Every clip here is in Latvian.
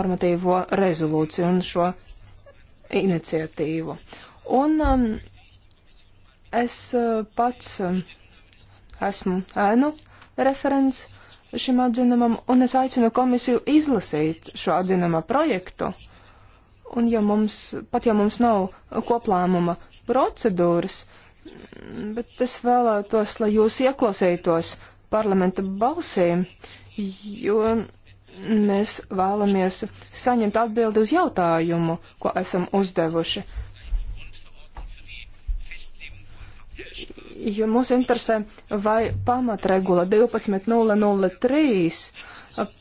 normatīvo rezolūciju un šo iniciatīvu. Un um, es uh, pats um, esmu ēnu referents šim atzinumam, un es aicinu komisiju izlasīt šo atzinuma projektu. Un ja mums, pat ja mums nav koplēmuma procedūras, bet es vēlētos, lai jūs ieklausītos parlamenta balsīm, jo mēs vēlamies saņemt atbildi uz jautājumu, ko esam uzdevuši. Jo mūs interesē, vai pamatregula 12.003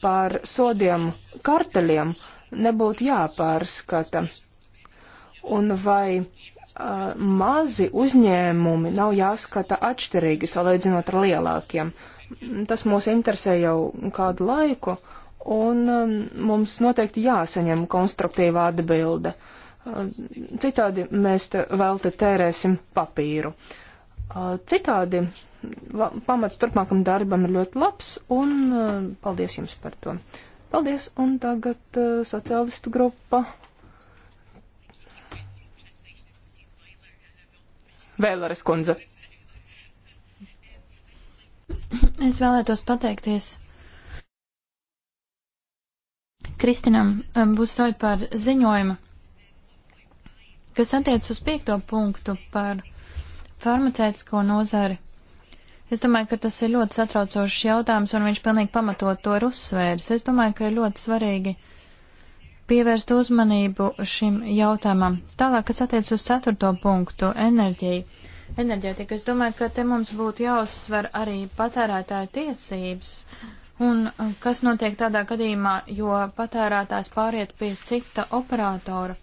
par sodiem karteliem nebūtu jāpārskata, un vai uh, mazi uzņēmumi nav jāskata atšķirīgi salīdzinot ar lielākiem. Tas mūs interesē jau kādu laiku. Uh, un um, mums noteikti jāsaņem konstruktīva atbilde. Uh, citādi mēs te vēl te tērēsim papīru. Uh, citādi la, pamats turpmākam darbam ir ļoti labs, un uh, paldies jums par to. Paldies, un tagad uh, sociālistu grupa. Vēleres kundze. Es vēlētos pateikties Kristinam um, Busoj par ziņojumu, kas attiec uz piekto punktu par farmaceitisko nozari. Es domāju, ka tas ir ļoti satraucošs jautājums, un viņš pilnīgi pamatot to ir uzsvērs. Es domāju, ka ir ļoti svarīgi pievērst uzmanību šim jautājumam. Tālāk, kas attiec uz ceturto punktu - enerģiju. Enerģētika. Es domāju, ka te mums būtu jāuzsver arī patērētāju tiesības. Uh, Un kas notiek tādā gadījumā, jo patērētājs pāriet pie cita operatora?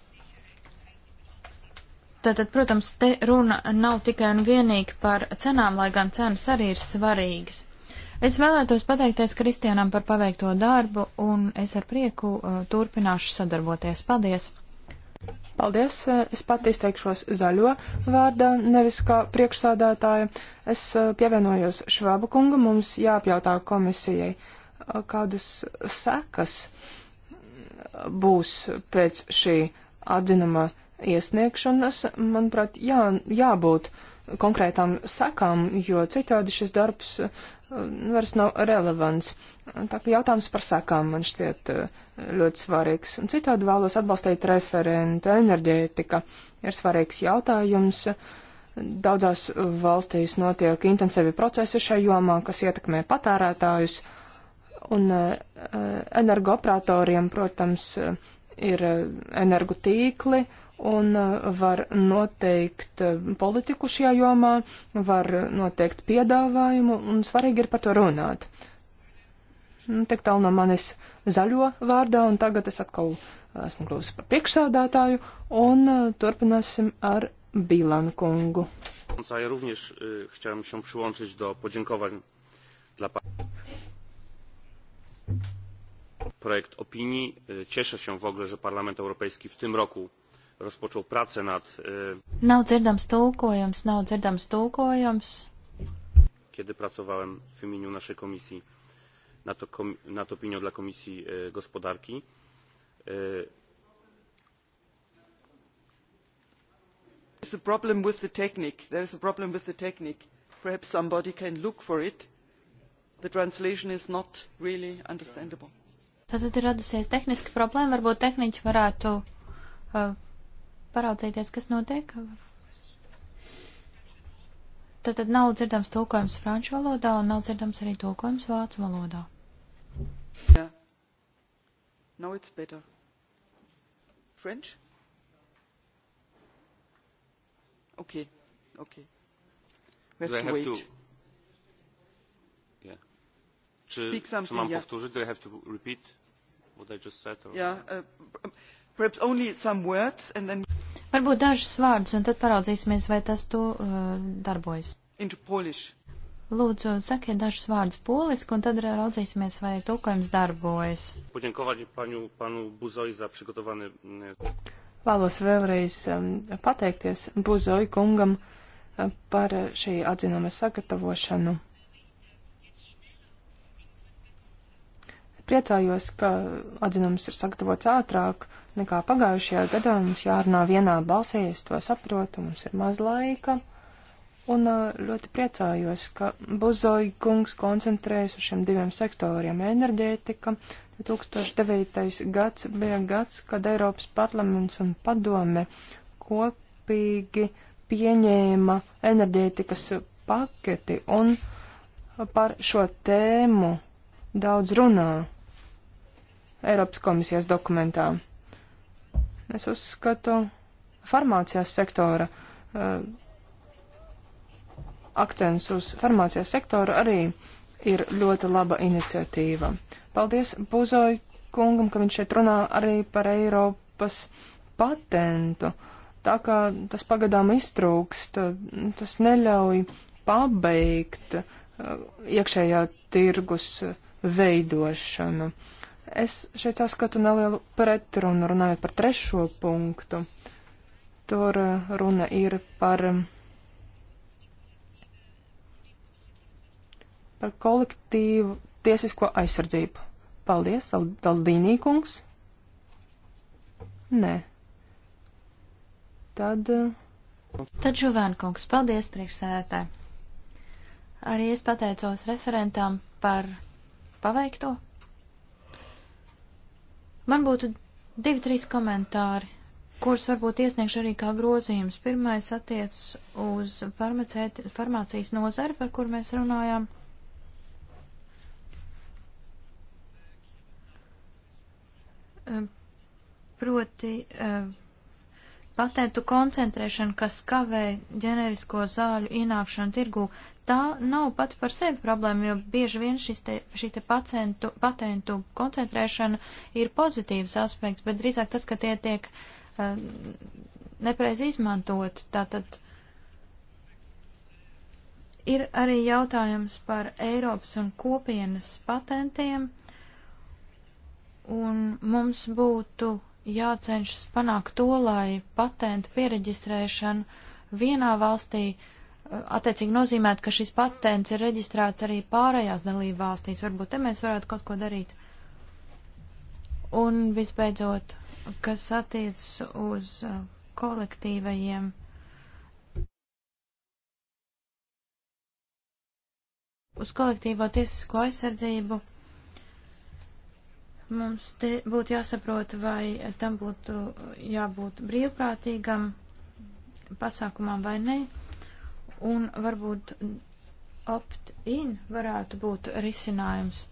Tātad, protams, te runa nav tikai un vienīgi par cenām, lai gan cenas arī ir svarīgas. Es vēlētos pateikties Kristianam par paveikto darbu, un es ar prieku uh, turpināšu sadarboties. Paldies! Paldies! Es pat izteikšos zaļo vārdā, nevis kā priekšsādātāja. Es eh, pievienojos Švāba kunga. Mums jāapjautā komisijai, eh, kādas sekas eh, būs pēc šī atzinuma iesniegšanas. Manuprāt, jā, jābūt konkrētām sekām, jo citādi šis darbs Nu, vairs nav relevants. Tā kā jautājums par sekām man šķiet eh, ļoti svarīgs. Un citādi vēlos atbalstīt referentu. Enerģētika ir svarīgs jautājums. Daudzās valstīs notiek intensīvi procesi šajā jomā, kas ietekmē patērētājus. Un eh, energoopratoriem, protams, eh, ir energotīkli. tīkli un uh, var noteikt uh, politiku šajā jomā, var noteikt piedāvājumu, un svarīgi ir par to runāt. Nu, tik tālu no manis zaļo vārdā, un tagad es atkal uh, esmu kļuvusi par priekšsādātāju, un turpināsim ar Bilan kungu. Ja również y, chciałem się przyłączyć do podziękowań dla Pani. Projekt opinii. Cieszę się w ogóle, że Parlament Europejski w tym roku rozpoczął pracę nad... E, nav dzirdams tulkojums, nav dzirdams tulkojums. Kiedy pracowałem w imieniu naszej komisji nad, kom, nad opinią dla Komisji e, Gospodarki, e, There's a problem with the technique. There is a problem with the technique. Perhaps somebody can look for it. The translation is not really understandable. Tātad ir radusies tehniska problēma, varbūt tehniķi varētu uh, paraudzīties, kas notiek. Tad, tad nav dzirdams tulkojums franču valodā un nav dzirdams arī tulkojums vācu valodā. Yeah. Now it's better. French? Okay, okay. We have do to I have wait. To... Yeah. Czy, Speak something, czy mam yeah. powtórzyć? Do I have to repeat what I just said? Or... Yeah, uh, perhaps only some words and then Varbūt dažus vārdus, un tad paraudzīsimies, vai tas tu uh, darbojas. Lūdzu, sakiet dažus vārdus poliski, un tad raudzīsimies, vai tulkojums darbojas. Mm, Vēlos vēlreiz um, pateikties Buzoju kungam uh, par šī atzinuma sagatavošanu. Priecājos, ka atzinums ir sagatavots ātrāk, uh, nekā pagājušajā gadā. Mums jārunā vienā balsī, es to saprotu, mums ir maz laika. Un ļoti priecājos, ka Buzoja kungs koncentrējas uz šiem diviem sektoriem - enerģētika. 2009. gads bija gads, kad Eiropas parlaments un padome kopīgi pieņēma enerģētikas paketi un par šo tēmu daudz runā Eiropas komisijas dokumentā es uzskatu farmācijas sektora uh, akcents uz farmācijas sektoru arī ir ļoti laba iniciatīva. Paldies Buzoju kungam, ka viņš šeit runā arī par Eiropas patentu. Tā kā tas pagadām iztrūkst, tas neļauj pabeigt eh, iekšējā tirgus veidošanu. Uh, Es šeit saskatu nelielu pretrunu, runājot par trešo punktu. Tur uh, runa ir par, um, par kolektīvu tiesisko aizsardzību. Paldies, Aldīnī kungs. Nē. Tad. Uh, Tad Žuvēna kungs, paldies priekšsēdētāji. Arī es pateicos referentam par paveikto. Man būtu divi, trīs komentāri, kurus varbūt iesniegšu arī kā grozījums. Pirmais attiec uz farmācijas nozari, par kur mēs runājām. Ehm, proti ehm, patentu koncentrēšana, kas kavē ģenerisko zāļu ienākšanu tirgū, tā nav pat par sevi problēma, jo bieži vien te, šī te pacientu, patentu koncentrēšana ir pozitīvs aspekts, bet drīzāk tas, ka tie tiek uh, um, nepreiz izmantot. Tātad ir arī jautājums par Eiropas un kopienas patentiem, un mums būtu jācenšas panākt to, lai patentu piereģistrēšana vienā valstī uh, attiecīgi nozīmētu, ka šis patents ir reģistrēts arī pārējās dalību valstīs. Varbūt te mēs varētu kaut ko darīt. Un visbeidzot, kas attiec uz uh, kolektīvajiem. Uz kolektīvo tiesisko aizsardzību mums te būtu jāsaprot, vai tam būtu jābūt brīvprātīgam pasākumam vai nē un varbūt opt-in varētu būt risinājums.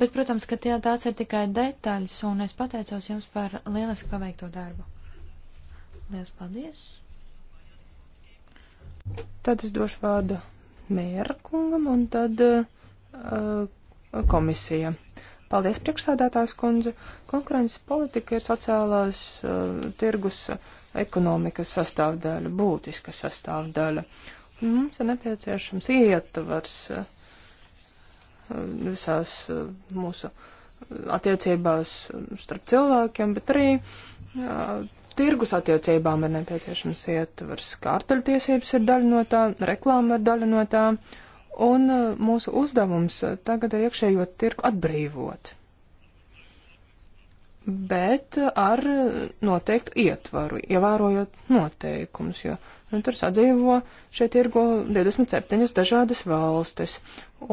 Bet, protams, ka tie tās ir tikai detaļas, un es pateicos jums par lieliski paveikto darbu. Lielas paldies! Tad es došu vārdu mēra kungam un tad uh, uh komisija. Paldies, priekšstādātājs kundze. Konkurences politika ir sociālās uh, tirgus uh, ekonomikas sastāvdaļa, būtiska sastāvdaļa. Un mums ir nepieciešams ietvars eh, visās eh, mūsu attiecībās starp cilvēkiem, bet arī jā, eh, tirgus attiecībām ir nepieciešams ietvars. Kārtaļtiesības ir daļa no tā, reklāma ir daļa no tā, un mūsu uzdevums tagad ir iekšējo tirgu atbrīvot bet ar noteiktu ietvaru, ievērojot noteikumus, jo nu, tur sadzīvo šeit tirgo 27 dažādas valstis.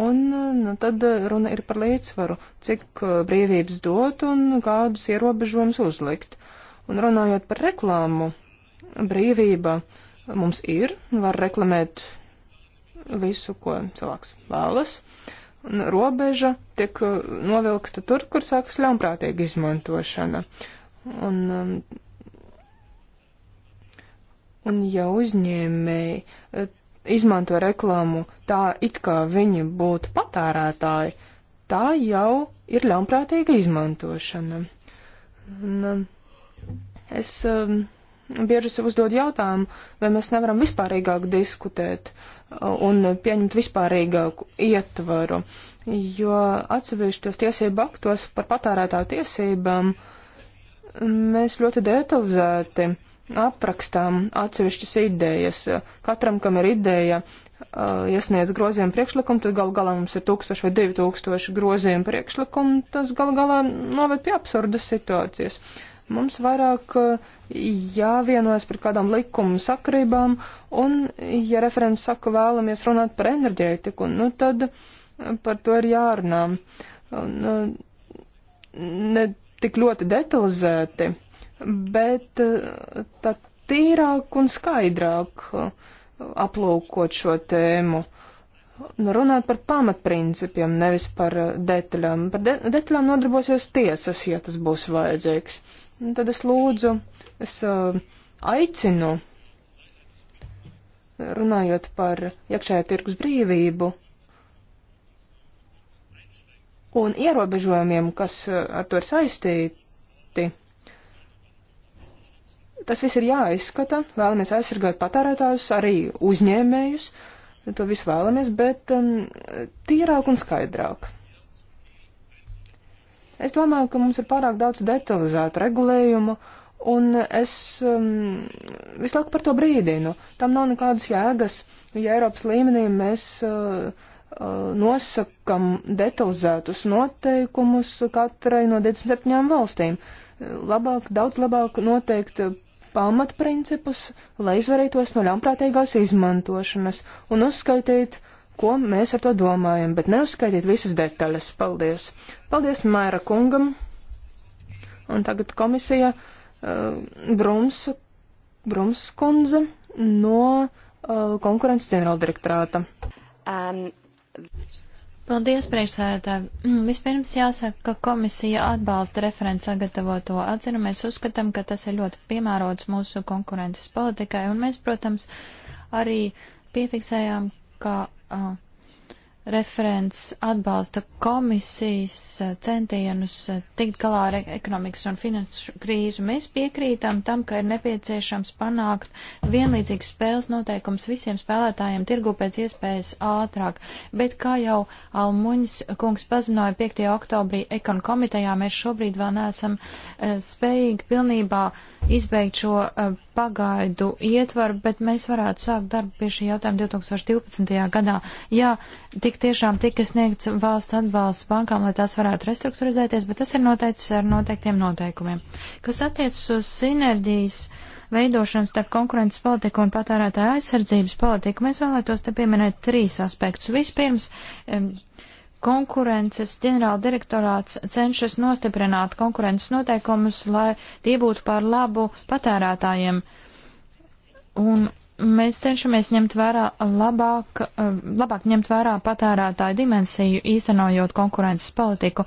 Un nu, tad runa ir par līdzsvaru, cik uh, brīvības dot un kādus ierobežojumus uzlikt. Un runājot par reklāmu, brīvība mums ir, var reklamēt visu, ko cilvēks vēlas. Uh, un robeža tiek uh, novilkta tur, kur sākas ļaunprātīga izmantošana. Un, um, un ja uzņēmēji uh, izmanto reklāmu tā, it kā viņi būtu patērētāji, tā jau ir ļaunprātīga izmantošana. Un, um, es um, bieži sev uzdod jautājumu, vai mēs nevaram vispārīgāk diskutēt uh, un pieņemt vispārīgāku ietvaru, jo atsevišķos tiesību aktos par patērētāju tiesībām mēs ļoti detalizēti aprakstām atsevišķas idejas. Katram, kam ir ideja, uh, iesniedz grozījumu priekšlikumu, tad gal galā mums ir tūkstoši vai divi tūkstoši grozījumu priekšlikumu, tas gal galā noved pie absurdas situācijas. Mums vairāk eh, jāvienojas par kādām likumu sakrībām, un, ja referents saka, vēlamies runāt par enerģētiku, nu tad eh, par to ir jārunā. Nu, ne tik ļoti detalizēti, bet tā tīrāk un skaidrāk aplūkot šo tēmu nu, runāt par pamatprincipiem, nevis par detaļām. Par de detaļām nodarbosies tiesas, ja tas būs vajadzīgs. Un nu, tad es lūdzu, es uh, aicinu, runājot par iekšējā tirgus brīvību un ierobežojumiem, kas uh, ar to ir saistīti. Tas viss ir jāizskata, vēlamies aizsargāt patērētājus, arī uzņēmējus, to visu vēlamies, bet um, tīrāk un skaidrāk. Es domāju, ka mums ir pārāk daudz detalizētu regulējumu, un es um, visu laiku par to brīdinu. Tam nav nekādas jēgas, ja Eiropas līmenī mēs uh, uh, nosakam detalizētus noteikumus katrai no 27 valstīm. Labāk, daudz labāk noteikt pamatprincipus, lai izvarītos no ļaunprātīgās izmantošanas un uzskaitīt ko mēs ar to domājam, bet neuzskaitiet visas detaļas. Paldies! Paldies Mēra kungam! Un tagad komisija uh, Brums, Brums kundze no uh, konkurences ģenerāldirektorāta. Um. Paldies, priekšsēdētāji. Mm, vispirms jāsaka, ka komisija atbalsta referents sagatavoto atzinu. Mēs uzskatām, ka tas ir ļoti piemērots mūsu konkurences politikai, un mēs, protams, arī piefiksējām, ka uh, referents atbalsta komisijas eh, centienus eh, tikt galā ar e- ekonomikas un finansu krīzu. Mēs piekrītam tam, ka ir nepieciešams panākt vienlīdzīgas spēles noteikums visiem spēlētājiem tirgu pēc iespējas ātrāk. Bet kā jau Almuņas kungs paziņoja 5. oktobrī ekon komitejā, mēs šobrīd vēl neesam eh, spējīgi pilnībā izbeigt šo pagaidu ietvaru, bet mēs varētu sākt darbu pie šī jautājuma 2012. gadā. Jā, tik tik tiešām tika sniegts valsts atbalsts bankām, lai tās varētu restruktūrizēties, bet tas ir noteikts ar noteiktiem noteikumiem. Kas attiecas uz sinerģijas veidošanu starp konkurences politiku un patērētāja aizsardzības politiku, mēs vēlētos te pieminēt trīs aspektus. Vispirms, konkurences ģenerāla direktorāts cenšas nostiprināt konkurences noteikumus, lai tie būtu par labu patērētājiem. Un mēs cenšamies ņemt vērā labāk, eh, labāk ņemt vērā patērētāju dimensiju, īstenojot konkurences politiku.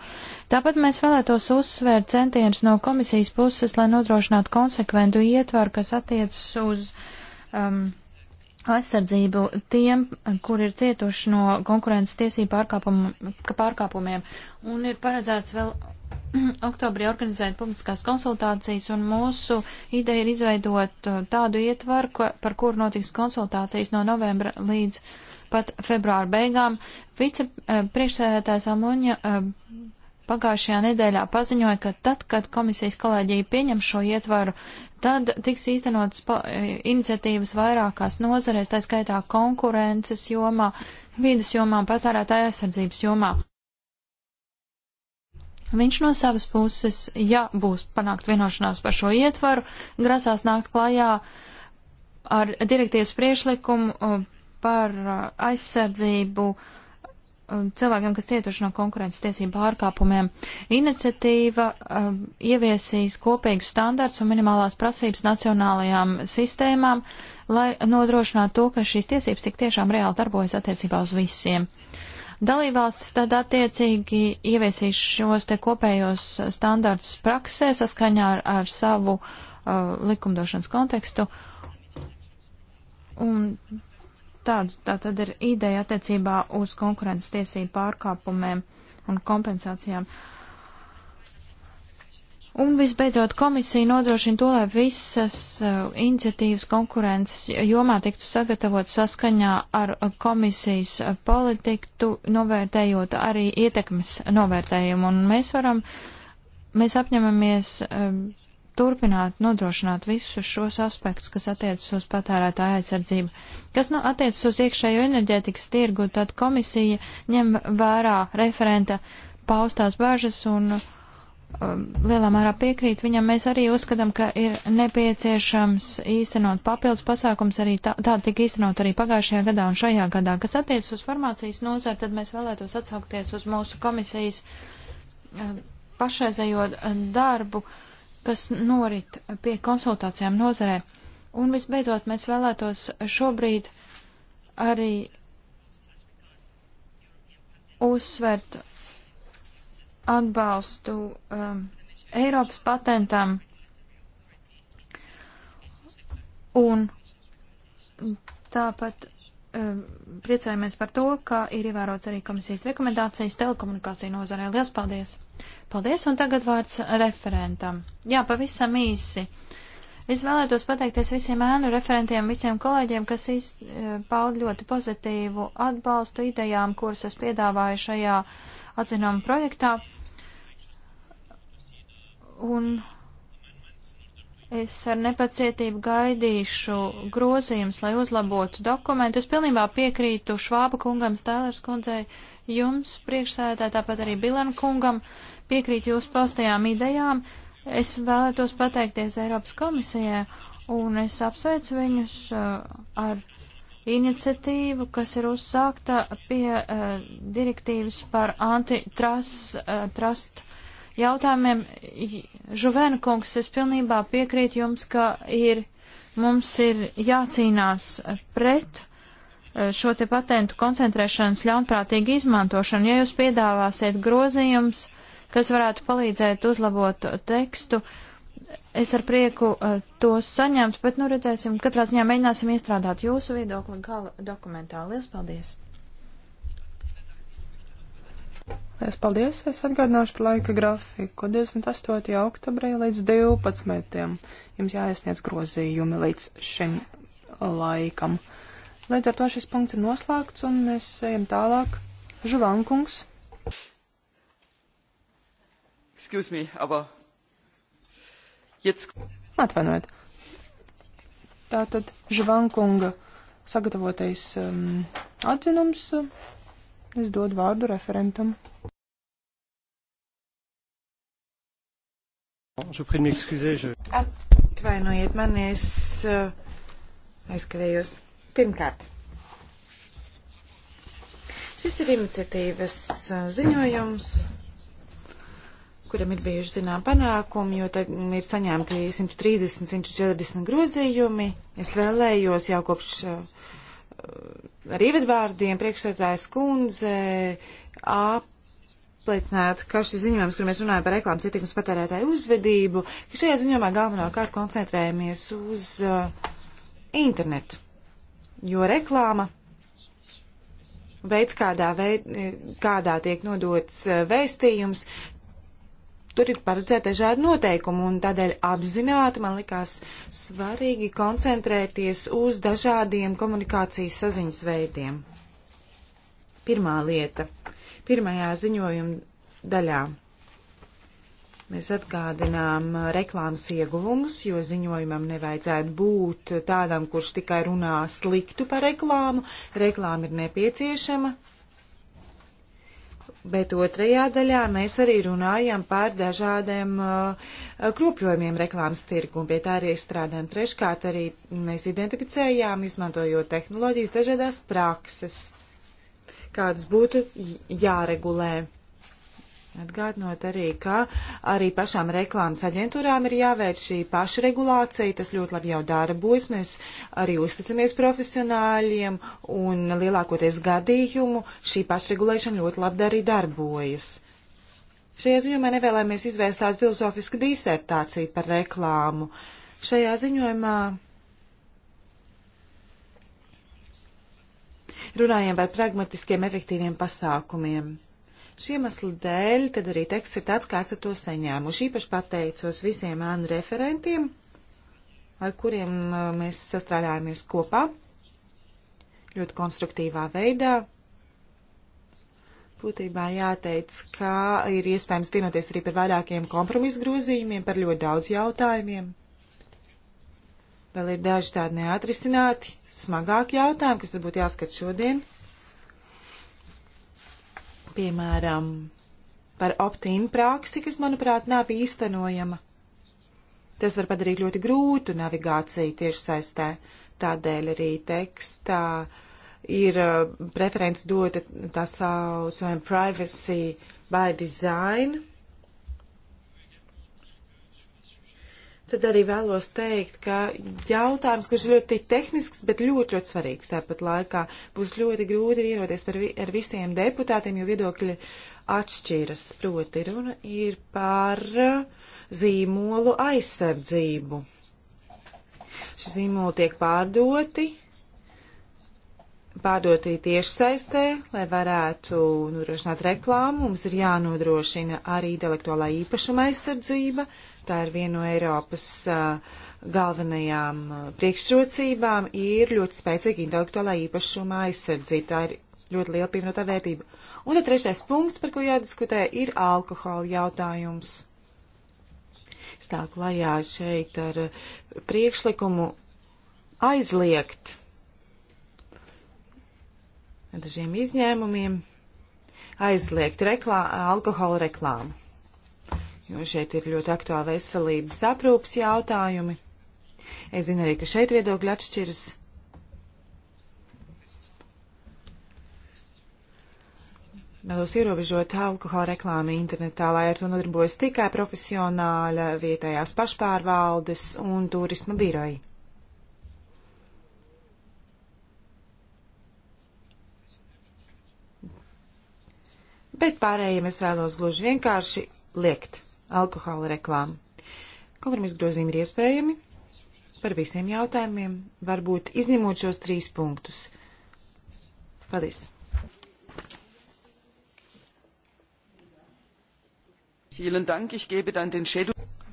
Tāpat mēs vēlētos uzsvērt centienus no komisijas puses, lai nodrošinātu konsekventu ietvaru, kas attiecas uz um, aizsardzību tiem, kur ir cietuši no konkurences tiesību pārkāpum, pārkāpumiem. Un ir paredzēts vēl oktobrī organizēt publiskās konsultācijas, un mūsu ideja ir izveidot uh, tādu ietvaru, ko, par kur notiks konsultācijas no novembra līdz pat februāra beigām. Vicepriekšsēdētājs uh, Amuņa uh, pagājušajā nedēļā paziņoja, ka tad, kad komisijas kolēģija pieņem šo ietvaru, tad tiks īstenotas iniciatīvas vairākās nozarēs, tā skaitā konkurences jomā, vīdes jomā un patērētāja aizsardzības jomā. Viņš no savas puses, ja būs panākt vienošanās par šo ietvaru, grasās nākt klajā ar direktīvas priešlikumu uh, par uh, aizsardzību um, cilvēkiem, kas cietuši no konkurences tiesību pārkāpumiem. Iniciatīva um, ieviesīs kopīgus standarts un minimālās prasības nacionālajām sistēmām, lai nodrošinātu to, ka šīs tiesības tik tiešām reāli darbojas attiecībā uz visiem. Uh, Dalībvalstis tad attiecīgi ieviesīs šos te kopējos standartus praksē saskaņā ar, ar savu uh, likumdošanas kontekstu. Un tāds, tā tad ir ideja attiecībā uz konkurences tiesību pārkāpumiem un kompensācijām. Uh, Un visbeidzot, komisija nodrošina to, lai visas uh, iniciatīvas konkurences jomā tiktu sagatavot saskaņā ar uh, komisijas uh, politiku, novērtējot arī ietekmes novērtējumu. Un mēs varam, mēs apņemamies um, turpināt nodrošināt visus šos aspektus, kas attiecas uz patērētāju aizsardzību. Kas nu attiecas uz iekšējo enerģētikas tirgu, tad komisija ņem vērā referenta paustās bažas un. Uh, Um, lielā mērā piekrīt viņam. Mēs arī uzskatām, ka ir nepieciešams īstenot papildus pasākums. Arī tā, tā tika īstenot arī pagājušajā gadā un šajā gadā. Kas attiecas uz farmācijas nozaru, tad mēs vēlētos atsaukties uz mūsu komisijas um, pašreizējo uh, darbu, kas norit pie konsultācijām nozarē. Un visbeidzot, mēs vēlētos šobrīd arī uzsvērt atbalstu um, Eiropas patentam un tāpat um, priecājamies par to, ka ir ievērots arī komisijas rekomendācijas telekomunikāciju nozarē. Lielas paldies! Paldies, un tagad vārds referentam. Jā, pavisam īsi. Es vēlētos pateikties visiem ēnu referentiem, visiem kolēģiem, kas izpaud eh, ļoti pozitīvu atbalstu idejām, kuras es piedāvāju šajā atzinuma projektā un es ar nepacietību gaidīšu grozījums, lai uzlabotu dokumentu. Es pilnībā piekrītu Švāba kungam, Stēlers kundzei, jums priekšsēdētāji, tāpat arī Bilan kungam, piekrītu jūsu paustajām idejām. Es vēlētos pateikties Eiropas komisijai, un es apsveicu viņus uh, ar iniciatīvu, kas ir uzsākta pie uh, direktīvas par antitrust uh, jautājumiem. Žuvēna kungs, es pilnībā piekrītu jums, ka ir, mums ir jācīnās pret eh, šo te patentu koncentrēšanas ļaunprātīgu izmantošanu. Ja jūs piedāvāsiet grozījums, kas varētu palīdzēt uzlabot tekstu, es ar prieku eh, tos saņemtu, bet nu redzēsim, katrā ziņā mēģināsim iestrādāt jūsu viedokli gala dokumentā. Lielas paldies! Lielas paldies! Es atgādināšu par laika grafiku. 28. oktobrī līdz 12. jums jāiesniedz grozījumi līdz šim laikam. Līdz ar to šis punkts ir noslēgts un mēs ejam tālāk. Žuvankungs. Excuse me, aber jetzt... Atvainojiet. Tātad Žuvankunga sagatavotais um, atzinums. Es dodu vārdu referentam. Atvainojiet mani, es uh, aizkavējos. Pirmkārt, šis ir iniciatīvas uh, ziņojums, kuram ir bijuši zinām panākumi, jo tad ir saņemti 130, 140 grozījumi. Es vēlējos jau kopš uh, ar īvedvārdiem priekšsētājs kundze ap apliecināt, ka šis ziņojums, kur mēs runājam par reklāmas ietekmes patērētāju uzvedību, ka šajā ziņojumā galvenokārt koncentrējamies uz uh, internetu, jo reklāma veids, kādā, veid, kādā tiek nodots uh, vēstījums, tur ir paredzēta dažādi noteikumi, un tādēļ apzināti man likās svarīgi koncentrēties uz dažādiem komunikācijas saziņas veidiem. Pirmā lieta pirmajā ziņojuma daļā. Mēs atgādinām reklāmas ieguvumus, jo ziņojumam nevajadzētu būt tādam, kurš tikai runā sliktu par reklāmu. Reklāma ir nepieciešama. Bet otrajā daļā mēs arī runājam par dažādiem uh, kropļojumiem reklāmas tirgu, un pie tā arī strādājam. Treškārt arī mēs identificējām, izmantojot tehnoloģijas, dažādās prakses kādas būtu jāregulē. Atgādinot arī, ka arī pašām reklāmas aģentūrām ir jāvērš šī pašregulācija, tas ļoti labi jau darbojas, mēs arī uzticamies profesionāļiem un lielākoties gadījumu šī pašregulēšana ļoti labi arī darbojas. Šajā ziņojumā nevēlamies izvērst tādu filozofisku disertāciju par reklāmu. Šajā ziņojumā runājam par pragmatiskiem, efektīviem pasākumiem. Šī iemesla dēļ tad arī teksts ir tāds, kā esat to saņēmuši. Īpaši pateicos visiem ānu referentiem, ar kuriem uh, mēs sastrādājāmies kopā ļoti konstruktīvā veidā. Būtībā jāteic, ka ir iespējams vienoties arī par vairākiem kompromisu grozījumiem, par ļoti daudz jautājumiem. Vēl ir daži tādi neatrisināti smagāki jautājumi, kas tad būtu jāskat šodien. Piemēram, par opt-in praksi, kas, manuprāt, nav īstenojama. Tas var padarīt ļoti grūtu navigāciju tieši saistē. Tādēļ arī tekstā ir uh, preference dota tā saucamajam privacy by design tad arī vēlos teikt, ka jautājums, kurš ir ļoti tehnisks, bet ļoti, ļoti svarīgs tāpat laikā, būs ļoti grūti vienoties vi ar visiem deputātiem, jo viedokļi atšķiras. Proti, runa ir par zīmolu aizsardzību. Šie zīmoli tiek pārdoti pārdoti tiešsaistē, lai varētu nodrošināt reklāmu. Mums ir jānodrošina arī intelektuālā īpašuma aizsardzība. Tā ir viena no Eiropas uh, galvenajām uh, priekšrocībām - ir ļoti spēcīga intelektuālā īpašuma aizsardzība. Tā ir ļoti liela pievienotā vērtība. Un tad trešais punkts, par ko jādiskutē, ir alkohola jautājums. Stāv klajā šeit ar priekšlikumu aizliegt dažiem izņēmumiem aizliegt reklā, alkohola reklāmu. Jo šeit ir ļoti aktuāli veselības aprūpas jautājumi. Es zinu arī, ka šeit viedokļi atšķiras. Vēlos ierobežot alkohola reklāmu internetā, lai ar to nodarbojas tikai profesionāļa, vietējās pašpārvaldes un turisma biroji. bet pārējiem es vēlos gluži vienkārši liekt alkohola reklāmu. Kompromisa grozījumi ir iespējami par visiem jautājumiem, varbūt izņemot šos trīs punktus. Paldies!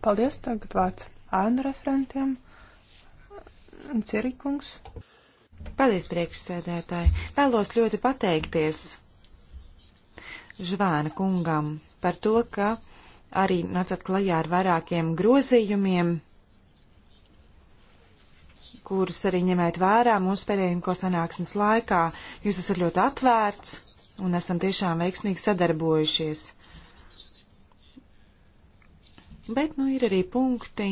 Paldies, tagad vārds ēnu referentiem. Cerikungs. Paldies, priekšsēdētāji. Vēlos ļoti pateikties Žvēna kungam par to, ka arī nācat klajā ar vairākiem grozījumiem, kurus arī ņemēt vērā mūsu pēdējo sanāksmes laikā. Jūs esat ļoti atvērts un esam tiešām veiksmīgi sadarbojušies. Bet, nu, ir arī punkti,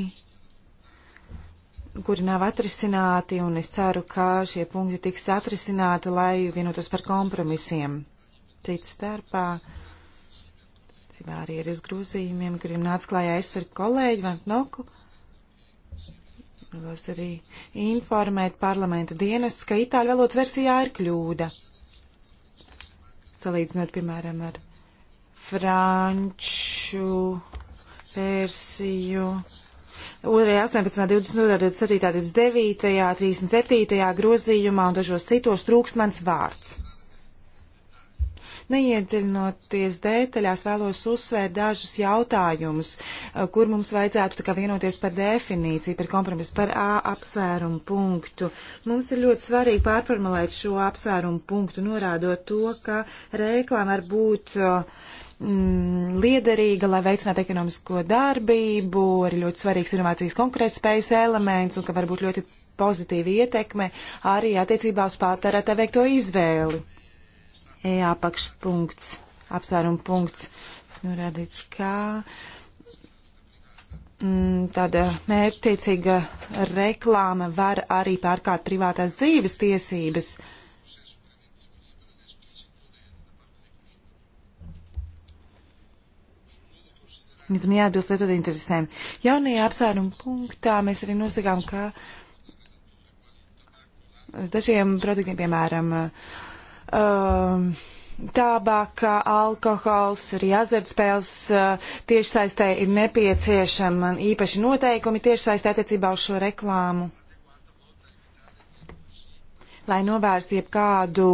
kuri nav atrisināti, un es ceru, ka šie punkti tiks atrisināti, lai vienotos par kompromisiem. Cits starpā Cībā arī ir uz grūzījumiem, kuriem nāca klājā es ar kolēģi Vantnoku. Vēlos arī informēt parlamenta dienestus, ka itāļu valodas versijā ir kļūda. Salīdzinot, piemēram, ar franču versiju. 2, 18, 22, 27, 29, 37 grozījumā un dažos citos trūkst mans vārds. Neiedziļinoties detaļās, vēlos uzsvērt dažus jautājumus, eh, kur mums vajadzētu vienoties par definīciju, par kompromisu, par A apsvērumu punktu. Mums ir ļoti svarīgi pārformulēt šo apsvērumu punktu, norādot to, ka reklāma var būt eh, mm, liederīga, lai veicinātu ekonomisko darbību, arī ļoti svarīgs inovācijas konkurētspējas elements un ka var būt ļoti pozitīva ietekme arī attiecībā uz patērētā veikto izvēli. E apakšpunkts, apsvērumu punkts, norādīts nu, kā mm, tāda mērķtiecīga reklāma var arī pārkāpt privātās dzīves tiesības. Ja tam jāatbilst lietot interesēm. Jaunajā apsvērumu punktā mēs arī nosakām, ka dažiem produktiem, piemēram, uh, um, Tābaka, alkohols, arī azartspēles uh, tiešsaistē ir nepieciešama īpaši noteikumi tiešsaistē attiecībā uz šo reklāmu. Lai novērstu jebkādu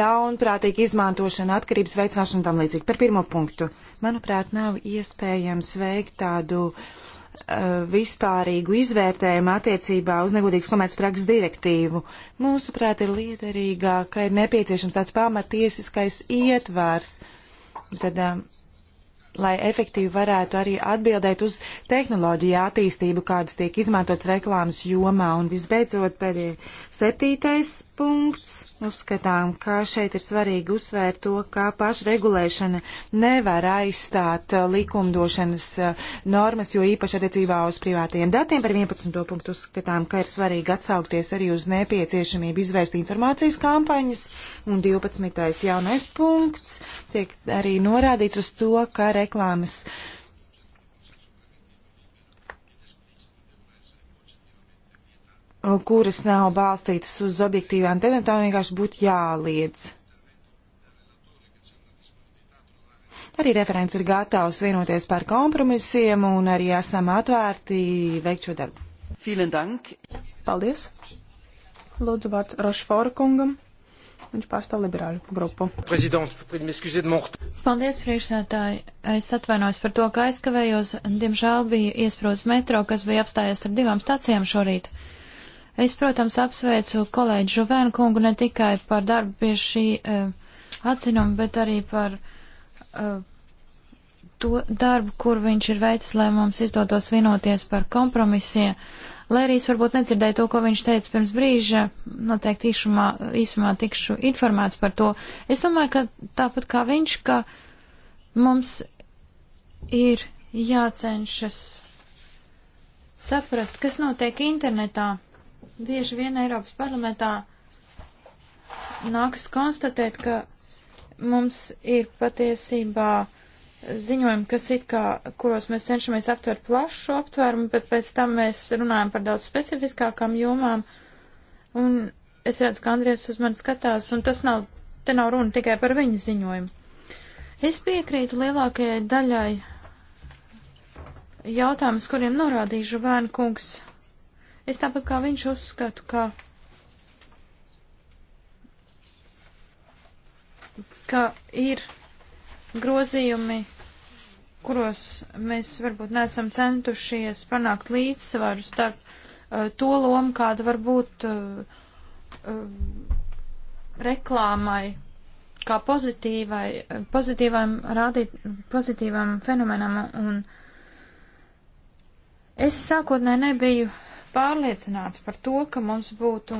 ļaunprātīgu izmantošanu, atkarības veicināšanu un tam līdzīgi. Par pirmo punktu. Manuprāt, nav iespējams veikt tādu uh, Eh, vispārīgu izvērtējumu attiecībā uz negodīgas komercpraks direktīvu. Mūsuprāt, ir liederīgāk, ka ir nepieciešams tāds pamatiesiskais ietvars, tad, eh, lai efektīvi varētu arī atbildēt uz tehnoloģiju attīstību, kādas tiek izmantotas reklāmas jomā. Un visbeidzot, pēdējais septītais punkts. Uzskatām, ka šeit ir svarīgi uzsvērt to, ka pašregulēšana nevar aizstāt uh, likumdošanas uh, normas, jo īpaši attiecībā uz privātajiem datiem par 11. punktu uzskatām, ka ir svarīgi atsaukties arī uz nepieciešamību izvērst informācijas kampaņas. Un 12. jaunais punkts tiek arī norādīts uz to, ka reklāmas. Uh, kuras nav balstītas uz objektīvām tēmām, tā vienkārši būtu jāliedz. Arī referents ir gatavs vienoties par kompromisiem un arī esam atvērti veikt šo darbu. Paldies! Lūdzu vārds Rošfora kungam. Viņš pārstāv liberāļu grupu. Paldies, priekšsētāji. Es atvainojos par to, ka aizkavējos. Diemžēl biju iesprūdis metro, kas bija apstājies ar divām stācijām šorīt. Uh, Es, protams, apsveicu kolēģi Žuvēnu kungu ne tikai par darbu pie šī uh, atzinuma, bet arī par uh, to darbu, kur viņš ir veicis, lai mums izdotos vienoties par kompromisiem. Lai arī es varbūt nedzirdēju to, ko viņš teica pirms brīža, noteikti īsumā, īsumā tikšu informēts par to. Es domāju, ka tāpat kā viņš, ka mums ir jācenšas saprast, kas notiek internetā Bieži vien Eiropas parlamentā nākas konstatēt, ka mums ir patiesībā ziņojumi, kas it kā, kuros mēs cenšamies aptvert plašu aptvērumu, bet pēc tam mēs runājam par daudz specifiskākām jomām. Un es redzu, ka Andries uz mani skatās, un tas nav, te nav runa tikai par viņa ziņojumu. Es piekrītu lielākajai daļai jautājumus, kuriem norādīšu Vēnkungs Es tāpat kā viņš uzskatu, ka, ka ir grozījumi, kuros mēs varbūt nesam centušies panākt līdzsvaru starp uh, to lomu, kāda var būt uh, uh, reklāmai, kā pozitīvai, pozitīvam rādīt, pozitīvam fenomenam un es sākotnē nebiju pārliecināts par to, ka mums būtu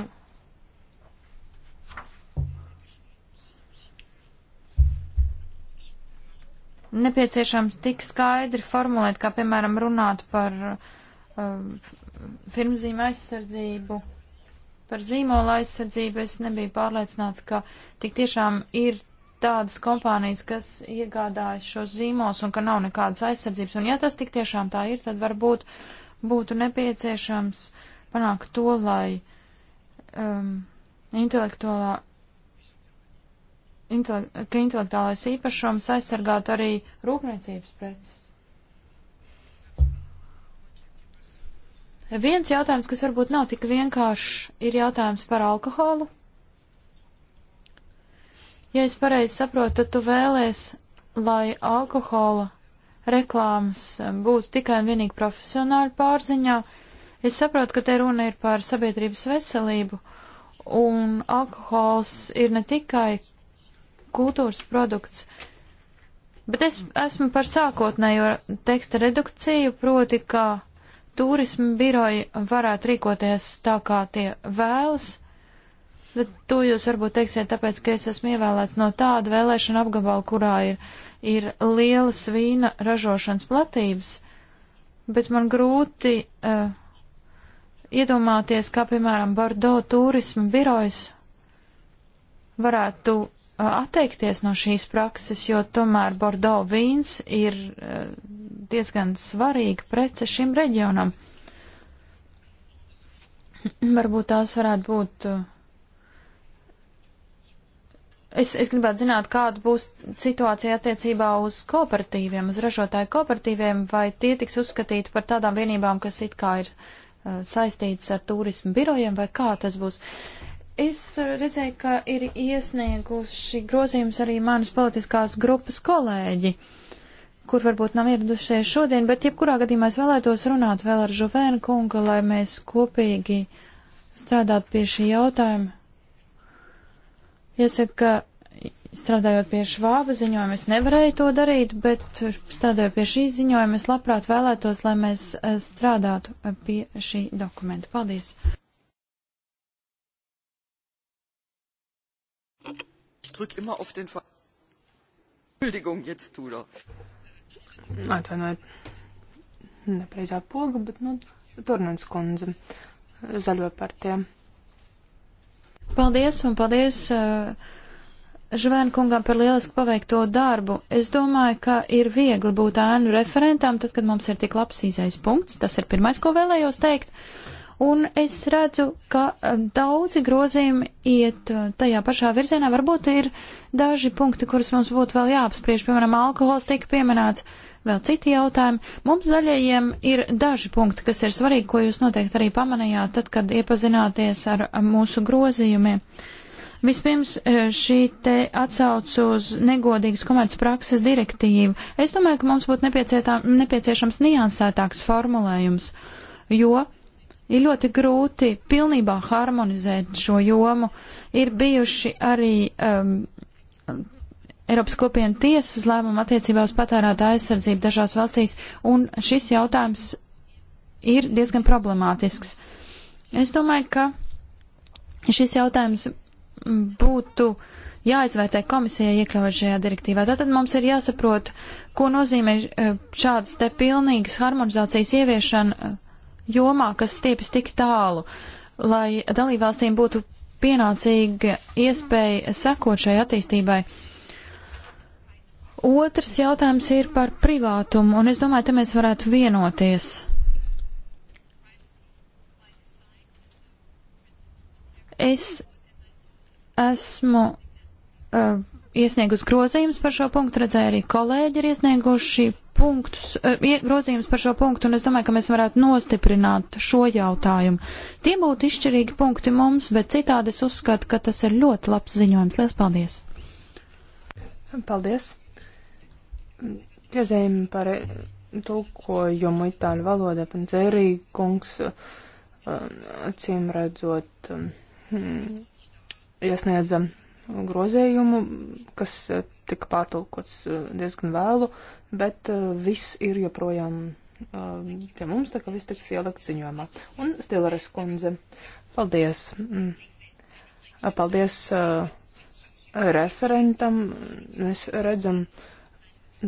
nepieciešams tik skaidri formulēt, kā piemēram runāt par uh, firmzīmu aizsardzību, par zīmola aizsardzību. Es nebiju pārliecināts, ka tik tiešām ir tādas kompānijas, kas iegādājas šos zīmos un ka nav nekādas aizsardzības. Un ja tas tik tiešām tā ir, tad varbūt uh, būtu nepieciešams panākt to, lai um, intelektuālā, intelekt, ka intelektuālais īpašums aizsargātu arī rūpniecības preces. Viens jautājums, kas varbūt nav tik vienkāršs, ir jautājums par alkoholu. Ja es pareizi saprotu, tad tu vēlies, lai alkohola reklāmas eh, būtu tikai un vienīgi profesionāļu pārziņā. Es saprotu, ka te runa ir par sabiedrības veselību, un alkohols ir ne tikai kultūras produkts, bet es esmu par sākotnējo teksta redukciju, proti, ka turismu biroji varētu rīkoties tā, kā tie vēlas, Bet to jūs varbūt teiksiet tāpēc, ka es esmu ievēlēts no tāda vēlēšana apgabala, kurā ir, ir lielas vīna ražošanas platības, bet man grūti uh, iedomāties, kā piemēram Bordo turisma birojs varētu uh, atteikties no šīs prakses, jo tomēr Bordo vīns ir uh, diezgan svarīga prece šim reģionam. Varbūt tās varētu būt. Uh, es, es gribētu zināt, kāda būs situācija attiecībā uz kooperatīviem, uz ražotāju kooperatīviem, vai tie tiks uzskatīti par tādām vienībām, kas it kā ir uh, saistītas ar turismu birojiem, vai kā tas būs. Es uh, redzēju, ka ir iesnieguši grozījums arī manas politiskās grupas kolēģi, kur varbūt nav ieradušies šodien, bet jebkurā gadījumā es vēlētos runāt vēl ar Žuvēnu kunga, lai mēs kopīgi strādātu pie šī jautājuma Jāsaka, strādājot pie švāba ziņojuma, es nevarēju to darīt, bet strādājot pie šī ziņojuma, es labprāt vēlētos, lai mēs eh, strādātu eh, pie šī dokumenta. Paldies! Atvainojiet, nepreizā poga, bet, nu, Turnens kundze, zaļo partija. Paldies un paldies uh, Žvēnkungam par lielisku paveikto darbu. Es domāju, ka ir viegli būt ēnu referentām, tad, kad mums ir tik labs izais punkts. Tas ir pirmais, ko vēlējos teikt. Un es redzu, ka eh, daudzi grozījumi iet eh, tajā pašā virzienā. Varbūt ir daži punkti, kurus mums būtu vēl jāapspriež. Piemēram, alkohols tika pieminēts. Uh, vēl citi jautājumi. Mums zaļajiem ir daži punkti, kas ir svarīgi, ko jūs noteikti arī pamanījāt, tad, kad iepazināties ar mūsu grozījumiem. Vispirms e, šī te atsauc uz negodīgas komercprakses direktīvu. Es domāju, ka mums būtu nepieciešams niansētāks formulējums, jo ir ļoti grūti pilnībā harmonizēt šo jomu. Ir bijuši arī um, Eiropas kopienu tiesas lēmumu attiecībā uz patērētā aizsardzību dažās valstīs, un šis jautājums ir diezgan problemātisks. Es domāju, ka šis jautājums būtu jāizvērtē komisijai iekļaut šajā direktīvā. Tātad mums ir jāsaprot, ko nozīmē e, šādas te pilnīgas harmonizācijas ieviešana e, jomā, kas stiepjas tik tālu, lai dalībvalstīm būtu pienācīga iespēja sekot šai attīstībai. Otrs jautājums ir par privātumu, un es domāju, te mēs varētu vienoties. Es esmu uh, iesniegus grozījums par šo punktu, redzēju arī kolēģi ir iesnieguši punktus, uh, grozījums par šo punktu, un es domāju, ka mēs varētu nostiprināt šo jautājumu. Tie būtu izšķirīgi punkti mums, bet citādi es uzskatu, ka tas ir ļoti labs ziņojums. Lielas paldies! Paldies! piezīme par tulkojumu itāļu valodā, pancerīkungs, um, acīm redzot, um, iesniedza grozējumu, kas uh, tika pārtulkots uh, diezgan vēlu, bet uh, viss ir joprojām um, pie mums, tā kā viss tiks ielikt ziņojumā. Un Stilares kundze, paldies! Mm, paldies referentam! Mēs redzam, uh,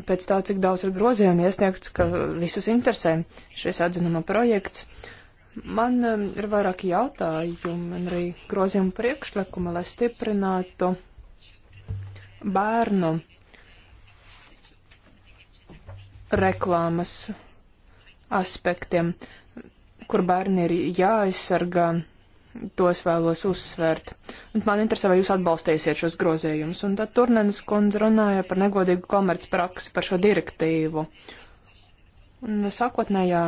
pēc tā, cik daudz ir grozījumi iesniegts, ka visus interesē šis atzinuma projekts. Man um, ir vairāki jautājumi un arī grozījumi priekšlikumi, lai stiprinātu bērnu reklāmas aspektiem, kur bērni ir jāaizsargā To es vēlos uzsvērt. Un man interesē, vai jūs atbalstīsiet šos grozījumus. Un tad Turnenes kundze runāja par negodīgu komercpraksi, par šo direktīvu. Un sākotnējā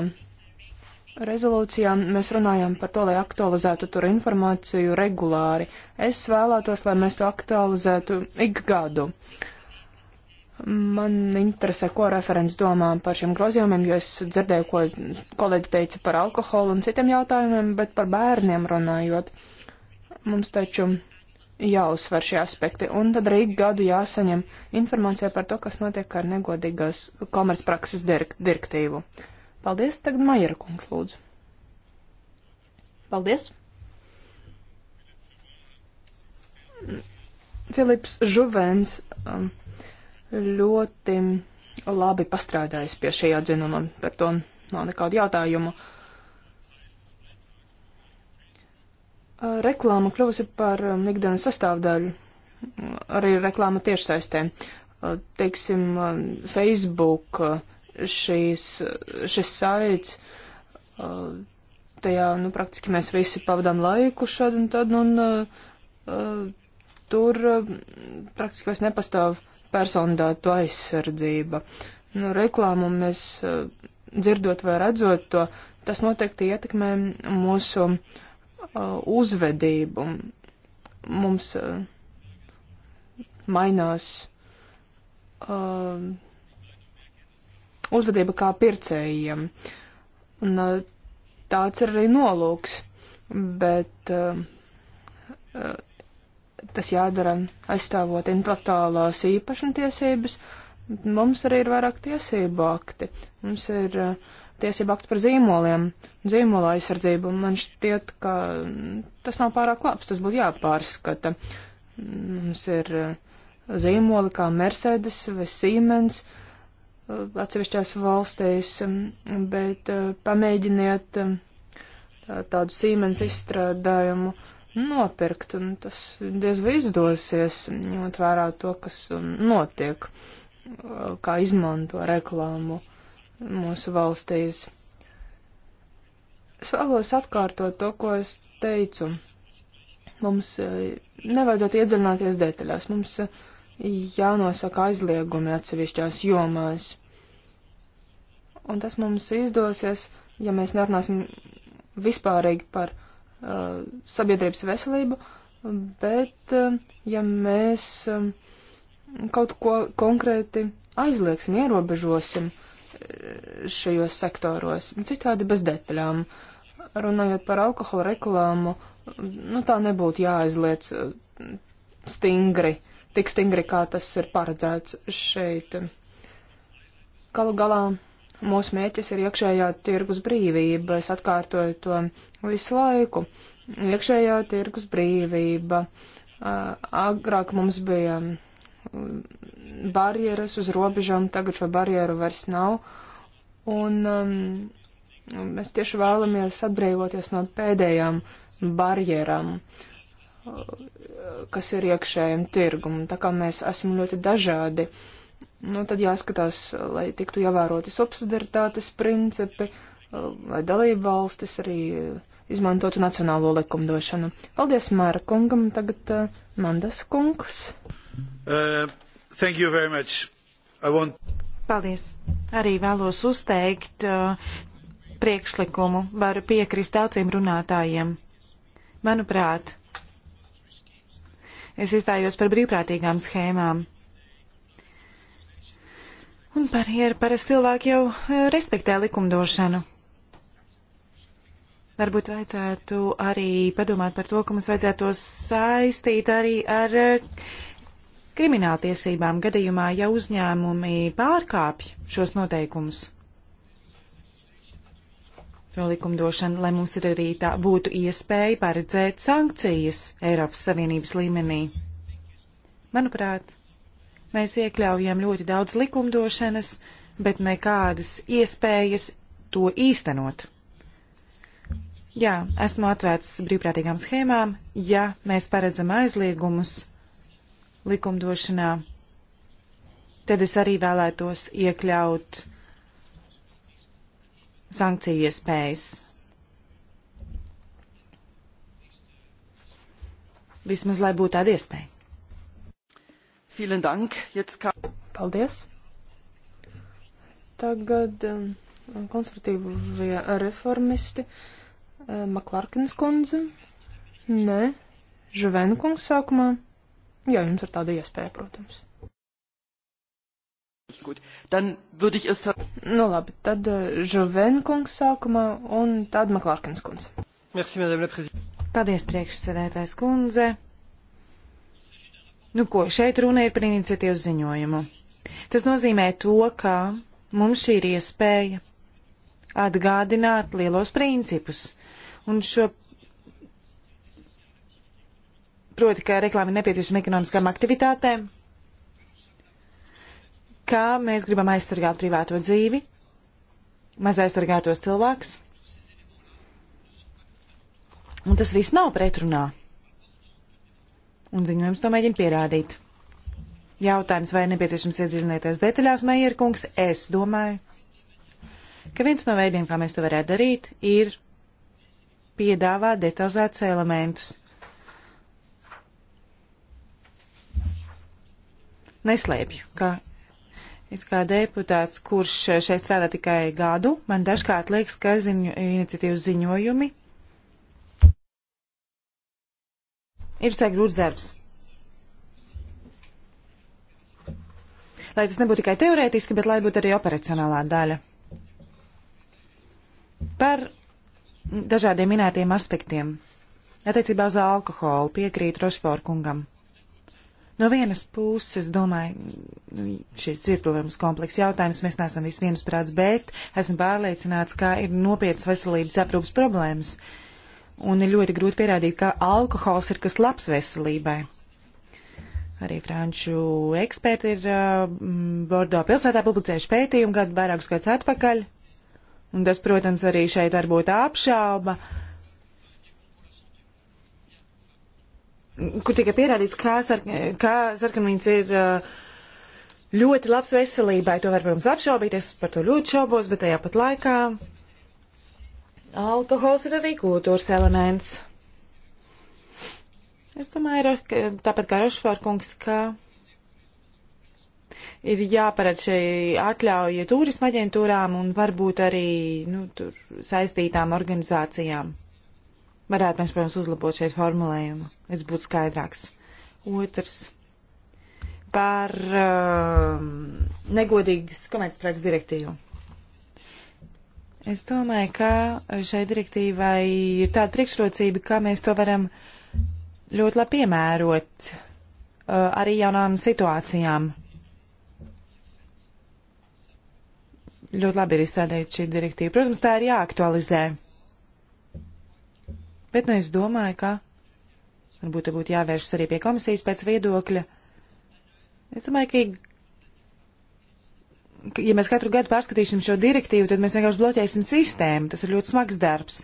rezolūcijā mēs runājam par to, lai aktualizētu tur informāciju regulāri. Es vēlētos, lai mēs to aktualizētu ik gadu. Uh, Man interesē, ko referents domā par šiem grozījumiem, jo es dzirdēju, ko kolēģi teica par alkoholu un citiem jautājumiem, bet par bērniem runājot. Mums taču jāuzsver šie aspekti, un tad arī gadu jāsaņem informācija par to, kas notiek ar negodīgās komercprakses direktīvu. Paldies, tagad Maira kungs, lūdzu. Paldies. Filips Žuvens. Um, ļoti labi pastrādājis pie šī atzinuma, par to nav nekādu jautājumu. Reklāma kļuvusi par um, ikdienas sastāvdaļu, mm, arī reklāma tiešsaistē. Teiksim, um, Facebook, šīs, šis saits, tajā, nu, praktiski mēs visi pavadām laiku šad un tad, un tur praktiski vairs nepastāv uh, personu datu aizsardzība. Nu, reklāmu mēs eh, dzirdot vai redzot to, tas noteikti ietekmē mūsu eh, uzvedību. Mums eh, mainās uzvedība kā pircējiem. Un tāds ir arī nolūks, bet tas jādara aizstāvot intelektuālās īpašumtiesības. Mums arī ir vairāk tiesību akti. Mums ir eh, tiesību akti par zīmoliem, zīmola aizsardzību. Man šķiet, ka tas nav pārāk labs, tas būtu jāpārskata. Mums ir eh, zīmoli kā Mercedes vai Siemens eh, atsevišķās valstīs, mm, bet pamēģiniet tādu Siemens izstrādājumu uh, nopirkt, un tas diez vai izdosies, ņemot vērā to, kas um, notiek, uh, kā izmanto reklāmu mūsu valstīs. Es vēlos atkārtot to, ko es teicu. Mums uh, nevajadzētu iedzināties detaļās, mums uh, jānosaka aizliegumi atsevišķās jomās. Un tas mums izdosies, ja mēs nerunāsim vispārīgi par Uh, sabiedrības veselību, bet uh, ja mēs um, kaut ko konkrēti aizliegsim, ierobežosim uh, šajos sektoros, citādi bez detaļām, runājot par alkohola reklāmu, nu tā nebūtu jāaizliec stingri, tik stingri, kā tas ir paredzēts šeit. Galu galā Mūsu mērķis ir iekšējā tirgus brīvība. Es atkārtoju to visu laiku. Iekšējā tirgus brīvība. Agrāk mums bija mm, barjeras uz robežām, tagad šo barjeru vairs nav. Un um, mēs tieši vēlamies atbrīvoties no pēdējām barjerām, kas ir iekšējiem tirgumam. Tā kā mēs esam ļoti dažādi. Uh, nu, tad jāskatās, lai tiktu ievēroti subsidaritātes principi, lai dalību valstis arī izmantotu nacionālo likumdošanu. Paldies Māra kungam, tagad uh, Mandas kungs. Uh, thank you very much. I want... Paldies. Arī vēlos uzteikt uh, priekšlikumu. Varu piekrist daudziem runātājiem. Manuprāt, es izstājos par brīvprātīgām schēmām. Un barjeru parasti cilvēki jau eh, respektē likumdošanu. Varbūt vajadzētu arī padomāt par to, ka mums vajadzētu saistīt arī ar eh, krimināltiesībām gadījumā, ja uzņēmumi pārkāpj šos noteikumus. Šo likumdošanu, lai mums ir arī tā būtu iespēja paredzēt sankcijas Eiropas Savienības līmenī. Manuprāt, Mēs iekļaujam ļoti daudz likumdošanas, bet nekādas iespējas to īstenot. Jā, esmu atvērts brīvprātīgām schēmām, ja mēs paredzam aizliegumus likumdošanā, tad es arī vēlētos iekļaut sankciju iespējas. Vismaz, lai būtu tāda iespēja. Vielen Dank. Jetzt kā... Paldies. Tagad um, konservatīvie reformisti. Uh, Maklārkins kundze. Nē. Žuvena kungs sākumā. Jā, jums ir tāda iespēja, protams. Gut, dann würde ich es... Nu labi, tad uh, Žuvena kungs sākumā un tad Maklārkins kundze. Merci, madame la présidente. Paldies, priekšsēdētājs kundze. Nu ko, šeit runa ir par iniciatīvas ziņojumu. Tas nozīmē to, ka mums šī ir iespēja atgādināt lielos principus. Un šo proti, ka reklāma ir nepieciešama ekonomiskām aktivitātēm, kā mēs gribam aizsargāt privāto dzīvi, maz aizsargātos cilvēkus. Un tas viss nav pretrunā. Un ziņojums to mēģina pierādīt. Jautājums, vai nepieciešams iedziļināties detaļās, Meierkungs, es domāju, ka viens no veidiem, kā mēs to varētu darīt, ir piedāvāt detalizētus elementus. Neslēpju, ka es kā deputāts, kurš šeit strādā tikai gadu, man dažkārt liekas, ka ziņu, iniciatīvas ziņojumi ir visai grūts darbs. Lai tas nebūtu tikai teorētiski, bet lai būtu arī operacionālā daļa. Par dažādiem minētiem aspektiem. Attiecībā uz alkoholu piekrīt Rošforu kungam. No vienas puses, domāju, šis ir, protams, komplekss jautājums, mēs neesam visi viensprāts, bet esmu pārliecināts, ka ir nopietnas veselības aprūpas problēmas. Uh, un ir ļoti grūti pierādīt, ka alkohols ir kas labs veselībai. Arī franču eksperti ir uh, Bordo pilsētā publicējuši pētījumu gadu vairākus gadus atpakaļ, un tas, protams, arī šeit varbūt apšauba, kur tika pierādīts, kā, sark kā sarkanvīns ir uh, ļoti labs veselībai. To var, protams, apšaubīties, par to ļoti šaubos, bet tajā pat laikā Alkohols ir arī kultūras elements. Es domāju, ka tāpat kā Rošvārkungs, ka ir jāparedz šī atļauja turisma aģentūrām un varbūt arī nu, saistītām organizācijām. Varētu mēs, protams, uzlabot šeit formulējumu, lai tas būtu skaidrāks. Otrs par um, negodīgas komercprāks direktīvu. Es domāju, ka šai direktīvai ir tāda priekšrocība, ka mēs to varam ļoti labi piemērot uh, arī jaunām situācijām. Ļoti labi ir izstrādāta šī direktīva. Protams, tā ir jāaktualizē. Bet nu, es domāju, ka varbūt te būtu jāvēršas arī pie komisijas pēc viedokļa. Es domāju, ka ja mēs katru gadu pārskatīsim šo direktīvu, tad mēs vienkārši bloķēsim sistēmu. Tas ir ļoti smags darbs.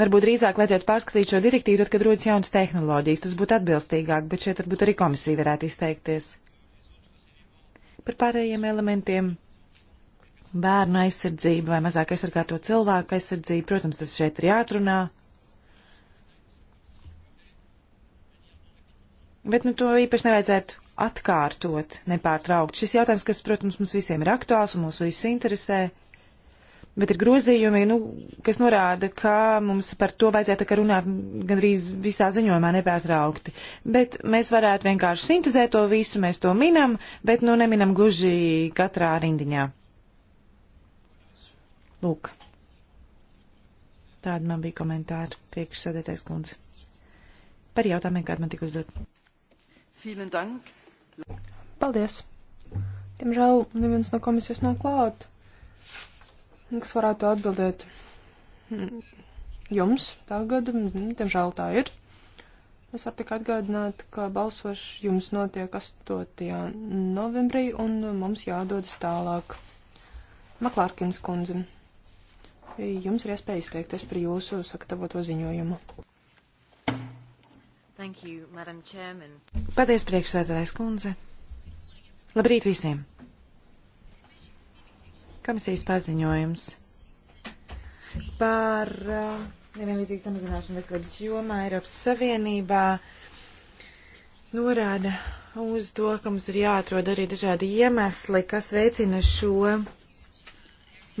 Varbūt drīzāk vajadzētu pārskatīt šo direktīvu, tad, kad rodas jaunas tehnoloģijas. Tas būtu atbilstīgāk, bet šeit varbūt arī komisija varētu izteikties. Par pārējiem elementiem - bērnu aizsardzība vai mazāk aizsargāto cilvēku aizsardzība. Protams, tas šeit ir jāatrunā. Bet nu, to īpaši nevajadzētu atkārtot nepārtraukt. Šis jautājums, kas, protams, mums visiem ir aktuāls un mūs visi interesē, bet ir grozījumi, nu, kas norāda, ka mums par to vajadzētu kā runāt gandrīz visā ziņojumā nepārtraukti. Bet mēs varētu vienkārši sintezēt to visu, mēs to minam, bet nu neminam gluži katrā rindiņā. Lūk. Tāda man bija komentāra priekšsēdētais kundze. Par jautājumiem, kāda man tika uzdot. Vielen Dank. Paldies! Diemžēl neviens no komisijas nav klāt, kas varētu atbildēt jums tagad. Mm, diemžēl tā ir. Es varu tikai atgādināt, ka balsoš jums notiek 8. novembrī un mums jādodas tālāk. Maklārkins kundze, jums ir iespēja izteikties par jūsu sagatavoto ziņojumu. Thank you, Madam Chairman. Paldies, priekšsēdētājs kundze. Labrīt visiem! Komisijas paziņojums par uh, nevienlīdzīgu samazināšanu veselības jomā Eiropas Savienībā norāda uz to, ka mums ir jāatrod arī dažādi iemesli, kas veicina šo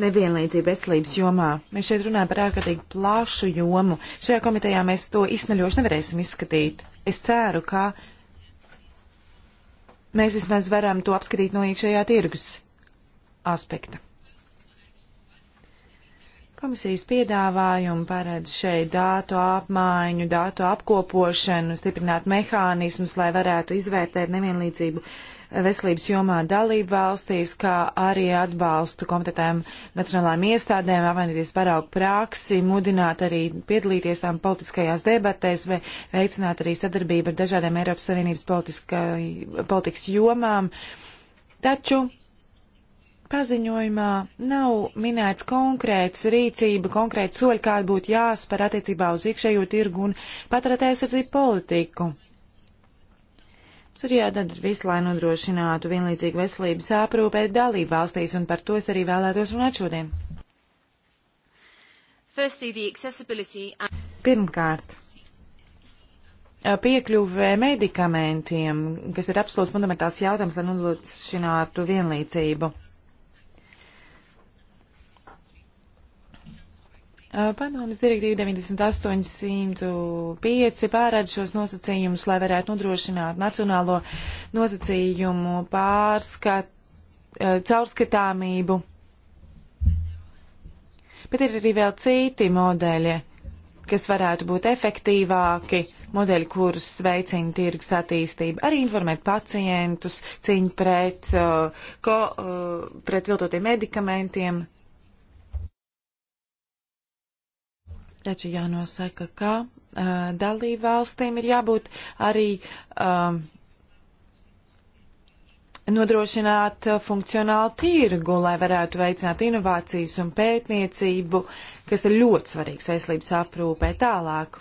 nevienlīdzību veselības jomā. Mēs šeit runājam par ārkārtīgi plašu jomu. Šajā komitejā mēs to izsmeļoši nevarēsim izskatīt. Es ceru, ka mēs vismaz varam to apskatīt no iekšējā tirgus aspekta. Komisijas piedāvājumu paredz šeit dātu apmaiņu, dātu apkopošanu, stiprināt mehānismus, lai varētu izvērtēt nevienlīdzību veselības jomā dalību valstīs, kā arī atbalstu kompetentām nacionālām iestādēm, apmainīties paraugu praksi, mudināt arī piedalīties tām politiskajās debatēs, vai veicināt arī sadarbību ar dažādiem Eiropas Savienības politikas jomām. Taču paziņojumā nav minēts konkrēts rīcība, konkrēts soļi, kāda būtu jāspēr attiecībā uz iekšējo tirgu un patratē aizsardzību politiku. Mums ir jādara viss, lai nodrošinātu vienlīdzīgu veselības aprūpē dalību valstīs, un par to es arī vēlētos runāt šodien. Pirmkārt, piekļuvē medikamentiem, kas ir absolūti fundamentāls jautājums, lai nodrošinātu vienlīdzību. Padomas direktīva 9805 pārēd šos nosacījumus, lai varētu nodrošināt nacionālo nosacījumu pārskat, caurskatāmību. Bet ir arī vēl citi modeļi, kas varētu būt efektīvāki, modeļi, kurus veicina tirgus attīstību, arī informēt pacientus, cīņu pret, ko, pret viltotiem medikamentiem. Taču jānosaka, ka uh, dalību valstīm ir jābūt arī um, nodrošināt funkcionālu tirgu, lai varētu veicināt inovācijas un pētniecību, kas ir ļoti svarīgs veselības aprūpē tālāk.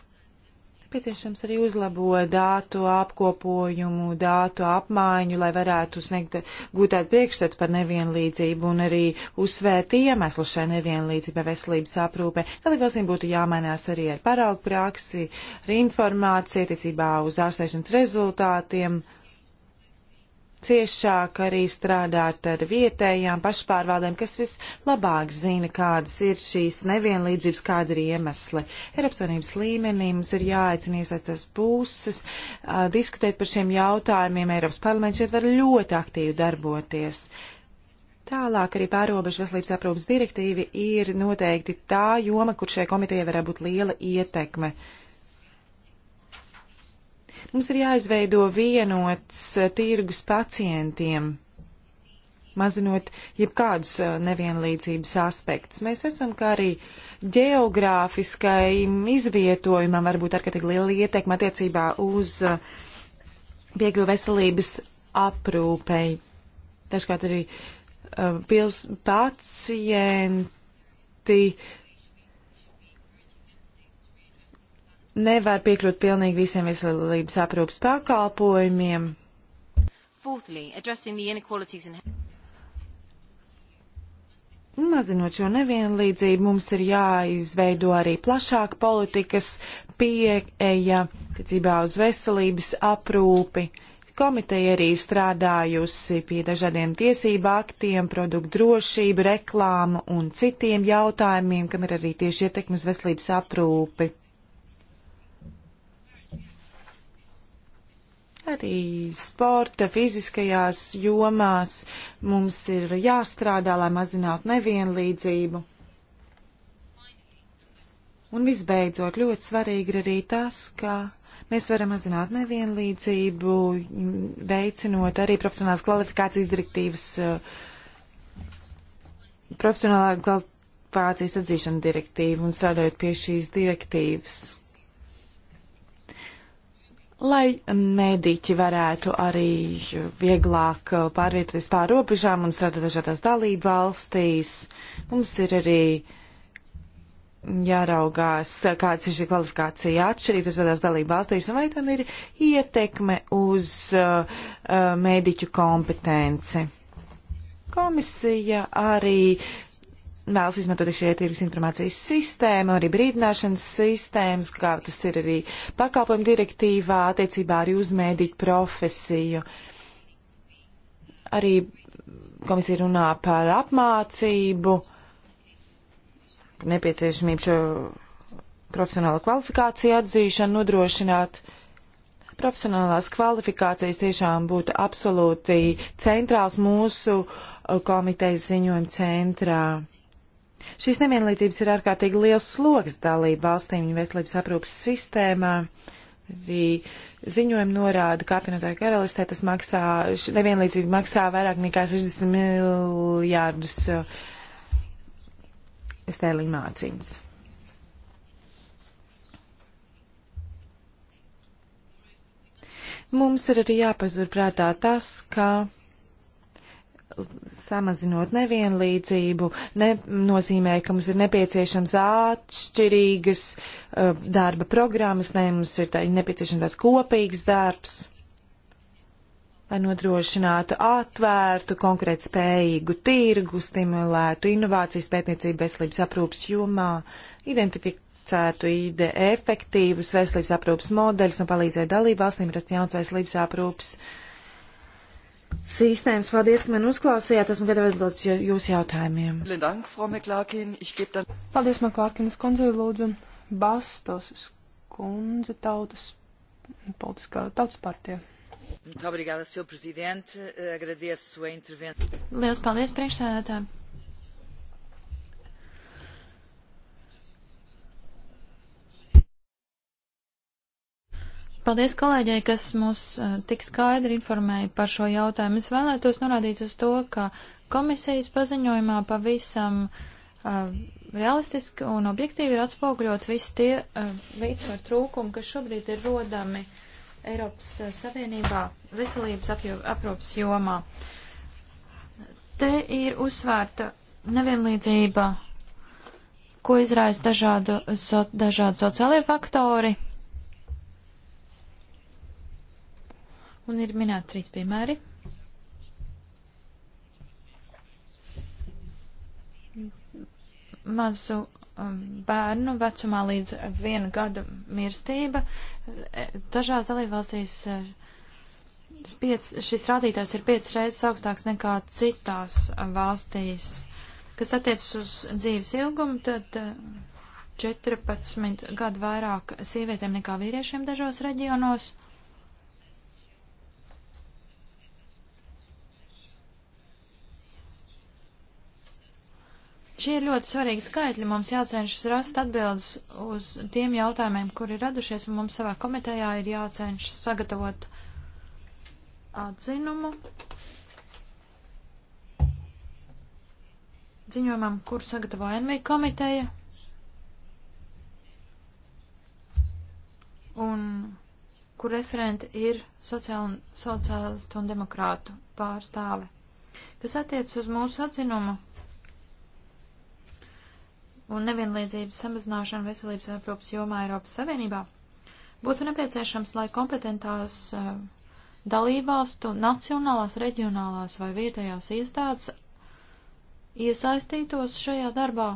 Pieciešams arī uzlabo dātu apkopojumu, dātu apmaiņu, lai varētu sniegt gūtēt priekšstatu par nevienlīdzību un arī uzsvērt iemeslu šai nevienlīdzībai veselības aprūpē. Tātad valstīm būtu jāmainās arī ar paraugu praksi, ar informāciju, attiecībā uz ārstēšanas rezultātiem. Uh, ciešāk arī strādāt ar vietējām pašpārvaldēm, kas vislabāk zina, kādas ir šīs nevienlīdzības, kāda ir iemesli. Eiropas Savienības līmenī mums ir jāaicina iesaistās puses, a, diskutēt par šiem jautājumiem. Eiropas parlaments šeit var ļoti aktīvi darboties. Tālāk arī pārobežu veselības aprūpas direktīvi ir noteikti tā joma, kur šai komitejai varētu būt liela ietekme. Uh, Mums ir jāizveido vienots eh, tirgus pacientiem, mazinot jebkādus eh, nevienlīdzības aspektus. Mēs redzam, ka arī geogrāfiskai izvietojumam var būt ārkārtīgi liela ietekma attiecībā uz eh, piekļuvu veselības aprūpei. Dažkārt arī uh, pils, pacienti nevar piekļūt pilnīgi visiem veselības aprūpas pakalpojumiem. Fourthly, addressing the inequalities in Mazinot šo nevienlīdzību, mums ir jāizveido arī plašāka politikas pieeja attiecībā uz veselības aprūpi. Komiteja arī strādājusi pie dažādiem tiesību aktiem, produktu drošību, reklāmu un citiem jautājumiem, kam ir arī tieši ietekmes veselības aprūpi. Arī sporta, fiziskajās jomās mums ir jāstrādā, lai mazinātu nevienlīdzību. Un visbeidzot, ļoti svarīgi ir arī tas, ka mēs varam mazināt nevienlīdzību, veicinot arī profesionālās kvalifikācijas direktīvas, profesionālā kvalifikācijas atzīšana direktīvu un strādājot pie šīs direktīvas lai mediķi varētu arī vieglāk uh, pārvietoties pār robežām un strādāt dažādās dalību valstīs. Mums ir arī jāraugās, kāds ir šī kvalifikācija atšķirības dažādās dalību valstīs un vai tam ir ietekme uz uh, uh mediķu kompetenci. Komisija arī uh, vēlas izmantot iekšējā tirgus informācijas sistēmu, arī brīdināšanas sistēmas, kā tas ir arī pakalpojumu direktīvā attiecībā arī uz mēdīku profesiju. Arī komisija runā par apmācību, nepieciešamību šo profesionālo kvalifikāciju atzīšanu nodrošināt profesionālās kvalifikācijas tiešām būtu absolūti centrāls mūsu uh, komitejas ziņojuma centrā. Šīs nevienlīdzības ir ārkārtīgi liels sloks dalību valstīm veselības aprūpas sistēmā. Arī ziņojumi norāda, ka apvienotāja karalistē tas maksā, nevienlīdzība maksā vairāk nekā 60 miljārdus eh, stēliņu mācības. Mums ir arī jāpaturprātā tas, ka samazinot nevienlīdzību, ne, nozīmē, ka mums ir nepieciešams atšķirīgas uh, darba programmas, ne, mums ir tā, nepieciešams tāds kopīgs darbs, lai nodrošinātu atvērtu, konkrēt spējīgu tirgu, stimulētu inovācijas pētniecību veselības aprūpas jomā, identificētu ide efektīvus veselības aprūpas modeļus un palīdzētu dalībvalstīm rast jauns veselības aprūpas modeļus sistēmas. Paldies, ka man uzklausījāt. Esmu gatava atbildēt jūsu jautājumiem. Paldies, Maklārkinas kundze, lūdzu. Bastos kundze, tautas politiskā tautas partija. Muito obrigada, Sr. Presidente. Eh, agradeço a intervenção. Liels paldies, priekšsēdētāji. Paldies kolēģei, kas mūs e, tik skaidri informēja par šo jautājumu. Es vēlētos norādīt uz to, ka komisijas paziņojumā pavisam uh, realistiski un objektīvi ir atspoguļot visi tie uh, līdzsvaru trūkumi, kas šobrīd ir rodami Eiropas uh, Savienībā veselības aprūpas jomā. Te ir uzsvērta nevienlīdzība, ko izraisa dažādu, so, dažādi sociālie faktori Un ir minēti trīs piemēri. Mazu um, bērnu vecumā līdz viena gada mirstība. E, dažās dalībvalstīs e, šis rādītājs ir piecas reizes augstāks nekā citās valstīs. Kas attiecas uz dzīves ilgumu, tad 14 e, gadu vairāk sievietēm nekā vīriešiem dažos reģionos. Šie ir ļoti svarīgi skaitļi. Mums jācenšas rast atbildes uz tiem jautājumiem, kuri ir radušies, un mums savā komitejā ir jācenšas sagatavot atzinumu ziņojumam, kuru sagatavo NV komiteja. Un kur referenti ir sociālistu un demokrātu pārstāve. Kas attiec uz mūsu atzinumu, un nevienlīdzības samazināšanu veselības aprūpas jomā Eiropas Savienībā, būtu nepieciešams, lai kompetentās uh, dalībvalstu nacionālās, reģionālās vai vietējās iestādes iesaistītos šajā darbā.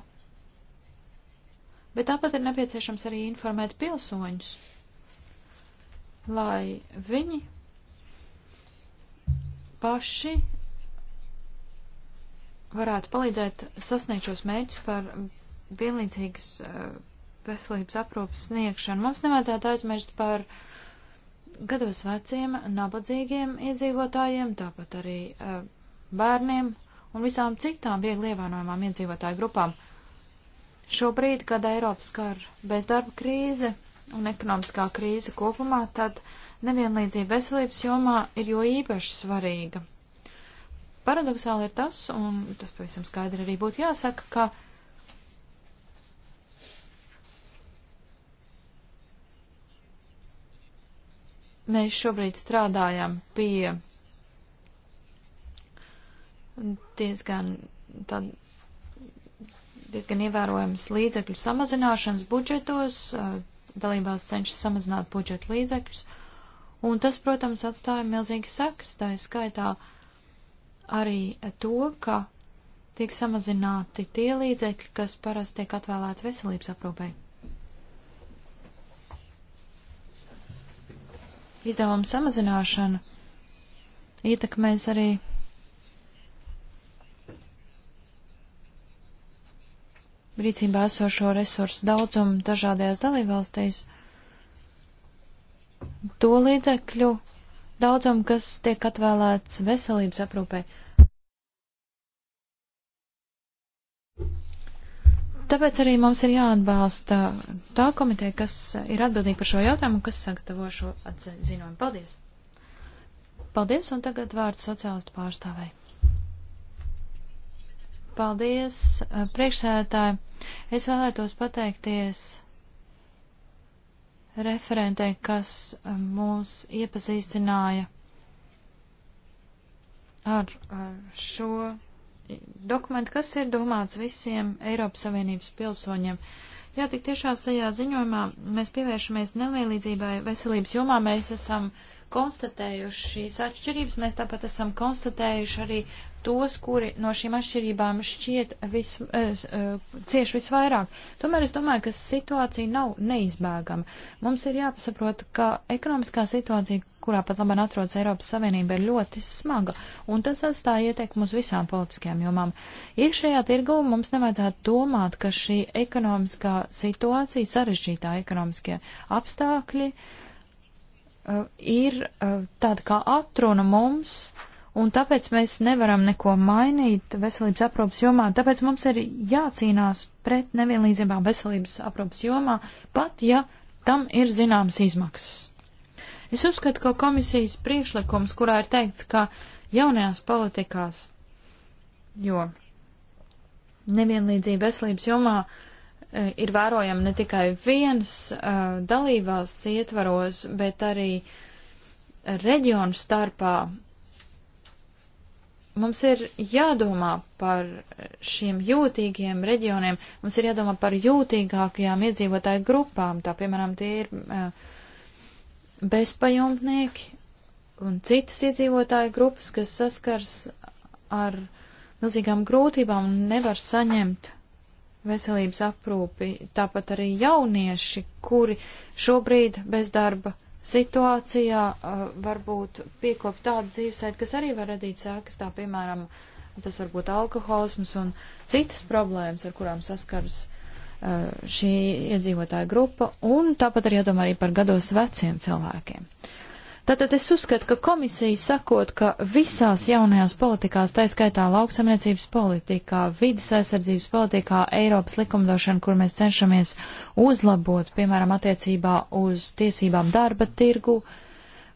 Bet tāpat ir nepieciešams arī informēt pilsoņus, lai viņi paši varētu palīdzēt sasniegt šos mērķus par vienlīdzīgas eh, veselības aprūpas sniegšanu. Mums nevajadzētu aizmirst par gados veciem, nabadzīgiem iedzīvotājiem, tāpat arī eh, bērniem un visām citām viegli ievainojumām iedzīvotāju grupām. Šobrīd, kad Eiropas kar bezdarba krīze un ekonomiskā krīze kopumā, tad nevienlīdzība veselības jomā ir jo īpaši svarīga. Paradoxāli ir tas, un tas pavisam skaidri arī būtu jāsaka, ka Mēs šobrīd strādājam pie diezgan, tad, diezgan ievērojams līdzekļu samazināšanas budžetos, dalībās cenšas samazināt budžeta līdzekļus, un tas, protams, atstāja milzīgi sekas, tā ir skaitā arī to, ka tiek samazināti tie līdzekļi, kas parasti tiek atvēlēti veselības aprūpei. izdevumu samazināšana ietekmēs arī rīcībā esošo resursu daudzumu dažādajās dalībvalstīs, to līdzekļu daudzumu, kas tiek atvēlēts veselības aprūpē. Tāpēc arī mums ir jāatbalsta tā komiteja, kas ir atbildīga par šo jautājumu un kas sagatavo šo atziņojumu. Paldies! Paldies, un tagad vārds sociālistu pārstāvei. Paldies, eh, priekšsēdētāji. Es vēlētos pateikties referentei, kas eh, mūs iepazīstināja ar, ar šo dokumentu, kas ir domāts visiem Eiropas Savienības pilsoņiem. Jā, tik tiešām šajā ziņojumā mēs pievēršamies nelielīdzībai veselības jomā. Mēs esam konstatējuši šīs atšķirības, mēs tāpat esam konstatējuši arī tos, kuri no šīm atšķirībām šķiet vis, uh, uh, cieš visvairāk. Tomēr es domāju, ka situācija nav neizbēgama. Mums ir jāpasaprot, ka ekonomiskā situācija, kurā pat labāk atrodas Eiropas Savienība, ir ļoti smaga, un tas atstāja ietekmu uz visām politiskajām jomām. Iekšējā tirgu mums nevajadzētu domāt, ka šī ekonomiskā situācija, sarežģītā ekonomiskie apstākļi uh, ir uh, tāda kā atruna mums, un tāpēc mēs nevaram neko mainīt veselības aprūpas jomā, tāpēc mums ir jācīnās pret nevienlīdzībām veselības aprūpas jomā, pat ja tam ir zināmas izmaksas. Es uzskatu, ka komisijas priekšlikums, kurā ir teikts, ka jaunajās politikās, jo nevienlīdzība veselības jomā e, ir vērojama ne tikai viens uh, e, dalībās ietvaros, bet arī reģionu starpā. Mums ir jādomā par šiem jūtīgiem reģioniem, mums ir jādomā par jūtīgākajām iedzīvotāju grupām, tā piemēram, tie ir uh, bezpajumtnieki un citas iedzīvotāju grupas, kas saskars ar milzīgām grūtībām un nevar saņemt veselības aprūpi, tāpat arī jaunieši, kuri šobrīd bezdarba situācijā uh, varbūt piekop tādu dzīvesveidu, kas arī var radīt sēkas, tā piemēram, tas var būt alkoholisms un citas problēmas, ar kurām saskaras Eh, šī iedzīvotāja grupa, un tāpat arī jādomā arī par gados veciem cilvēkiem. Tātad es uzskatu, ka komisija sakot, ka visās jaunajās politikās, tā skaitā lauksamniecības politikā, vidas aizsardzības politikā, Eiropas likumdošana, kur mēs cenšamies uzlabot, piemēram, attiecībā uz tiesībām darba tirgu,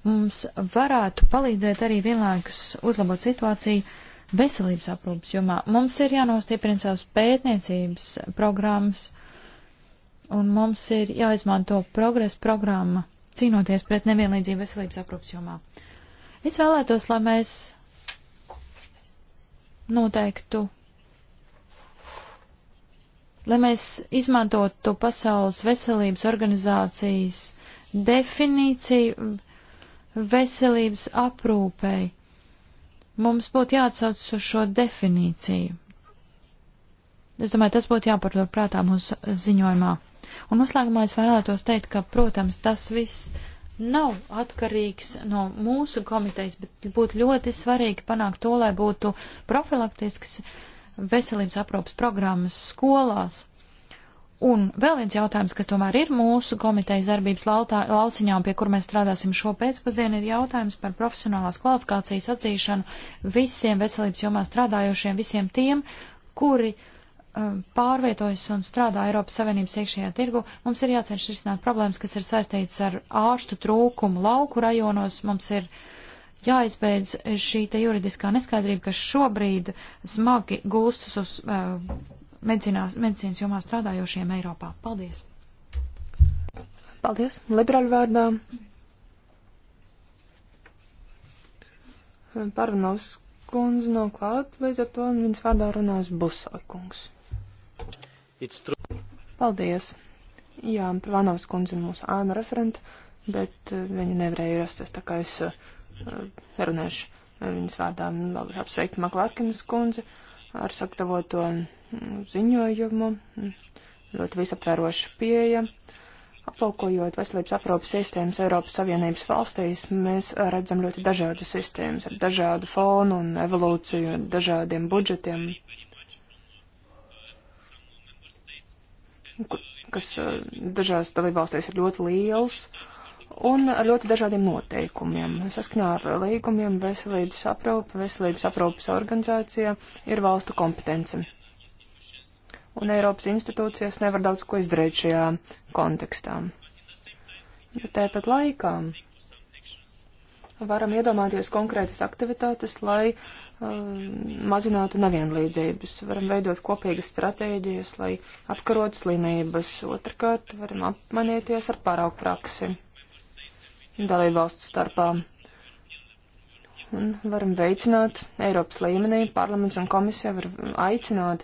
mums varētu palīdzēt arī vienlaikus uzlabot situāciju, veselības aprūpas jomā. Mums ir jānostiprina savas pētniecības programmas, un mums ir jāizmanto progresa programma cīnoties pret nevienlīdzību veselības aprūpas jomā. Es vēlētos, lai mēs noteiktu, lai mēs izmantotu Pasaules veselības organizācijas definīciju veselības aprūpei. Mums būtu jāatsauc uz šo definīciju. Es domāju, tas būtu jāpatur prātā mūsu ziņojumā. Un noslēgumā es vēlētos teikt, ka, protams, tas viss nav atkarīgs no mūsu komitejas, bet būtu ļoti svarīgi panākt to, lai būtu profilaktisks veselības aprūpas programmas skolās. Un vēl viens jautājums, kas tomēr ir mūsu komitejas darbības lautā, lauciņā, pie kur mēs strādāsim šo pēcpusdienu, ir jautājums par profesionālās kvalifikācijas atzīšanu visiem veselības jomā strādājošiem, visiem tiem, kuri uh, Um, pārvietojas un strādā Eiropas Savienības iekšējā tirgu, mums ir jācenšas risināt problēmas, kas ir saistītas ar ārstu trūkumu lauku rajonos. Mums ir jāizbeidz šī te juridiskā neskaidrība, kas šobrīd smagi gūstas uz uh, medicīnas, medicīnas jomā strādājošiem Eiropā. Paldies! Paldies! Liberāļu vārdā! Parvanovs kundze nav klāt, līdz ar to viņas vārdā runās Busākungs. Paldies! Jā, Vanovas kundze ir mūsu ēna referenta, bet eh, viņa nevarēja ierasties, tā kā es uh, eh, runāšu viņas vārdā. Nu, Vēlos apsveikt Maklārkinas kundzi ar sagatavoto mm, ziņojumu, mm, ļoti visaptvēroša pieeja. Aplaukojot veselības aprūpas sistēmas Eiropas Savienības valstīs, mēs redzam ļoti dažādas sistēmas ar dažādu fonu un evolūciju, dažādiem budžetiem, kas eh, dažās dalībvalstīs ir ļoti liels un ar ļoti dažādiem noteikumiem. Saskaņā ar līgumiem veselības aprūpe, veselības aprūpes organizācija ir valstu kompetence. Un Eiropas institūcijas nevar daudz ko izdarīt šajā kontekstā. Bet tāpat laikā varam iedomāties konkrētas aktivitātes, lai uh, mazinātu nevienlīdzības, varam veidot kopīgas stratēģijas, lai apkarotu slimības. Otrakārt, varam apmainīties ar pāraugu praksi dalību valstu starpā. Un varam veicināt Eiropas līmenī, parlaments un komisija var aicināt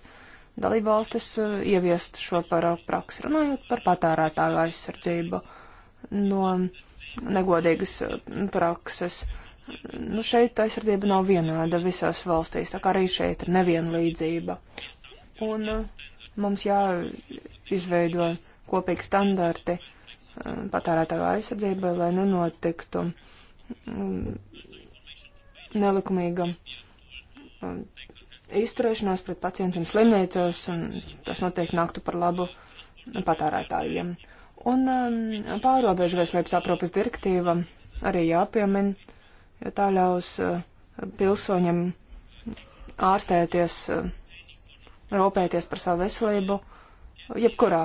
dalību valstis uh, ieviest šo pāraugu praksi, runājot par patērētāju aizsardzību no negodīgas uh, prakses. Uh, Nu, šeit aizsardzība nav vienāda visās valstīs, tā kā arī šeit ir nevienlīdzība. Un uh, mums jāizveido kopīgi standarti uh, patērētāju aizsardzībai, lai nenotiktu mm, nelikumīga mm, izturēšanās pret pacientiem slimnīcās, un tas noteikti nāktu par labu patērētājiem. Un um, pārobežu veselības aprūpas direktīva arī jāpiemina jo tā ļaus eh, pilsoņiem ārstēties, eh, rūpēties par savu veselību, jebkurā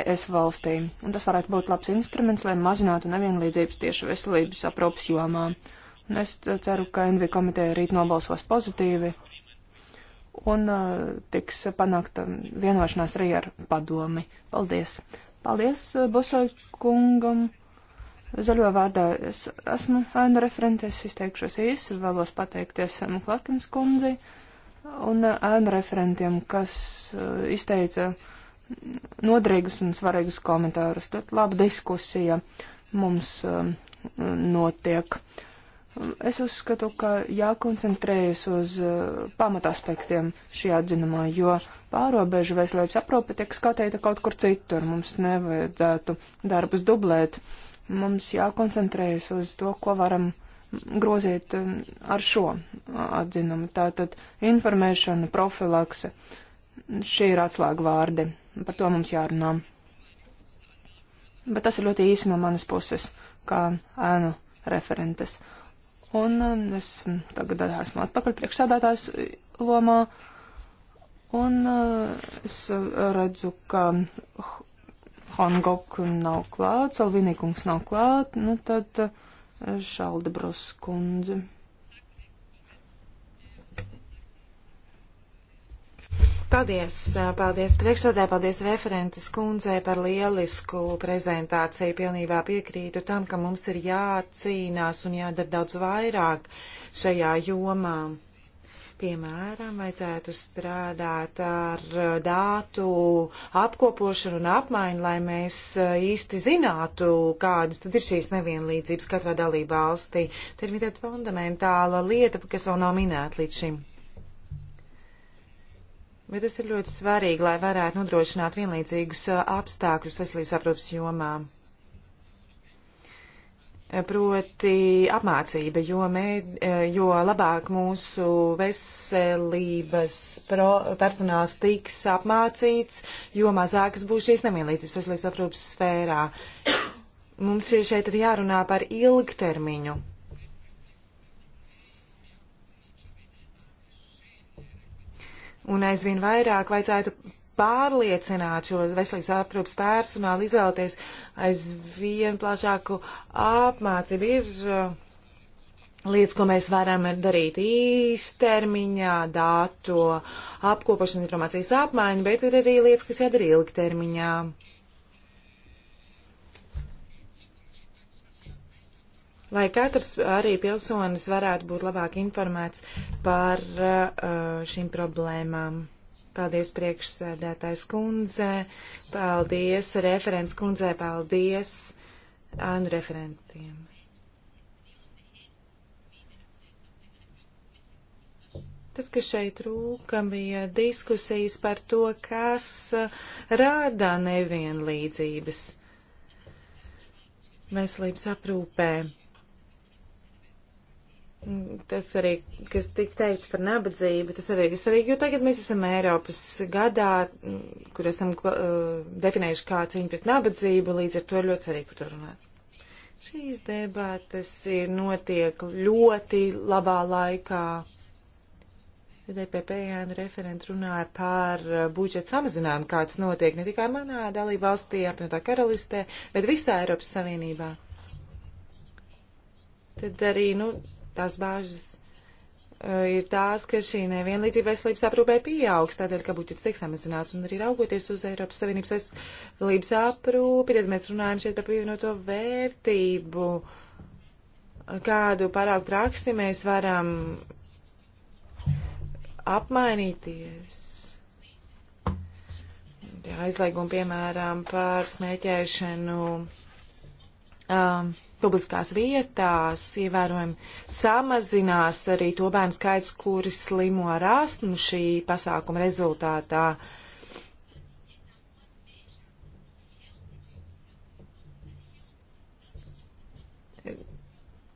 ES valstī, un tas varētu būt labs instruments, lai mazinātu nevienlīdzības tieši veselības aprūpas jomā. Un es ceru, ka NV komiteja rīt nobalsos pozitīvi un uh, tiks panākta vienošanās arī ar padomi. Paldies! Paldies Busoju kungam! Zaļo vārdā es esmu ēnu referentes, izteikšos īsi, vēlos pateikties Klakins kundzei un ēnu referentiem, kas eh, izteica nodrīgus un svarīgus komentārus. Tad laba diskusija mums eh, notiek. Es uzskatu, ka jākoncentrējas uz eh, pamataspektiem šī atzinumā, jo pārobežu veselības aprūpe tiek skatīta kaut kur citur. Mums nevajadzētu darbus dublēt. Uh, Mums jākoncentrējas uz to, ko varam grozīt um, ar šo atzinumu. Tātad informēšana, profilakse. Šie ir atslēga vārdi. Par to mums jārunā. Bet tas ir ļoti īsi no manas puses, kā ēnu referentes. Un um, es tagad esmu atpakaļ priekšsādātājs lomā. Un uh, es redzu, ka Hongok nav klāt, Salvinīkungs nav klāt, nu tad eh, Šaldebros kundze. Paldies, eh, paldies priekšsādē, paldies referentes kundzei par lielisku prezentāciju. Pilnībā piekrītu tam, ka mums ir jācīnās un jādara daudz vairāk šajā jomā. Piemēram, vajadzētu strādāt ar dātu apkopošanu un apmaiņu, lai mēs e, īsti zinātu, kādas tad ir šīs nevienlīdzības katrā dalība valstī. Tā ir vietēt fundamentāla lieta, kas vēl nav minēta līdz šim. Bet tas ir ļoti svarīgi, lai varētu nodrošināt vienlīdzīgus e, apstākļus veselības aprūpas jomām proti apmācība, jo, med, jo labāk mūsu veselības pro, personāls tiks apmācīts, jo mazākas būs šīs nevienlīdzības veselības aprūpas sfērā. Mums šeit ir jārunā par ilgtermiņu. Un aizvien vairāk vajadzētu pārliecināt šo veselības aprūpas personālu, izvēlēties aizvien plašāku apmācību. Ir uh, lietas, ko mēs varam darīt īstermiņā, dātu apkopošana, informācijas apmaiņa, bet ir arī lietas, kas jādara ilgtermiņā. lai katrs arī pilsonis varētu būt labāk informēts par uh, šīm problēmām. Paldies priekšsēdētājs kundze, paldies referents kundze, paldies ānu referentiem. Tas, kas šeit trūka, bija diskusijas par to, kas rāda nevienlīdzības veselības aprūpē. Tas arī, kas tika teikts par nabadzību, tas arī ir svarīgi, jo tagad mēs esam Eiropas gadā, kur esam uh, definējuši kā cīņu pret nabadzību, līdz ar to ir ļoti svarīgi par to runāt. Šīs debātas ir notiek ļoti labā laikā. DPP ēnu referenti runāja par budžeta samazinājumu, kāds notiek ne tikai manā dalība valstī, apvienotā karalistē, bet visā Eiropas Savienībā. Tad arī, nu, Tās bāžas uh, ir tās, ka šī nevienlīdzība veselības aprūpē pieaugs, tādēļ, ka budžets tiek samazināts. Un arī raugoties uz Eiropas Savienības veselības aprūpi, tad mēs runājam šeit par pievienoto vērtību, kādu parāku praksi mēs varam apmainīties aizliegumu, piemēram, par smēķēšanu um, publiskās vietās ievērojami samazinās arī to bērnu skaits, kuri slimo ar astmu šī pasākuma rezultātā.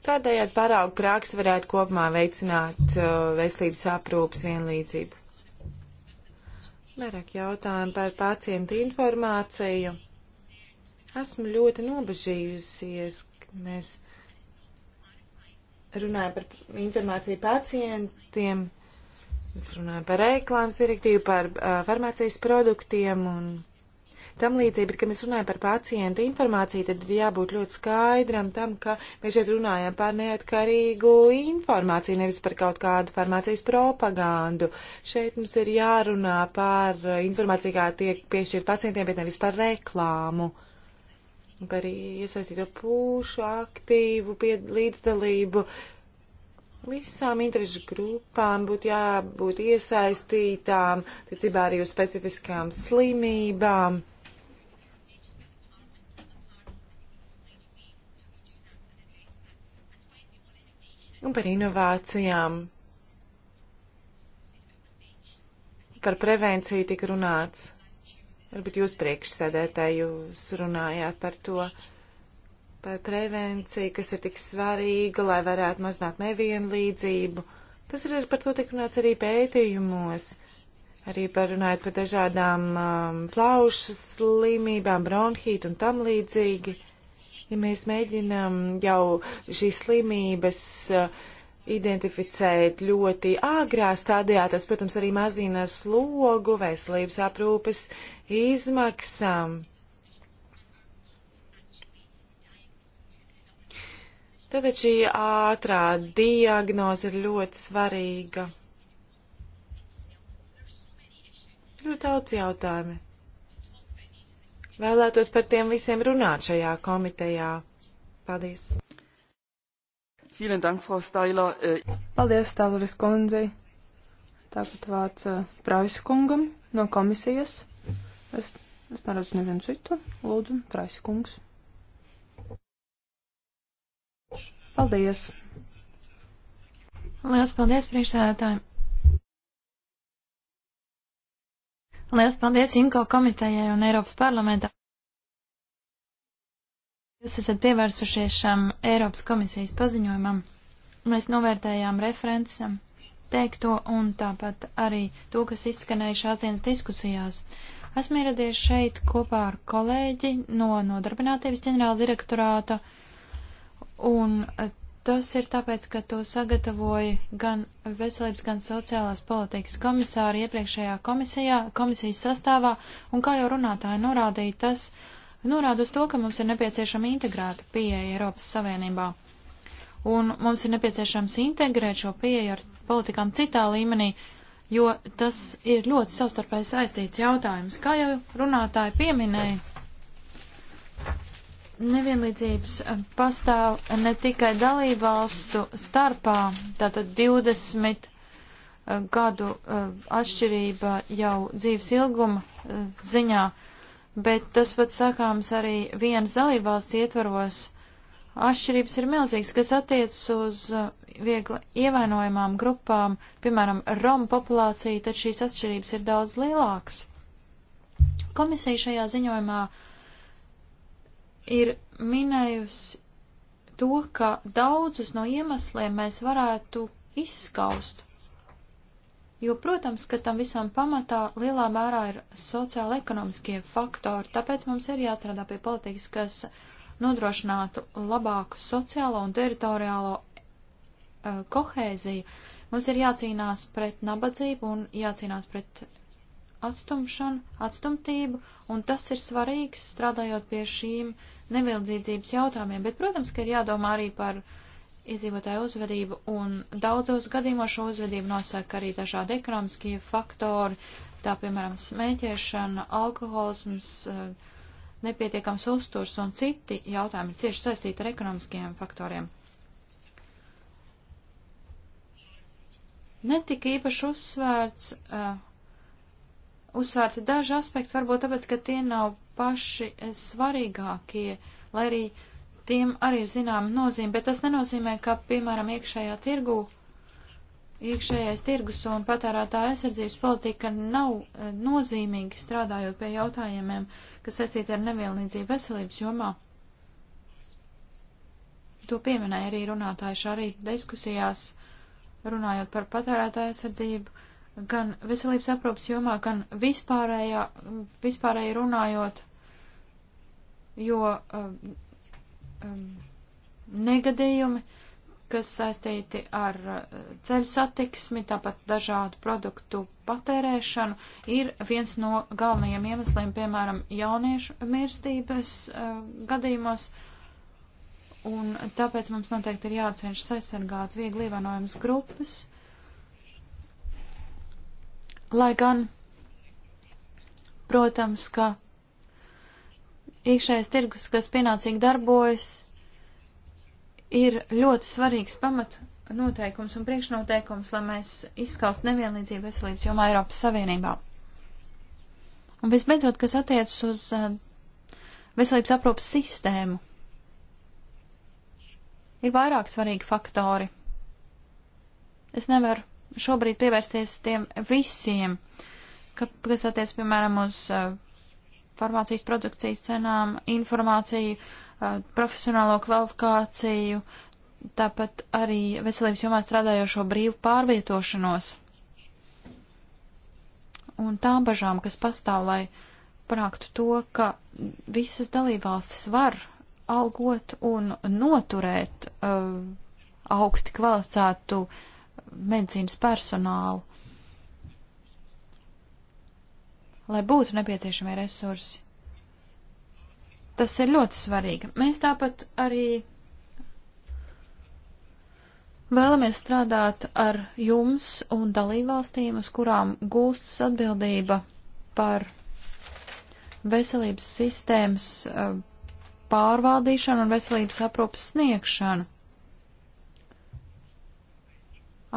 Tādējādi paraugu praksa varētu kopumā veicināt uh, veselības aprūpas vienlīdzību. Vairāk jautājumu par pacientu informāciju. Esmu ļoti nobežījusies, Mēs runājam par informāciju pacientiem, mēs runājam par reklāmas direktīvu, par uh, farmācijas produktiem un tam līdzīgi, bet, kad mēs runājam par pacientu informāciju, tad ir jābūt ļoti skaidram tam, ka mēs šeit runājam par neatkarīgu informāciju, nevis par kaut kādu farmācijas propagandu. Šeit mums ir jārunā par informāciju, kā tiek piešķirt pacientiem, bet nevis par reklāmu. Uh, kā arī iesaistīto pušu aktīvu līdzdalību. Visām interešu grupām būtu jābūt iesaistītām, ticībā arī uz specifiskām slimībām. Un par inovācijām. Par prevenciju tika runāts. Varbūt jūs priekšsēdētāji jūs runājāt par to, par prevenciju, kas ir tik svarīga, lai varētu mazināt nevienlīdzību. Tas ir par to tik runāts arī pētījumos. Arī par runājot par dažādām um, plaušas slimībām, bronhītu un tam līdzīgi. Ja mēs mēģinām jau šīs slimības uh, identificēt ļoti āgrā stadijā. Tas, protams, arī mazina slogu veselības aprūpes izmaksām. Tātad šī ātrā diagnoze ir ļoti svarīga. Ļoti daudz jautājumi. Vēlētos par tiem visiem runāt šajā komitejā. Paldies! Vielen Dank, Frau Steiler. Äh, paldies, Stāvulis kundzei. Tagad vārds uh, äh, Praisa kungam no komisijas. Es, es neredzu nevienu citu. Lūdzu, Praisa kungs. Paldies. Lielas paldies, priekšsēdētāji. Lielas paldies Inko komitejai un Eiropas parlamentam Jūs esat pievērsušies šam Eiropas komisijas paziņojumam. Mēs novērtējām referencam um, teikto un tāpat arī to, kas izskanēja šās dienas diskusijās. Esmu ieradies šeit kopā ar kolēģi no nodarbinātības ģenerāla direktorāta, un uh, tas ir tāpēc, ka to sagatavoja gan veselības, gan sociālās politikas komisāri iepriekšējā komisijā, komisijas sastāvā, un kā jau runātāji norādīja, tas norāda uz to, ka mums ir nepieciešama integrēta pieeja Eiropas Savienībā. Un mums ir nepieciešams integrēt šo pieeju ar politikām citā līmenī, jo tas ir ļoti savstarpēji saistīts jautājums. Kā jau runātāji pieminēja, nevienlīdzības pastāv ne tikai dalībvalstu starpā, tātad 20 eh, gadu eh, atšķirība jau dzīves ilguma eh, ziņā bet tas pat sakāms arī vienas dalībvalsts ietvaros. Atšķirības ir milzīgas, kas attiecas uz uh, viegli ievainojamām grupām, piemēram, Romu populāciju, tad šīs atšķirības ir daudz lielākas. Komisija šajā ziņojumā ir minējusi to, ka daudzus no iemesliem mēs varētu izskaust. Jo, protams, ka tam visam pamatā lielā mērā ir sociāla-ekonomiskie faktori, tāpēc mums ir jāstrādā pie politikas, kas nodrošinātu labāku sociālo un teritoriālo uh, kohēziju. Mums ir jācīnās pret nabadzību un jācīnās pret atstumšanu, atstumtību, un tas ir svarīgs strādājot pie šīm nevildzīdzības jautājumiem. Bet, protams, ka ir jādomā arī par uh, iedzīvotāju uzvedību, un daudzos gadījumos šo uzvedību nosaka arī dažādi ekonomiskie faktori, tā piemēram smēķēšana, alkoholisms, eh, nepietiekams uzturs un citi jautājumi ir cieši saistīti ar ekonomiskajiem faktoriem. Netika īpaši uzsvērts, uh, uzsvērti daži aspekti, varbūt tāpēc, ka tie nav paši eh, svarīgākie, lai arī uh, tiem arī ir zināma nozīme, bet tas nenozīmē, ka, piemēram, iekšējā tirgū, iekšējais tirgus un patērētāja aizsardzības politika nav eh, nozīmīgi strādājot pie jautājumiem, kas saistīti ar nevienlīdzību veselības jomā. To pieminēja arī runātāji šarī diskusijās, runājot par patērētāja aizsardzību, gan veselības aprūpas jomā, gan vispārējā, vispārēji runājot, jo uh, um, negadījumi, kas saistīti ar uh, ceļu satiksmi, tāpat dažādu produktu patērēšanu, ir viens no galvenajiem iemesliem, piemēram, jauniešu mirstības uh, gadījumos. Un tāpēc mums noteikti ir jācenšas aizsargāt viegli ievainojamas grupas, lai gan, protams, ka iekšējais tirgus, kas pienācīgi darbojas, ir ļoti svarīgs pamat noteikums un priekšnoteikums, lai mēs izskaustu nevienlīdzību veselības jomā Eiropas Savienībā. Un visbeidzot, kas attiecas uz eh, veselības aprūpas sistēmu, ir vairāk svarīgi faktori. Es nevaru šobrīd pievērsties tiem visiem, ka, kas attiec, piemēram, uz uh, farmācijas produkcijas cenām, informāciju, eh, profesionālo kvalifikāciju, tāpat arī veselības jomā strādājošo brīvu pārvietošanos un tām bažām, kas pastāv, lai panāktu to, ka visas dalībvalstis var algot un noturēt uh, augsti kvalificētu medicīnas personālu lai būtu nepieciešamie resursi. Tas ir ļoti svarīgi. Mēs tāpat arī vēlamies strādāt ar jums un dalībvalstīm, uz kurām gūstas atbildība par veselības sistēmas eh, pārvaldīšanu un veselības aprūpas sniegšanu.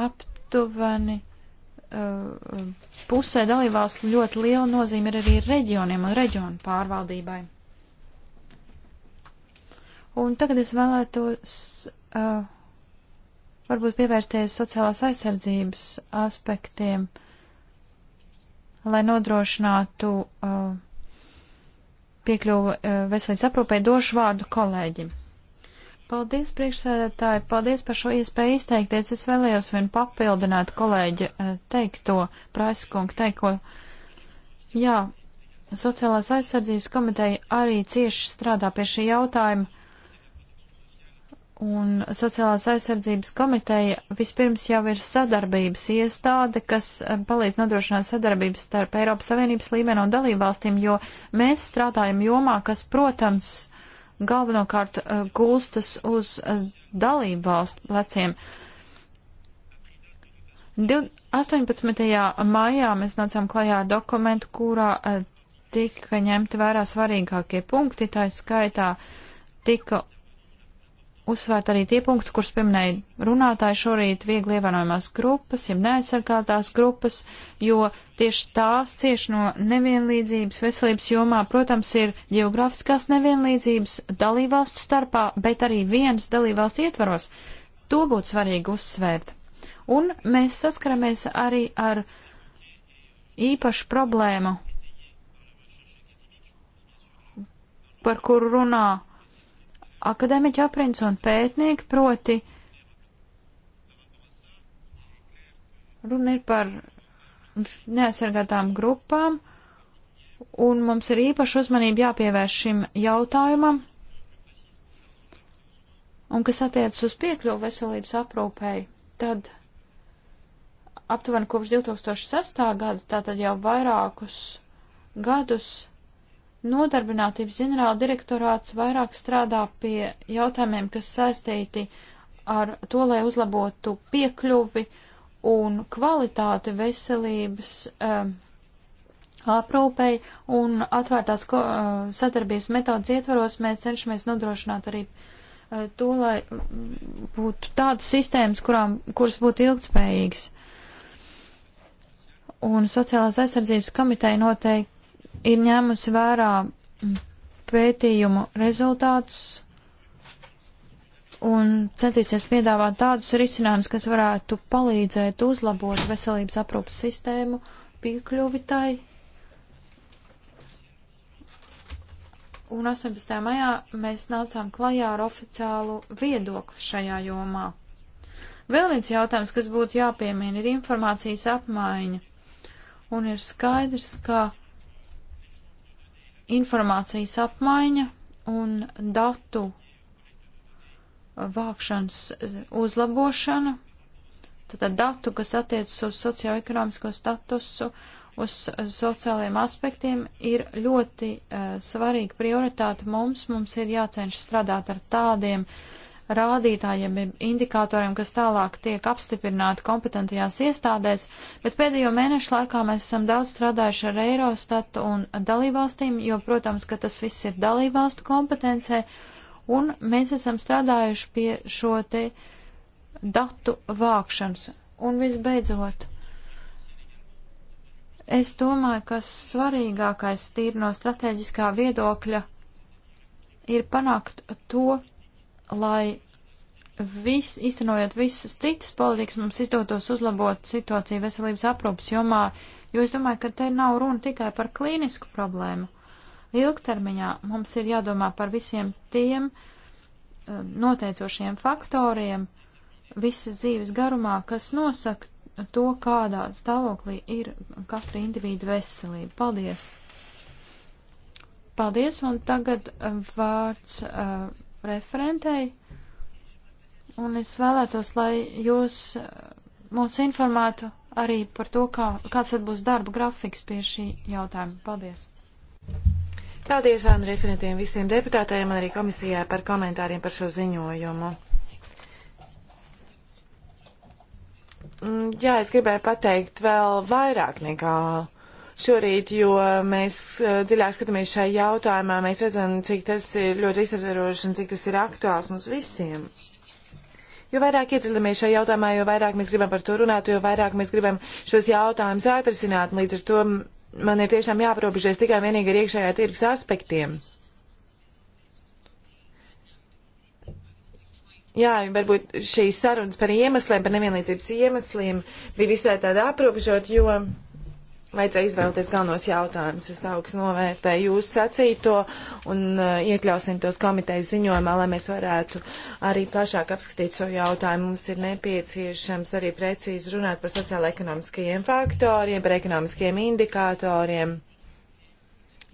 Aptuveni uh, pusē dalībvalstu ļoti liela nozīme ir arī reģioniem un reģionu pārvaldībai. Un tagad es vēlētos uh, varbūt pievērsties sociālās aizsardzības aspektiem, lai nodrošinātu uh, piekļuvu uh, veselības aprūpē došu vārdu kolēģim. Paldies, priekšsēdētāji, paldies par šo iespēju izteikties. Es vēlējos vien papildināt kolēģi eh, teikto, Praiskunga teikto. Jā, Sociālās aizsardzības komiteja arī cieši strādā pie šī jautājuma. Un Sociālās aizsardzības komiteja vispirms jau ir sadarbības iestāde, kas eh, palīdz nodrošināt sadarbības starp Eiropas Savienības līmeni un dalībvalstīm, jo mēs strādājam jomā, kas, protams, galvenokārt uh, gulstas uz uh, dalību valstu pleciem. 18. maijā mēs nācām klajā ar dokumentu, kurā uh, tika ņemti vērā svarīgākie punkti, tā skaitā tika uzsvērt arī tie punkti, kurus pieminēja runātāji šorīt viegli ievainojumās grupas, jeb neaizsargātās grupas, jo tieši tās cieši no nevienlīdzības veselības jomā, protams, ir geogrāfiskās nevienlīdzības dalībvalstu starpā, bet arī vienas dalībvalsts ietvaros. To būtu svarīgi uzsvērt. Un mēs saskaramies arī ar īpašu problēmu, par kuru runā akadēmiķi aprins un pētnieki, proti runa ir par neaizsargātām grupām, un mums ir īpaši uzmanība jāpievērš šim jautājumam, un kas attiecas uz piekļuvu veselības aprūpēji, tad aptuveni kopš 2006. gada, tātad jau vairākus gadus Nodarbinātības ģenerāla direktorāts vairāk strādā pie jautājumiem, kas saistīti ar to, lai uzlabotu piekļuvi un kvalitāti veselības um, aprūpei un atvērtās ko, uh, sadarbības metodas ietvaros mēs cenšamies nodrošināt arī uh, to, lai mm, būtu tādas sistēmas, kurām, kuras būtu ilgtspējīgas. Un sociālās aizsardzības komiteja noteikti ir ņēmusi vērā pētījumu rezultātus un centīsies piedāvāt tādus risinājumus, kas varētu palīdzēt uzlabot veselības aprūpas sistēmu piekļuvi tai. Un 18. maijā mēs nācām klajā ar oficiālu viedokli šajā jomā. Vēl viens jautājums, kas būtu jāpiemina, ir informācijas apmaiņa. Un ir skaidrs, ka informācijas apmaiņa un datu vākšanas uzlabošana, tātad datu, kas attiecas uz socioekonomisko statusu, uz sociālajiem aspektiem, ir ļoti uh, svarīga prioritāte mums. Mums ir jācenšas strādāt ar tādiem uh, rādītājiem, indikatoriem, kas tālāk tiek apstiprināti kompetentajās iestādēs, bet pēdējo mēnešu laikā mēs esam daudz strādājuši ar Eirostatu un dalībvalstīm, jo, protams, ka tas viss ir dalībvalstu kompetencē, un mēs esam strādājuši pie šo te datu vākšanas. Un visbeidzot, es domāju, ka svarīgākais tīri no strateģiskā viedokļa ir panākt to, lai vis, iztenojot visas citas politikas, mums izdotos uzlabot situāciju veselības aprūpas jomā, jo es domāju, ka te nav runa tikai par klīnisku problēmu. Ilgtermiņā mums ir jādomā par visiem tiem eh, noteicošiem faktoriem visas dzīves garumā, kas nosaka to, kādā stāvoklī ir katra individu veselība. Paldies! Paldies, un tagad eh, vārds. Uh, referentei, un es vēlētos, lai jūs eh, mūs informētu arī par to, kā, kāds tad būs darba grafiks pie šī jautājuma. Paldies! Paldies vēnu referentiem visiem deputātējiem un arī komisijai par komentāriem par šo ziņojumu. Mm, jā, es gribēju pateikt vēl vairāk nekā šorīt, jo mēs eh, dziļāk skatāmies šai jautājumā, mēs redzam, cik tas ir ļoti izsveroši un cik tas ir aktuāls mums visiem. Jo vairāk iedziļamies šajā jautājumā, jo vairāk mēs gribam par to runāt, jo vairāk mēs gribam šos jautājumus atrisināt. Līdz ar to man ir tiešām jāprobežies tikai vienīgi ar iekšējā tirgus aspektiem. Jā, varbūt šīs sarunas par iemesliem, par nevienlīdzības iemesliem bija visai tāda aprobežot, jo vajadzēja izvēlēties galvenos jautājumus. Es augstu novērtēju jūsu sacīto un uh, iekļausim tos komitejas ziņojumā, lai mēs varētu arī plašāk apskatīt šo jautājumu. Mums ir nepieciešams arī precīzi runāt par sociāla-ekonomiskajiem faktoriem, par ekonomiskajiem indikatoriem.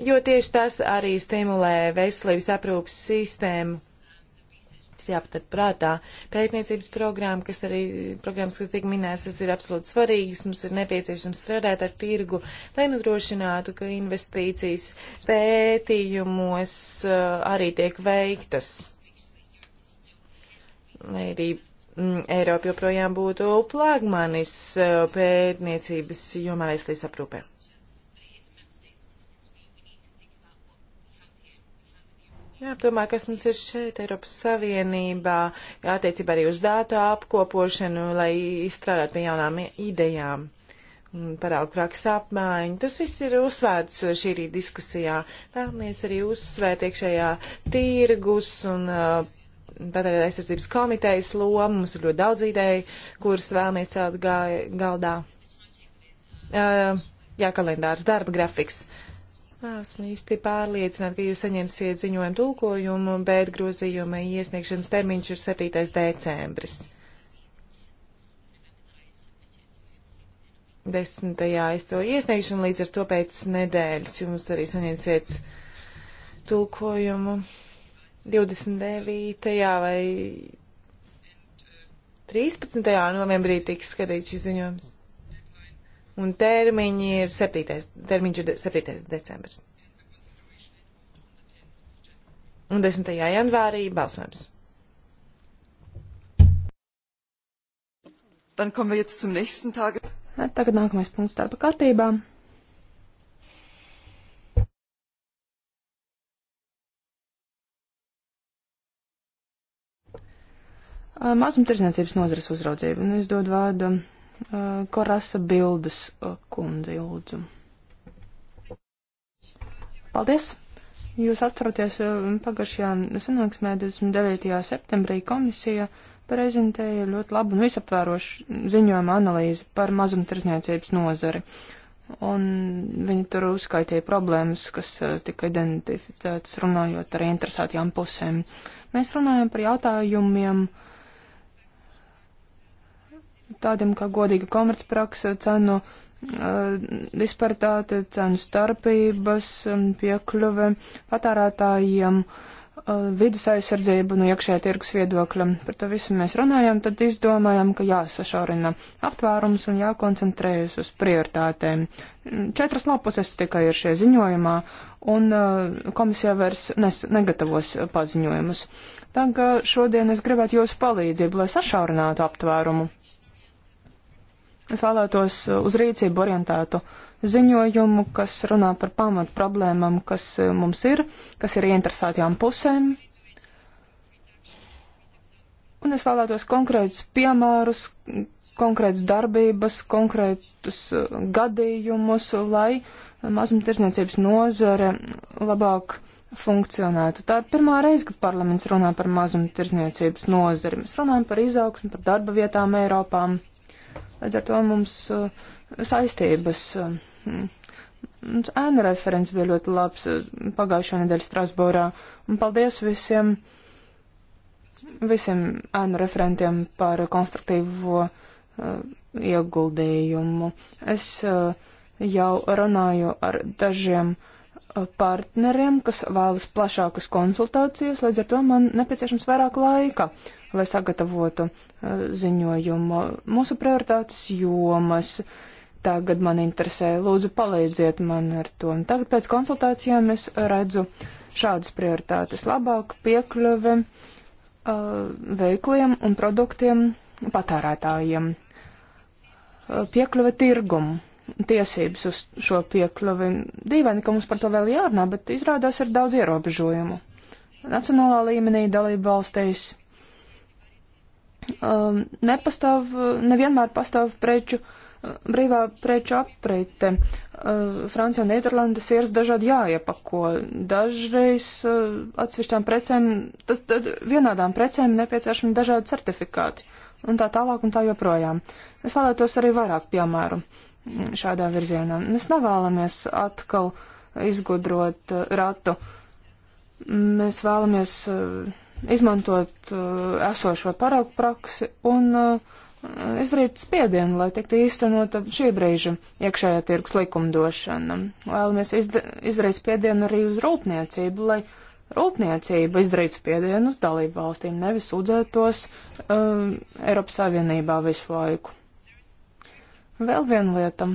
Jo tieši tas arī stimulē veselības aprūpas sistēmu Tas jāpatur prātā. Pētniecības programma, kas arī programmas, kas tiek minētas, tas ir absolūti svarīgs. Mums ir nepieciešams strādāt ar tirgu, lai nodrošinātu, ka investīcijas pētījumos uh, arī tiek veiktas. Lai arī mm, Eiropa joprojām būtu plagmanis uh, pētniecības jomā veselības aprūpē. Jādomā, kas mums ir šeit Eiropas Savienībā, jātiecībā arī uz dātu apkopošanu, lai izstrādātu pie jaunām idejām un paraugu praksa apmaiņu. Tas viss ir uzsvērts šī rīt diskusijā. Vēlamies arī uzsvērt iekšējā tirgus un uh, patērētāju aizsardzības komitejas lomu. Mums ir ļoti daudz ideju, kuras vēlamies celt ga galdā. Uh, jā, kalendārs, darba grafiks. Esmu īsti pārliecināta, ka jūs saņemsiet ziņojumu tulkojumu, bet grozījuma iesniegšanas termiņš ir 7. decembris. 10. es to iesniegšu, un līdz ar to pēc nedēļas jums arī saņemsiet tulkojumu 29. vai 13. novembrī tiks skatīts šis ziņojums un termiņi ir 7. termiņš ir 7. decembris. Un 10. janvārī balsojums. Dann kommen wir jetzt zum nächsten Tag. Tagad nākamais punkts darba kārtībā. Mazumtirdzniecības nozares uzraudzība. Un nu, es dodu vārdu Uh, Korasa Bildes uh, kundzi, lūdzu. Paldies! Jūs atceraties, uh, pagājušajā sanāksmē 29. septembrī komisija prezentēja ļoti labu un visaptvērošu ziņojumu analīzi par mazumtirdzniecības nozari. Un viņi tur uzskaitīja problēmas, kas tika identificētas runājot ar interesētajām pusēm. Mēs runājam par jautājumiem, uh, tādiem kā godīga komercpraksa, cenu eh, dispartāte, cenu starpības, mm, piekļuve patērētājiem, eh, vidas aizsardzība no nu, iekšējā tirgus viedokļa. Par to visu mēs runājam, tad izdomājam, ka jāsašaurina aptvērums un jākoncentrējas uz prioritātēm. Mm, četras lapuses tikai ir šie ziņojumā, un eh, komisija vairs nes, negatavos paziņojumus. Tā kā šodien es gribētu jūsu palīdzību, lai sašaurinātu aptvērumu. Es vēlētos uh, uz rīcību orientētu ziņojumu, kas runā par pamat problēmām, kas uh, mums ir, kas ir ieinteresētajām pusēm. Un es vēlētos konkrētus piemērus, konkrētas darbības, konkrētus uh, gadījumus, lai mazumtirdzniecības nozare labāk funkcionētu. Tā ir pirmā reize, kad parlaments runā par mazumtirdzniecības nozari. Mēs runājam par izaugsmu, par darba vietām Eiropām. Līdz ar to mums uh, saistības. Uh, mm, ēnu referents bija ļoti labs uh, pagājušo nedēļu Strasbūrā. Un paldies visiem, visiem ēnu referentiem par konstruktīvo uh, ieguldījumu. Es uh, jau runāju ar dažiem uh, partneriem, kas vēlas plašākas konsultācijas, līdz ar to man nepieciešams vairāk laika, lai sagatavotu ziņojumu. Mūsu prioritātes jomas tagad man interesē, lūdzu palīdziet man ar to. Un tagad pēc konsultācijām es redzu šādas prioritātes - labāk piekļuve veikliem un produktiem patērētājiem, piekļuve tirgumu, tiesības uz šo piekļuvi. Dīvaini, ka mums par to vēl jārunā, bet izrādās ir daudz ierobežojumu. Nacionālā līmenī dalība valstīs um, nepastāv, nevienmēr pastāv preču, uh, brīvā preču apreite. Uh, Francija un Nīderlanda sieras dažādi jāiepako. Dažreiz uh, atsevišķām precēm, tad, tad vienādām precēm nepieciešami dažādi certifikāti. Un tā tālāk un tā joprojām. Es vēlētos arī vairāk piemēru mm, šādā virzienā. Mēs nevēlamies atkal izgudrot uh, ratu. Mēs vēlamies uh, izmantot uh, esošo paraugu praksi un uh, izdarīt spiedienu, lai tiktu īstenota šī brīža iekšējā tirgus likumdošana. Vēlamies izdarīt spiedienu arī uz rūpniecību, lai rūpniecība izdarītu spiedienu uz dalību valstīm, nevis sūdzētos um, Eiropas Savienībā visu laiku. Vēl viena lieta.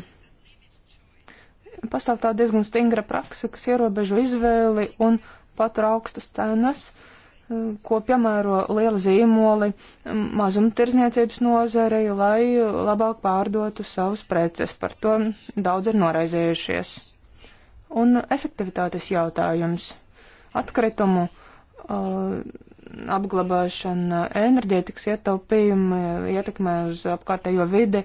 Pastāv tā diezgan stingra praksa, kas ierobežo izvēli un patur augstas cenas. Uh, ko piemēro liela zīmoli mazumtirzniecības nozarei, lai labāk pārdotu savus preces. Par to daudz ir noraizējušies. Un efektivitātes jautājums. Atkritumu uh, apglabāšana, enerģētikas ietaupījumi, ietekmē uz apkārtējo vidi.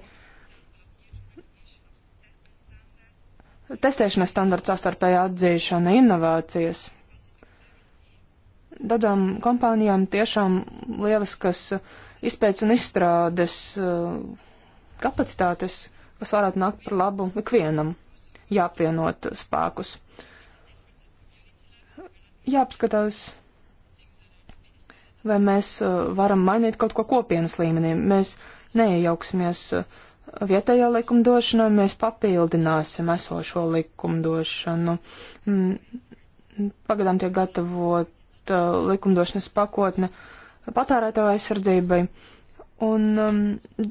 Testēšanas standarts, sastarpēja atzīšana, inovācijas Daudzām kompānijām tiešām lieliskas izpētes un izstrādes uh, kapacitātes, kas varētu nākt par labu ikvienam, jāapvienot spēkus. Jāapskatās, vai mēs uh, varam mainīt kaut ko kopienas līmenī. Mēs neiejauksimies uh, vietējā likumdošanā, mēs papildināsim esošo likumdošanu. Mm, pagadām tiek gatavot uh, likumdošanas pakotne patērētāju aizsardzībai. Un um,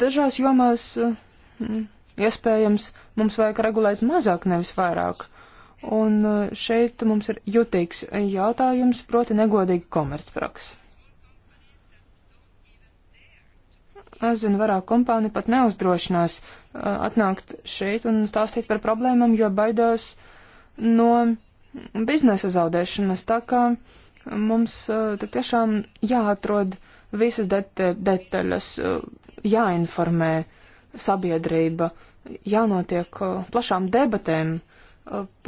dažās jomās uh, mm, iespējams mums vajag regulēt mazāk, nevis vairāk. Un uh, šeit mums ir jutīgs jautājums, proti negodīgi komercpraks. Azvien vairāk kompāni pat neuzdrošinās uh, atnākt šeit un stāstīt par problēmām, jo baidās no biznesa zaudēšanas. Tā kā uh, Mums tik tiešām jāatrod visas deta detaļas, jāinformē sabiedrība, jānotiek plašām debatēm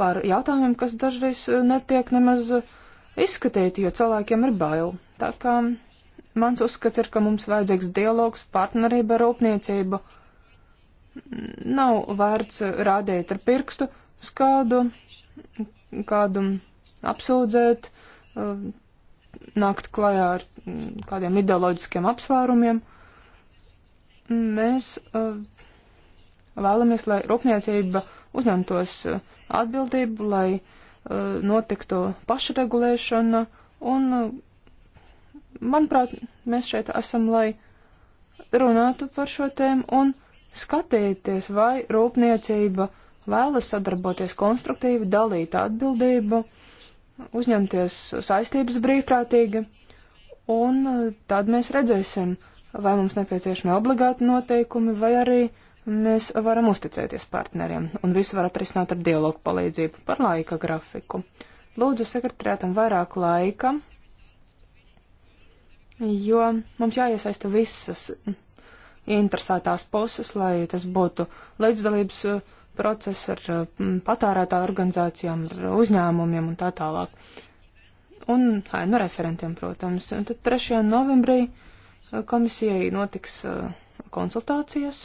par jautājumiem, kas dažreiz netiek nemaz izskatīti, jo cilvēkiem ir bail. Tā kā mans uzskats ir, ka mums vajadzīgs dialogs, partnerība, rūpniecība. Nav vērts rādīt ar pirkstu uz kādu, kādu apsūdzēt, Uh, nākt klajā ar mm, kādiem ideoloģiskiem apsvērumiem. Mēs uh, vēlamies, lai rūpniecība uzņemtos uh, atbildību, lai notiktu pašregulēšana, un, manuprāt, mēs šeit esam, lai runātu par šo tēmu un skatīties, vai rūpniecība vēlas sadarboties konstruktīvi, dalīt atbildību uzņemties saistības brīvprātīgi, un eh, tad mēs redzēsim, vai mums nepieciešami obligāti noteikumi, vai arī mēs varam uzticēties partneriem, un visu var atrisināt ar dialogu palīdzību par laika grafiku. Lūdzu sekretariātam vairāk laika, jo mums jāiesaista visas interesētās puses, lai tas būtu līdzdalības uh, process ar eh, patērētāju organizācijām, ar uzņēmumiem un tā tālāk. Un ēnu referentiem, protams. Un tad 3. novembrī eh, komisijai notiks eh, konsultācijas.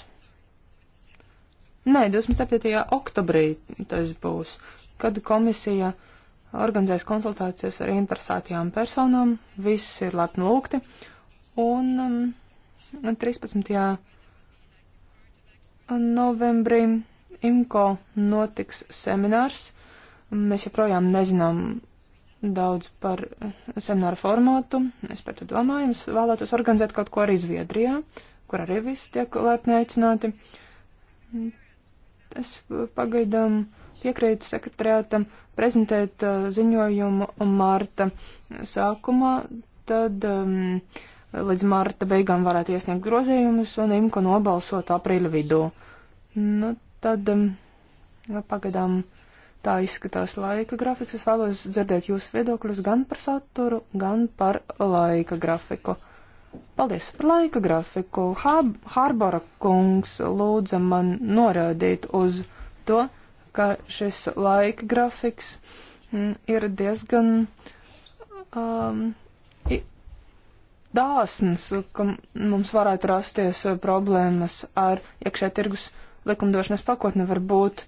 Nē, 27. oktobrī tas būs, kad komisija organizēs konsultācijas ar interesētajām personām. Viss ir lepni lūgti. Un um, mm, 13. novembrī IMCO notiks seminārs. Mēs joprojām nezinām daudz par semināru formātu. Es par to domāju. Mēs vēlētos organizēt kaut ko arī Zviedrijā, kur arī visi tiek laipni aicināti. Es pagaidām piekrītu sekretariātam prezentēt uh, ziņojumu mārta sākumā, tad um, līdz mārta beigām varētu iesniegt grozījumus un imko nobalsot aprīļa vidū. Nu, tad um, nu, pagaidām tā izskatās laika grafiks. Es vēlos dzirdēt jūsu viedokļus gan par saturu, gan par laika grafiku. Paldies par laika grafiku. Hārbora kungs lūdza man norādīt uz to, ka šis laika grafiks mm, ir diezgan um, dāsns, ka mums varētu rasties uh, problēmas ar iekšē tirgus. Ja likumdošanas pakotne varbūt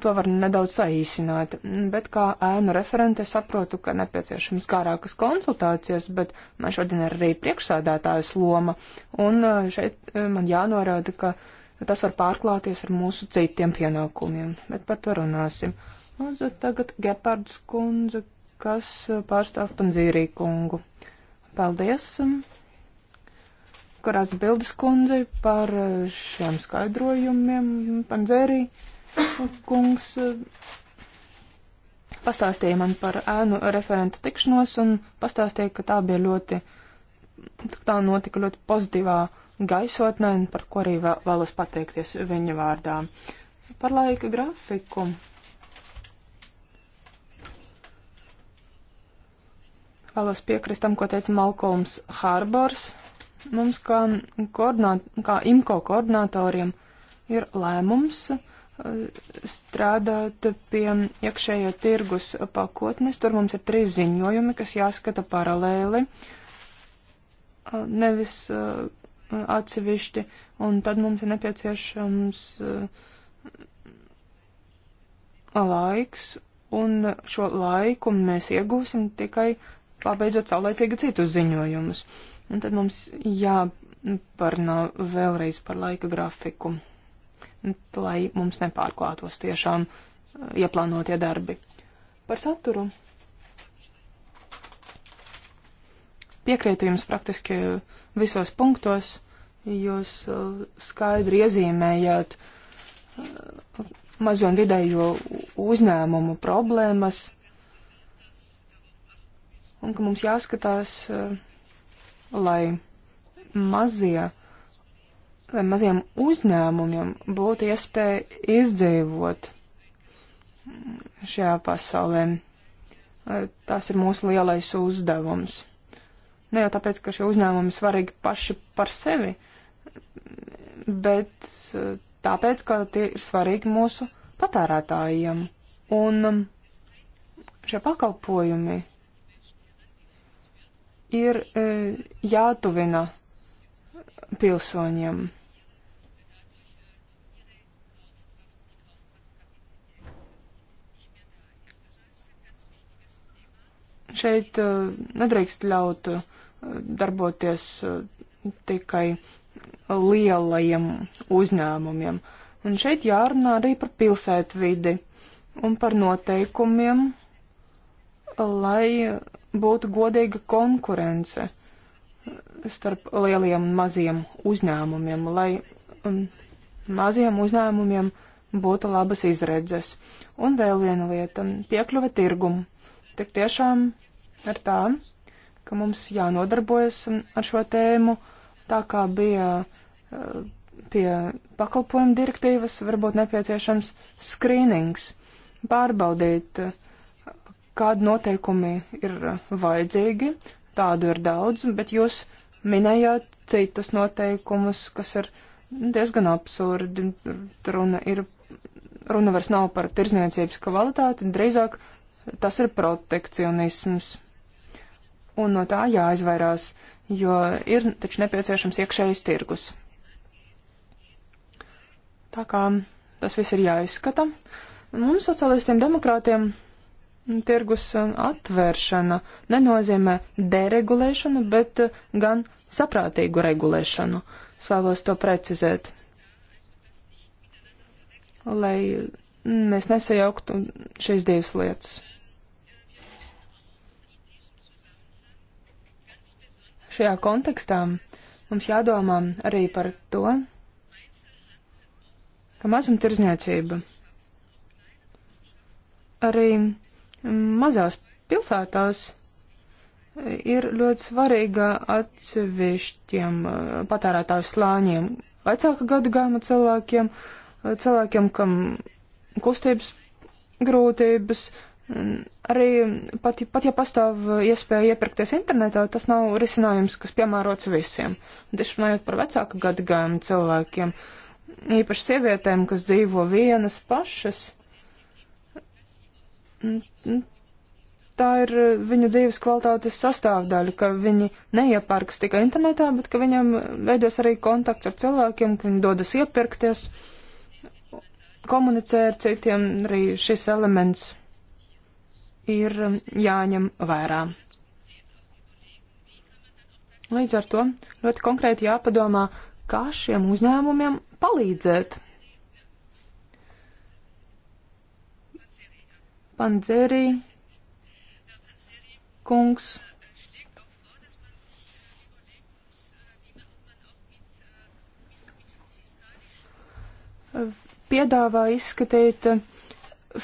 to var nedaudz saīsināt, bet kā ēnu referente saprotu, ka nepieciešams kārākas konsultācijas, bet man šodien ir arī priekšsādātājas loma, un šeit man jānorāda, ka tas var pārklāties ar mūsu citiem pienākumiem, bet par to runāsim. Lūdzu, tagad Gepards kundze, kas pārstāv Panzīrī kungu. Paldies! Karās Bildes kundzi par eh, šiem skaidrojumiem. Pandzērī kungs eh, pastāstīja man par ēnu referentu tikšanos un pastāstīja, ka tā bija ļoti, tā notika ļoti pozitīvā gaisotnē, un par ko arī vēlos pateikties viņa vārdā. Par laika grafiku. Vēlos piekrist tam, ko teica Malkolms Hārbors. Mums kā, koordināt, kā IMCO koordinatoriem ir lēmums uh, strādāt pie iekšējā tirgus pakotnes. Tur mums ir trīs ziņojumi, kas jāskata paralēli, uh, nevis uh, atsevišķi, un tad mums ir nepieciešams laiks, un šo laiku mēs iegūsim tikai pabeidzot saulēcīgi citus ziņojumus. Uh, Un tad mums jāparunā nu, vēlreiz par laika grafiku, lai mums nepārklātos tiešām eh, ieplānotie darbi. Par saturu. Piekrītu jums praktiski visos punktos. Jūs eh, skaidri iezīmējāt eh, mazo un vidējo uzņēmumu problēmas, un ka mums jāskatās, lai mazie, lai maziem uzņēmumiem būtu iespēja izdzīvot šajā pasaulē. Tas ir mūsu lielais uzdevums. Ne nu, jau tāpēc, ka šie uzņēmumi svarīgi paši par sevi, bet e, tāpēc, ka tie ir svarīgi mūsu patērētājiem. Un um, šie pakalpojumi ir e, jātuvina pilsoņiem. Šeit e, nedrīkst ļaut e, darboties tikai lielajiem uzņēmumiem. Un šeit jārunā arī par pilsētvidi un par noteikumiem, lai būtu godīga konkurence starp lieliem un maziem uzņēmumiem, lai maziem uzņēmumiem būtu labas izredzes. Un vēl viena lieta - piekļuve tirgumu. Tik tiešām ar tā, ka mums jānodarbojas ar šo tēmu, tā kā bija eh, pie pakalpojumu direktīvas, varbūt nepieciešams skrīnings, pārbaudīt uh, kādi noteikumi ir vajadzīgi, tādu ir daudz, bet jūs minējāt citus noteikumus, kas ir diezgan absurdi. Runa, ir, runa vairs nav par tirzniecības kvalitāti, drīzāk tas ir protekcionisms. Un no tā jāizvairās, jo ir taču nepieciešams iekšējs tirgus. Tā kā tas viss ir jāizskata. Mums, sociālistiem demokrātiem, tirgus um, atvēršana nenozīmē deregulēšanu, bet uh, gan saprātīgu regulēšanu. Es vēlos to precizēt, lai mēs nesajauktu šīs divas lietas. Šajā kontekstā mums jādomā arī par to, ka mazumtirdzniecība arī Mazās pilsētās e, ir ļoti svarīga atsevišķiem e, patērētāju slāņiem, vecāka gadu gājuma cilvēkiem, e, cilvēkiem, kam kustības grūtības, arī pat, pat ja pastāv iespēja iepirkties internetā, tas nav risinājums, kas piemērots visiem. Tieši runājot par vecāku gadu gājumu cilvēkiem, īpaši sievietēm, kas dzīvo vienas pašas tā ir uh, viņu dzīves kvalitātes sastāvdaļa, ka viņi neiepērks tikai internetā, bet ka viņam veidos arī kontakts ar cilvēkiem, ka viņi dodas iepirkties, komunicē ar citiem, arī šis elements ir um, jāņem vērā. Līdz ar to ļoti konkrēti jāpadomā, kā šiem uzņēmumiem palīdzēt Panzeri kungs. Piedāvā izskatīt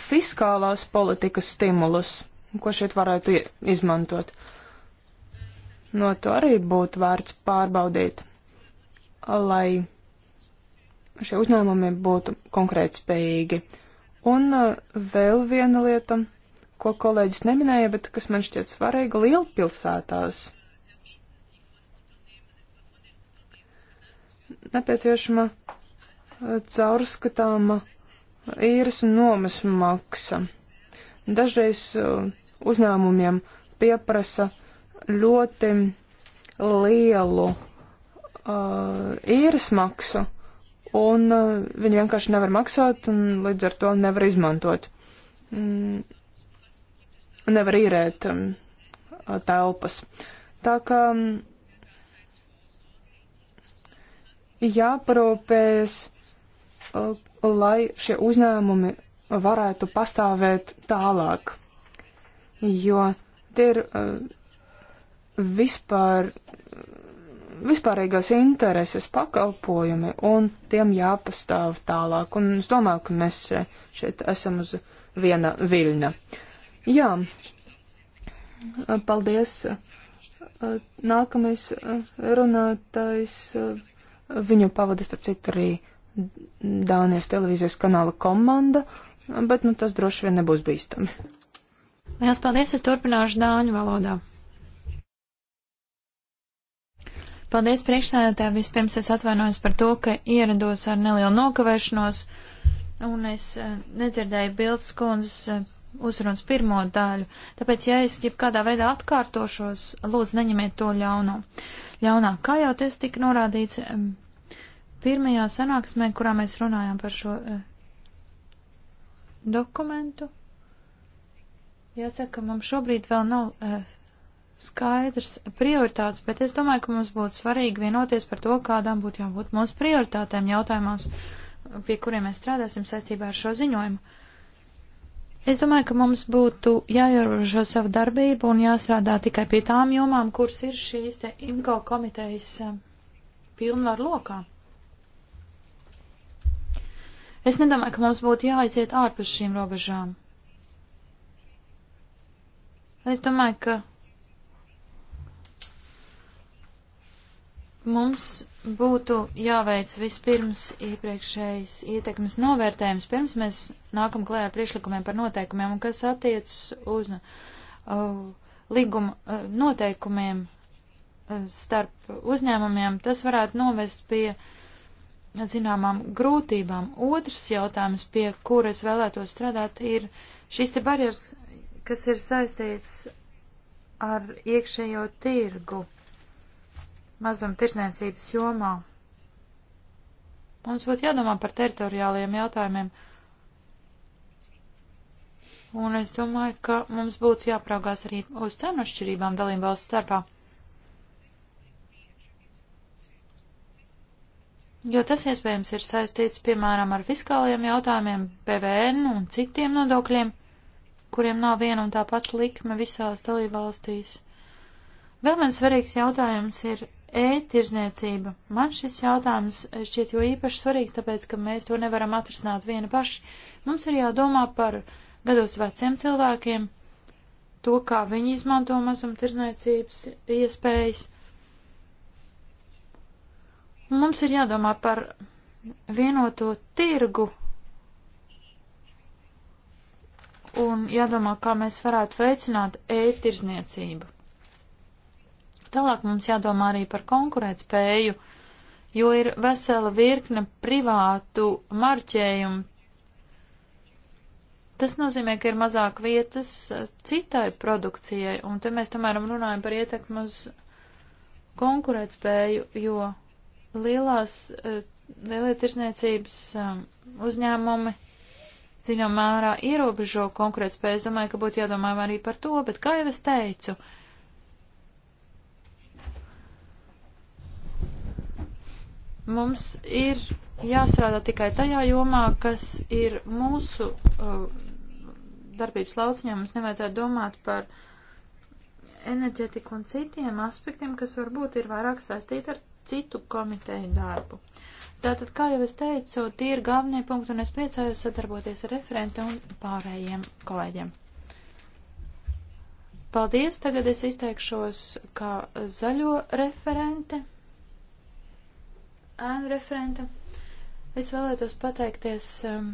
fiskālās politikas stimulus, ko šeit varētu izmantot. No to arī būtu vērts pārbaudīt, lai šie uzņēmumi būtu konkrēti spējīgi Un uh, vēl viena lieta, ko kolēģis neminēja, bet kas man šķiet svarīga - lielpilsētās. Nepieciešama uh, caurskatāma īres un nomas maksa. Dažreiz uh, uzņēmumiem pieprasa ļoti lielu uh, īres maksu, un uh, viņi vienkārši nevar maksāt, un līdz ar to nevar izmantot. Mm, nevar īrēt um, telpas. Tā kā um, jāparūpējas, uh, lai šie uzņēmumi varētu pastāvēt tālāk, jo tie ir uh, vispār vispārīgās intereses pakalpojumi un tiem jāpastāv tālāk. Un es domāju, ka mēs šeit esam uz viena viļņa. Jā, paldies. Nākamais runātājs, viņu pavadīs, starp citu, arī Dānijas televīzijas kanāla komanda, bet nu, tas droši vien nebūs bīstami. Lielas paldies, es turpināšu Dāņu valodā. Paldies priekšsēdētāji. Vispirms es atvainojos par to, ka ierados ar nelielu nokavēšanos, un es eh, nedzirdēju Bildes kundzes eh, uzrunas pirmo daļu. Tāpēc, ja es jebkādā veidā atkārtošos, lūdzu, neņemiet to ļauno. Ļaunā, kā jau tas tika norādīts pirmajā sanāksmē, kurā mēs runājām par šo eh, dokumentu, jāsaka, mums šobrīd vēl nav skaidrs prioritātes, bet es domāju, ka mums būtu svarīgi vienoties par to, kādām būtu jābūt mūsu prioritātēm jautājumos, pie kuriem mēs strādāsim saistībā ar šo ziņojumu. Es domāju, ka mums būtu jāierobežo savu darbību un jāstrādā tikai pie tām jomām, kuras ir šīs te IMCO komitejas eh, pilnvaru lokā. Es nedomāju, ka mums būtu jāaiziet ārpus šīm robežām. Es domāju, ka Mums būtu jāveic vispirms iepriekšējais ietekmes novērtējums, pirms mēs nākam klējā ar priekšlikumiem par noteikumiem, un kas attiecas uz uh, līguma uh, noteikumiem uh, starp uzņēmumiem, tas varētu novest pie zināmām grūtībām. Otrs jautājums, pie kura es vēlētos strādāt, ir šīs te barjeras, kas ir saistīts ar iekšējo tirgu mazumtirdzniecības jomā. Mums būtu jādomā par teritoriālajiem jautājumiem. Un es domāju, ka mums būtu jāpraugās arī uz cenu šķirībām dalību valstu starpā. Jo tas iespējams ir saistīts, piemēram, ar fiskāliem jautājumiem, PVN un citiem nodokļiem, kuriem nav viena un tā pati likme visās dalībvalstīs. Vēl viens svarīgs jautājums ir e-tirzniecība. Man šis jautājums šķiet jo īpaši svarīgs, tāpēc, ka mēs to nevaram atrisināt vieni paši. Mums ir jādomā par gados veciem cilvēkiem, to, kā viņi izmanto mazumtirdzniecības iespējas. Un mums ir jādomā par vienoto tirgu un jādomā, kā mēs varētu veicināt e-tirzniecību. Tālāk mums jādomā arī par konkurētspēju, jo ir vesela virkne privātu marķējumu. Tas nozīmē, ka ir mazāk vietas citai produkcijai, un te mēs tomēr runājam par ietekmu uz konkurētspēju, jo lielās, eh, lielie tirsniecības eh, uzņēmumi ziņā mērā ierobežo konkurētspēju. Es domāju, ka būtu jādomā arī par to, bet kā jau es teicu, uh, Mums ir jāstrādā tikai tajā jomā, kas ir mūsu uh, darbības lauciņā. Mums nevajadzētu domāt par enerģetiku un citiem aspektiem, kas varbūt ir vairāk saistīti ar citu komiteju darbu. Tātad, kā jau es teicu, tie ir galvenie punkti, un es priecājos sadarboties ar referenti un pārējiem kolēģiem. Paldies, tagad es izteikšos kā zaļo referente ēnu referenta. Es vēlētos pateikties um,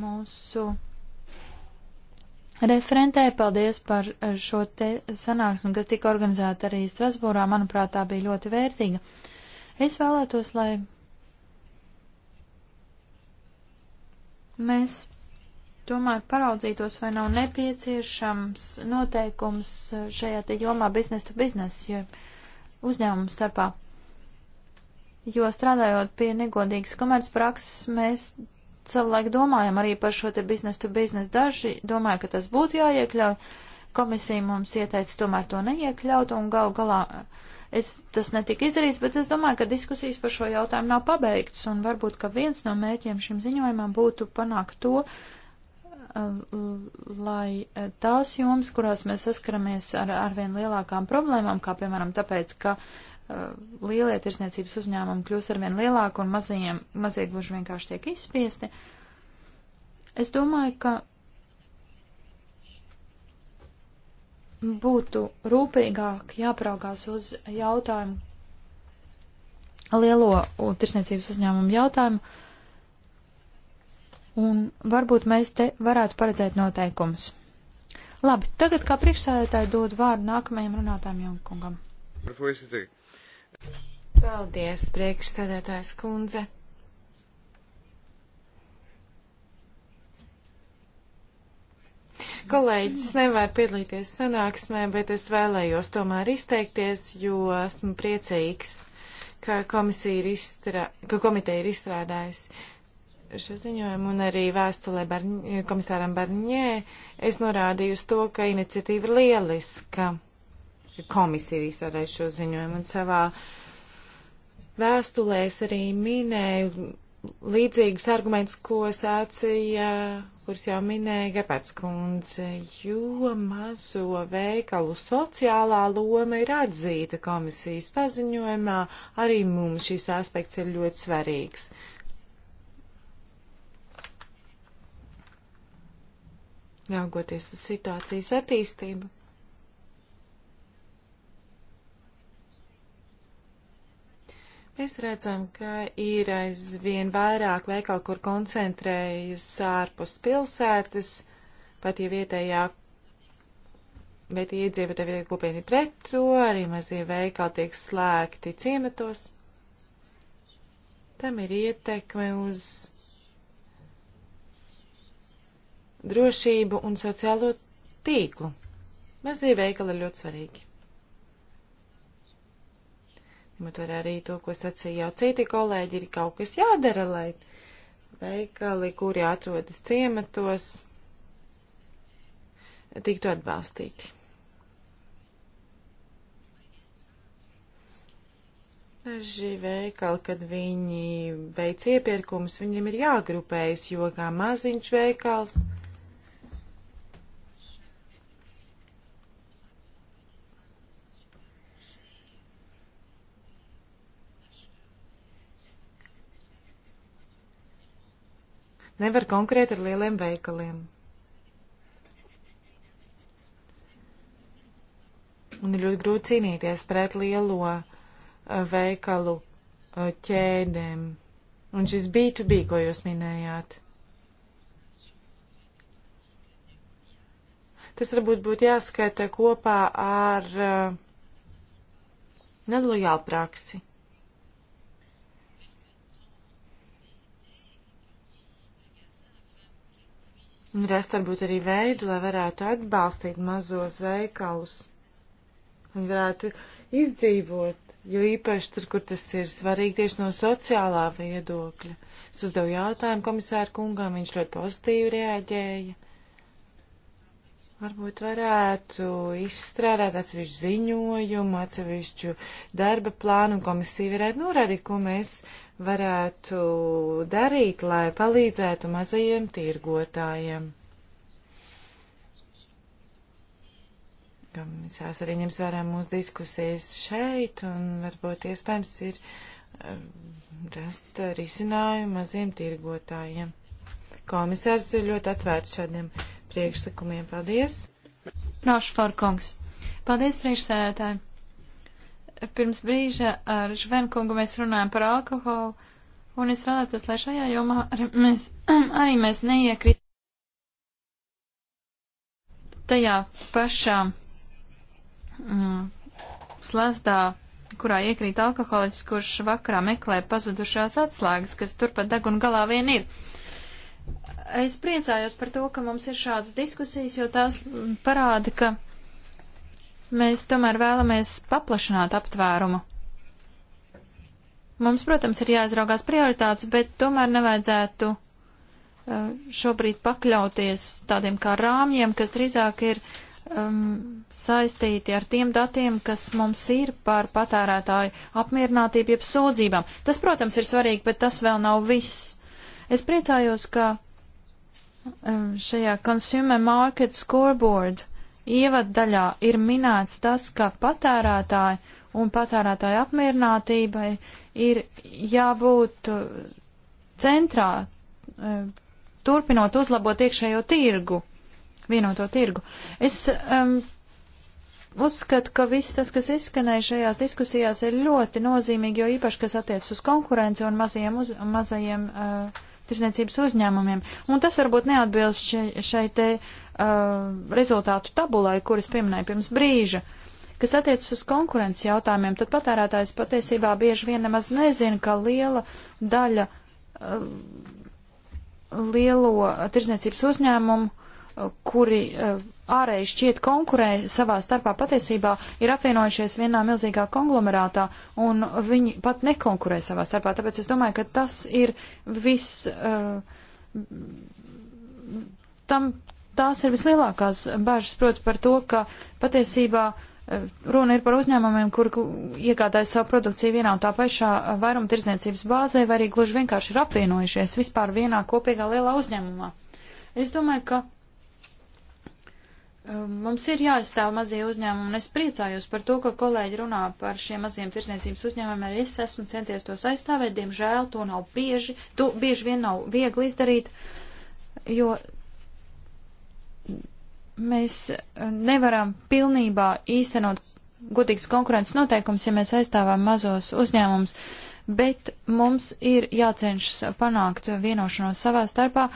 mūsu referentē. Paldies par uh, šo te sanāksmu, kas tika organizēta arī Strasbūrā. Manuprāt, tā bija ļoti vērtīga. Es vēlētos, lai mēs tomēr paraudzītos, vai nav nepieciešams noteikums uh, šajā te jomā biznes to biznes, jo uzņēmumu starpā jo strādājot pie negodīgas komercprakses, mēs savulaik domājam arī par šo te biznes to biznes. Daži domāja, ka tas būtu jāiekļauj. Komisija mums ieteica tomēr to neiekļaut un gal galā eh, es, tas netika izdarīts, bet es domāju, ka diskusijas par šo jautājumu nav pabeigts un varbūt, ka viens no mērķiem šim ziņojumam būtu panākt to, eh, lai eh, tās jomas, kurās mēs saskaramies ar arvien lielākām problēmām, kā piemēram tāpēc, ka uh, Uh, lielie tirsniecības uzņēmumi kļūst arvien lielāki un mazajiem, mazie gluži vienkārši tiek izspiesti. Es domāju, ka būtu rūpīgāk jāpraugās uz jautājumu, lielo tirsniecības uzņēmumu jautājumu, un varbūt mēs te varētu paredzēt noteikumus. Labi, tagad kā priekšsēdētāji dod vārdu nākamajam runātājam Jankungam. Varbūt es teiktu. Paldies, priekšsēdētājs kundze. Kolēģis nevar piedalīties sanāksmē, bet es vēlējos tomēr izteikties, jo esmu priecīgs, ka, ir izstrā... ka komiteja ir izstrādājusi šo ziņojumu un arī vēstulē Barņ... komisāram Barņē. Es norādīju uz to, ka iniciatīva ir lieliska. Ka komisija ir izstrādājusi šo ziņojumu un savā vēstulē es arī minēju līdzīgus argumentus, ko sācīja, kurus jau minēja Gepats kundze, jo mazo veikalu sociālā loma ir atzīta komisijas paziņojumā, arī mums šis aspekts ir ļoti svarīgs. Raugoties uz situācijas attīstību. Mēs redzam, ka ir aizvien vairāk veikalu, kur koncentrējas ārpus pilsētas, pat ja vietējā, bet iedzīvotāji vietējā kopieni pret to, arī mazie veikali tiek slēgti ciematos. Tam ir ietekme uz drošību un sociālo tīklu. Mazie veikali ir ļoti svarīgi. Ņemot vērā arī to, ko sacīja jau citi kolēģi, ir kaut kas jādara, lai veikali, kuri atrodas ciematos, tiktu atbalstīti. Daži veikali, kad viņi veic iepirkumus, viņiem ir jāgrupējas, jo kā maziņš veikals nevar konkrēt ar lieliem veikaliem. Un ir ļoti grūti cīnīties pret lielo uh, veikalu uh, ķēdēm. Un šis B2B, ko jūs minējāt. Tas varbūt būtu jāskata kopā ar uh, nelojālu praksi. Un rast varbūt arī veidu, lai varētu atbalstīt mazos veikalus. Viņi varētu izdzīvot, jo īpaši tur, kur tas ir svarīgi tieši no sociālā viedokļa. Es uzdevu jautājumu komisāru kungam, viņš ļoti pozitīvi reaģēja. Varbūt varētu izstrādāt atsevišķu ziņojumu, atsevišķu darba plānu, un komisija varētu norādīt, ko mēs varētu darīt, lai palīdzētu mazajiem tirgotājiem. Komisārs arī ņems vērā mūsu diskusijas šeit un varbūt iespējams ir um, rast risinājumu maziem tirgotājiem. Komisārs ir ļoti atvērts šādiem priekšlikumiem. Paldies! Rošforkungs. Paldies priekšsēdētāji! pirms brīža ar Žvenkungu mēs runājam par alkoholu, un es vēlētos, lai šajā jomā arī mēs, arī mēs neiekrit tajā pašā mm, slazdā, kurā iekrīt alkoholiķis, kurš vakarā meklē pazudušās atslēgas, kas turpat deguna galā vien ir. Es priecājos par to, ka mums ir šādas diskusijas, jo tās parāda, ka Mēs tomēr vēlamies paplašināt aptvērumu. Mums, protams, ir jāizraugās prioritātes, bet tomēr nevajadzētu uh, šobrīd pakļauties tādiem kā rāmjiem, kas drīzāk ir um, saistīti ar tiem datiem, kas mums ir par patērētāju apmierinātību jeb sūdzībām. Tas, protams, ir svarīgi, bet tas vēl nav viss. Es priecājos, ka um, šajā Consumer Market Scoreboard ievaddaļā ir minēts tas, ka patērētāji un patērētāju apmierinātībai ir jābūt eh, centrā, eh, turpinot uzlabot iekšējo tirgu, vienoto tirgu. Es um, uzskatu, ka viss tas, kas izskanēja šajās diskusijās, ir ļoti nozīmīgi, jo īpaši, kas attiecas uz konkurenci un mazajiem, uz, mazajiem uh, tirsniecības uzņēmumiem. Un tas varbūt neatbilst šai, šai te uh, Uh, rezultātu tabulai, kuras pieminēju pirms brīža. Kas attiecas uz konkurences jautājumiem, tad patērētājs patiesībā bieži vien nemaz nezina, ka liela daļa uh, lielo tirzniecības uzņēmumu, uh, kuri uh, ārēji šķiet konkurē savā starpā patiesībā, ir apvienojušies vienā milzīgā konglomerātā un viņi pat nekonkurē savā starpā. Tāpēc es domāju, ka tas ir viss. Uh, tam tās ir vislielākās bažas, proti par to, ka patiesībā eh, runa ir par uzņēmumiem, kur iegādājas savu produkciju vienā un tā pašā eh, vairuma tirdzniecības bāzē, vai arī gluži vienkārši ir apvienojušies vispār vienā kopīgā lielā uzņēmumā. Es domāju, ka eh, mums ir jāizstāv mazie uzņēmumi, un es priecājos par to, ka kolēģi runā par šiem maziem tirsniecības uzņēmumiem, arī es esmu centies tos aizstāvēt, diemžēl to nav bieži, to bieži vien nav viegli izdarīt, jo mēs eh, nevaram pilnībā īstenot godīgas konkurences noteikums, ja mēs aizstāvām mazos uzņēmumus, bet mums ir jācenšas panākt vienošanos savā starpā,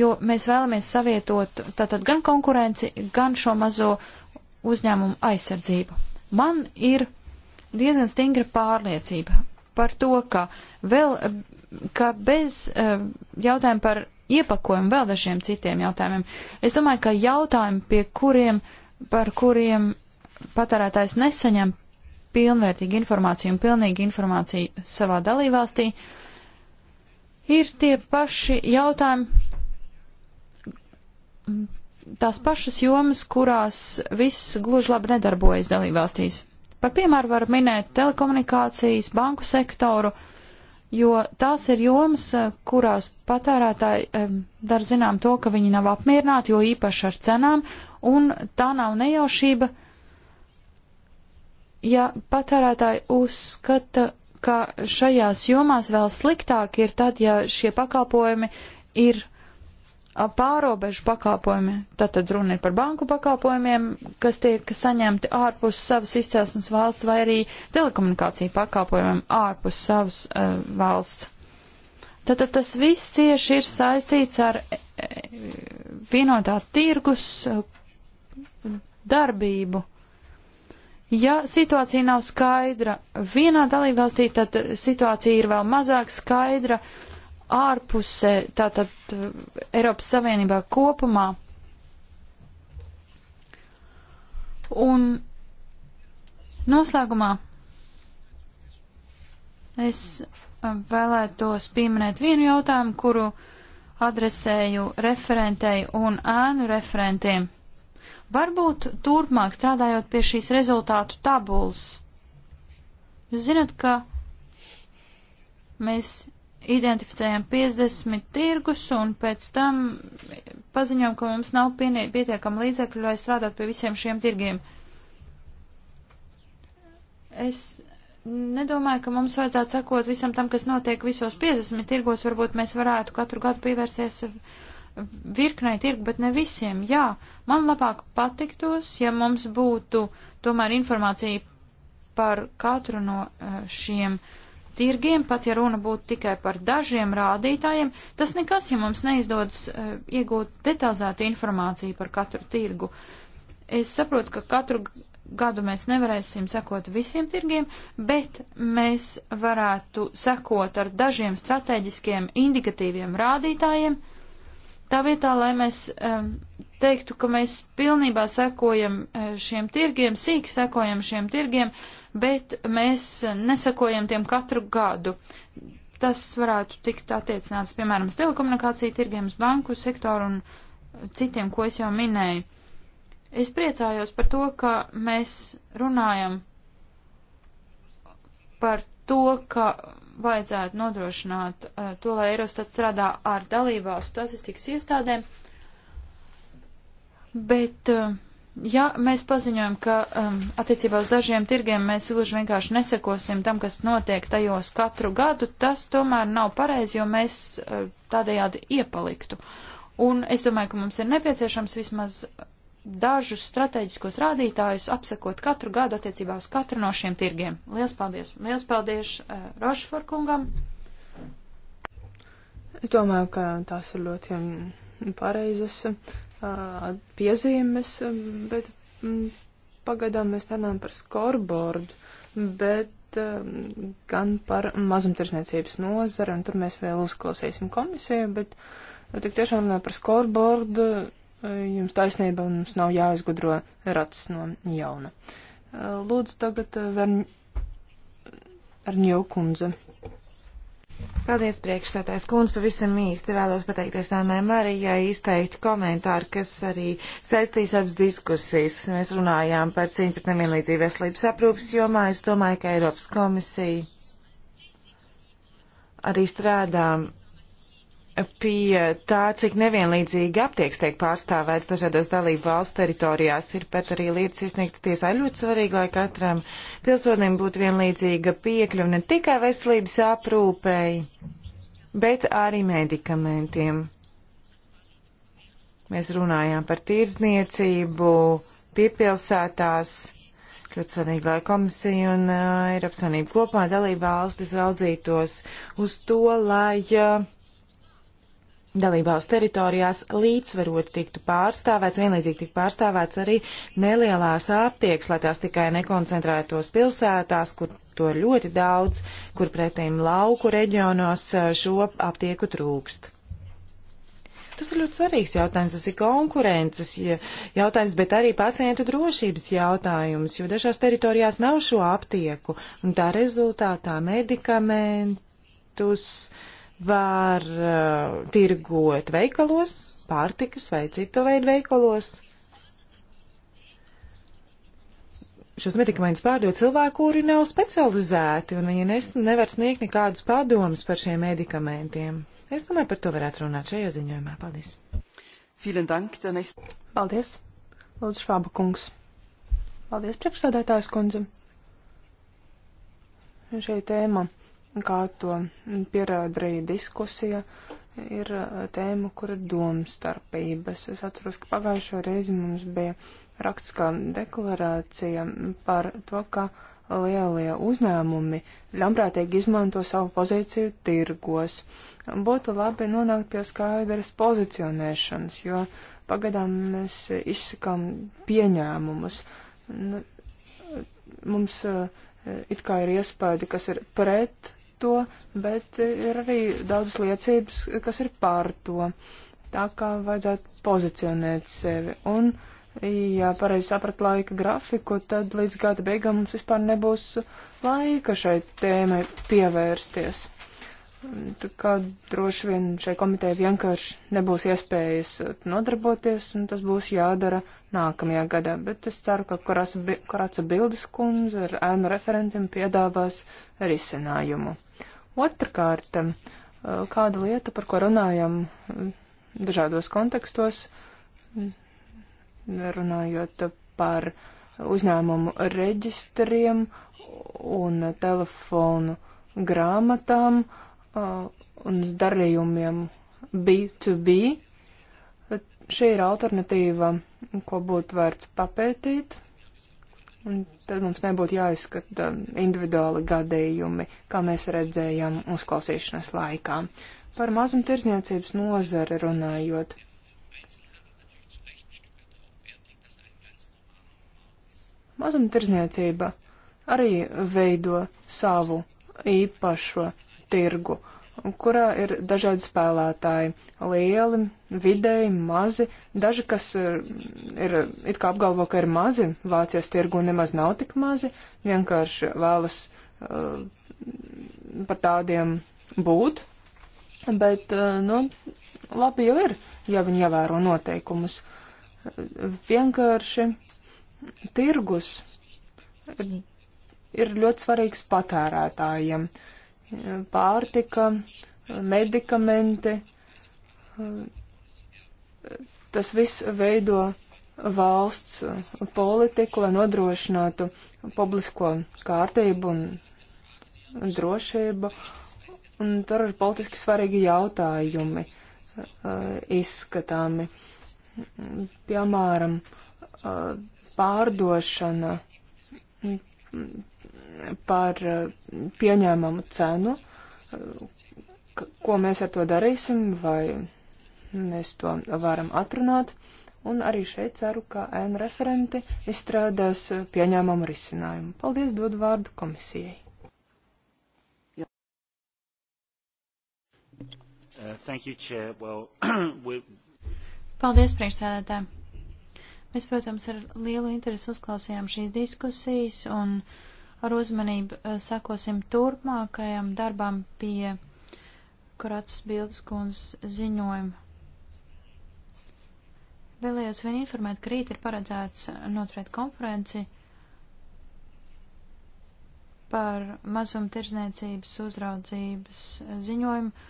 jo mēs vēlamies savietot tātad gan konkurenci, gan šo mazo uzņēmumu aizsardzību. Man ir diezgan stingra pārliecība par to, ka vēl, ka bez eh, jautājuma par iepakojumu, vēl dažiem citiem jautājumiem. Es domāju, ka jautājumi, pie kuriem, par kuriem patērētājs nesaņem pilnvērtīgu informāciju un pilnīgu informāciju savā dalībvalstī, ir tie paši jautājumi, tās pašas jomas, kurās viss gluži labi nedarbojas dalībvalstīs. Par piemēru var minēt telekomunikācijas, banku sektoru, uh, jo tās ir jomas, eh, kurās patērētāji dar zinām to, ka viņi nav apmierināti, jo īpaši ar cenām, un tā nav nejaušība, ja patērētāji uzskata, ka šajās jomās vēl sliktāk ir tad, ja šie pakalpojumi ir pārobežu pakāpojumi. Tātad runa ir par banku pakāpojumiem, kas tiek saņemti ārpus savas izcelsmes valsts vai arī telekomunikāciju pakāpojumiem ārpus savas uh, valsts. Tātad tas viss cieši ir saistīts ar eh, vienotā tirgus eh, darbību. Ja situācija nav skaidra vienā dalībvalstī, tad situācija ir vēl mazāk skaidra uh, ārpusē, tātad Eiropas Savienībā kopumā. Un noslēgumā es uh, vēlētos pieminēt vienu jautājumu, kuru adresēju referentei un ēnu referentiem. Varbūt turpmāk strādājot pie šīs rezultātu tabulas. Jūs zinat, ka mēs identificējam 50 tirgus un pēc tam paziņojam, ka mums nav pietiekama līdzekļu, lai strādātu pie visiem šiem tirgiem. Es nedomāju, ka mums vajadzētu sekot visam tam, kas notiek visos 50 tirgos. Varbūt mēs varētu katru gadu pievērsties virknai tirgu, bet ne visiem. Jā, man labāk patiktos, ja mums būtu tomēr informācija par katru no eh, šiem tirgiem tirgiem, pat ja runa būtu tikai par dažiem rādītājiem, tas nekas, ja mums neizdodas uh, iegūt detalizētu informāciju par katru tirgu. Es saprotu, ka katru gadu mēs nevarēsim sekot visiem tirgiem, bet mēs varētu sekot ar dažiem strateģiskiem indikatīviem rādītājiem, tā vietā, lai mēs um, teiktu, ka mēs pilnībā sekojam e, šiem tirgiem, sīki sekojam šiem tirgiem, bet mēs nesakojam tiem katru gadu. Tas varētu tikt attiecināts, piemēram, uz telekomunikāciju tirgiem, uz banku sektoru un citiem, ko es jau minēju. Es priecājos par to, ka mēs runājam par to, ka vajadzētu nodrošināt uh, to, lai Eurostat strādā ar dalībvalstu statistikas iestādēm. Uh, Bet, eh, ja mēs paziņojam, ka um, attiecībā uz dažiem tirgiem mēs gluži vienkārši nesekosim tam, kas notiek tajos katru gadu, tas tomēr nav pareizi, jo mēs uh, tādējādi iepaliktu. Un es domāju, ka mums ir nepieciešams vismaz dažus strateģiskos rādītājus apsekot katru gadu attiecībā uz katru no šiem tirgiem. Lielas paldies! Lielas paldies uh, Rošforkungam! Es domāju, ka tās ir ļoti mm, pareizas piezīmes, um, bet mm, pagaidām mēs runājam par scoreboard, bet um, gan par mazumtirsniecības nozari, un tur mēs vēl uzklausīsim komisiju, bet nu, tik tiešām runājam par scoreboard, jums taisnība, mums nav jāizgudro rats no jauna. Lūdzu tagad Verņ... Verņo kundze. Paldies, priekšsētājs kundze. Pavisam īsti vēlos pateikties Annai Marijai, izteikt komentāru, kas arī saistīs abas diskusijas. Mēs runājām par cīņu pret nemienlīdzību veselības aprūpas jomā. Es domāju, ka Eiropas komisija arī strādā pie tā, cik nevienlīdzīgi aptieks tiek pārstāvēts dažādās dalību valsts teritorijās, ir pat arī lietas iesniegtas tiesā. Ļoti svarīgi, lai katram pilsonim būtu vienlīdzīga piekļuva ne tikai veselības aprūpei, bet arī medikamentiem. Mēs runājām par tirdzniecību, piepilsētās. Ļoti svarīgi, lai komisija un uh, Eiropas Sanība kopā dalība valstis raudzītos uz to, lai uh, dalībvalsts teritorijās līdzsvarot tiktu pārstāvēts, vienlīdzīgi tiktu pārstāvēts arī nelielās aptieks, lai tās tikai nekoncentrētos pilsētās, kur to ir ļoti daudz, kur pretīm lauku reģionos eh, šo aptieku trūkst. Tas ir ļoti svarīgs jautājums, tas ir konkurences jautājums, bet arī pacientu drošības jautājums, jo dažās teritorijās nav šo aptieku, un tā rezultātā medikamentus uh, var uh, tirgot veikalos, pārtikas vai citu veidu veikalos. Šos medikamentus pārdod cilvēki, kuri nav specializēti, un viņi nes, nevar sniegt nekādus padomus par šiem medikamentiem. Es domāju, par to varētu runāt šajā ziņojumā. Paldies! Dank, Paldies! Lūdzu, Švāba kungs! Paldies, priekšsādātājs kundze! Šī tēma kā to pierāda arī diskusija, ir uh, tēma, kur ir domstarpības. Es atceros, ka pagājušo reizi mums bija rakstiskā deklarācija par to, ka lielie uzņēmumi ļamprātīgi izmanto savu pozīciju tirgos. Būtu labi nonākt pie skaidras pozicionēšanas, jo pagaidām mēs izsakām pieņēmumus. Nu, mums uh, it kā ir iespēja, kas ir pret to, bet ir arī daudz liecības, kas ir pār to. Tā kā vajadzētu pozicionēt sevi. Un, ja pareizi saprat laika grafiku, tad līdz gada beigām mums vispār nebūs laika šai tēmai pievērsties. Tā kā droši vien šai komitē vienkārši nebūs iespējas nodarboties, un tas būs jādara nākamajā gadā. Bet es ceru, ka Korāca Bildes kundze ar ēnu referentiem piedāvās risinājumu. Otrkārt, eh, kāda lieta, par ko runājam mm, dažādos kontekstos, runājot par uzņēmumu reģistriem un telefonu grāmatām eh, un darījumiem B2B. Šī ir alternatīva, ko būtu vērts papētīt Un tad mums nebūtu jāizskata individuāli gadījumi, kā mēs redzējām uzklausīšanas laikā. Par mazumtirdzniecības nozari runājot. Mazumtirdzniecība arī veido savu īpašo tirgu. Uh, kurā ir dažādi spēlētāji - lieli, vidēji, mazi. Daži, kas ir, eh, ir it kā apgalvo, ka ir mazi, Vācijas tirgu nemaz nav tik mazi, vienkārši vēlas uh, par tādiem būt. Bet, uh, nu, labi jau ir, ja viņi ievēro noteikumus. Vienkārši tirgus ir, ir ļoti svarīgs patērētājiem. Uh, pārtika, medikamenti. Tas viss veido valsts politiku, lai nodrošinātu publisko kārtību un drošību. Un tur ir politiski svarīgi jautājumi izskatāmi. Piemēram, pārdošana par eh, pieņēmumu cenu, ko mēs ar to darīsim, vai mēs to varam atrunāt. Un arī šeit ceru, ka N referenti izstrādās eh, pieņēmumu risinājumu. Paldies, dod vārdu komisijai. Uh, thank you, Chair. Well, we... Paldies, priekšsēdētāji. Mēs, protams, ar lielu interesi uzklausījām šīs diskusijas un uh, ar uzmanību eh, sekosim turpmākajam darbam pie Kuratas bildes kundzes ziņojuma. Vēlējos vien informēt, ka rīt ir paredzēts noturēt konferenci par mazumtirdzniecības uzraudzības ziņojumu.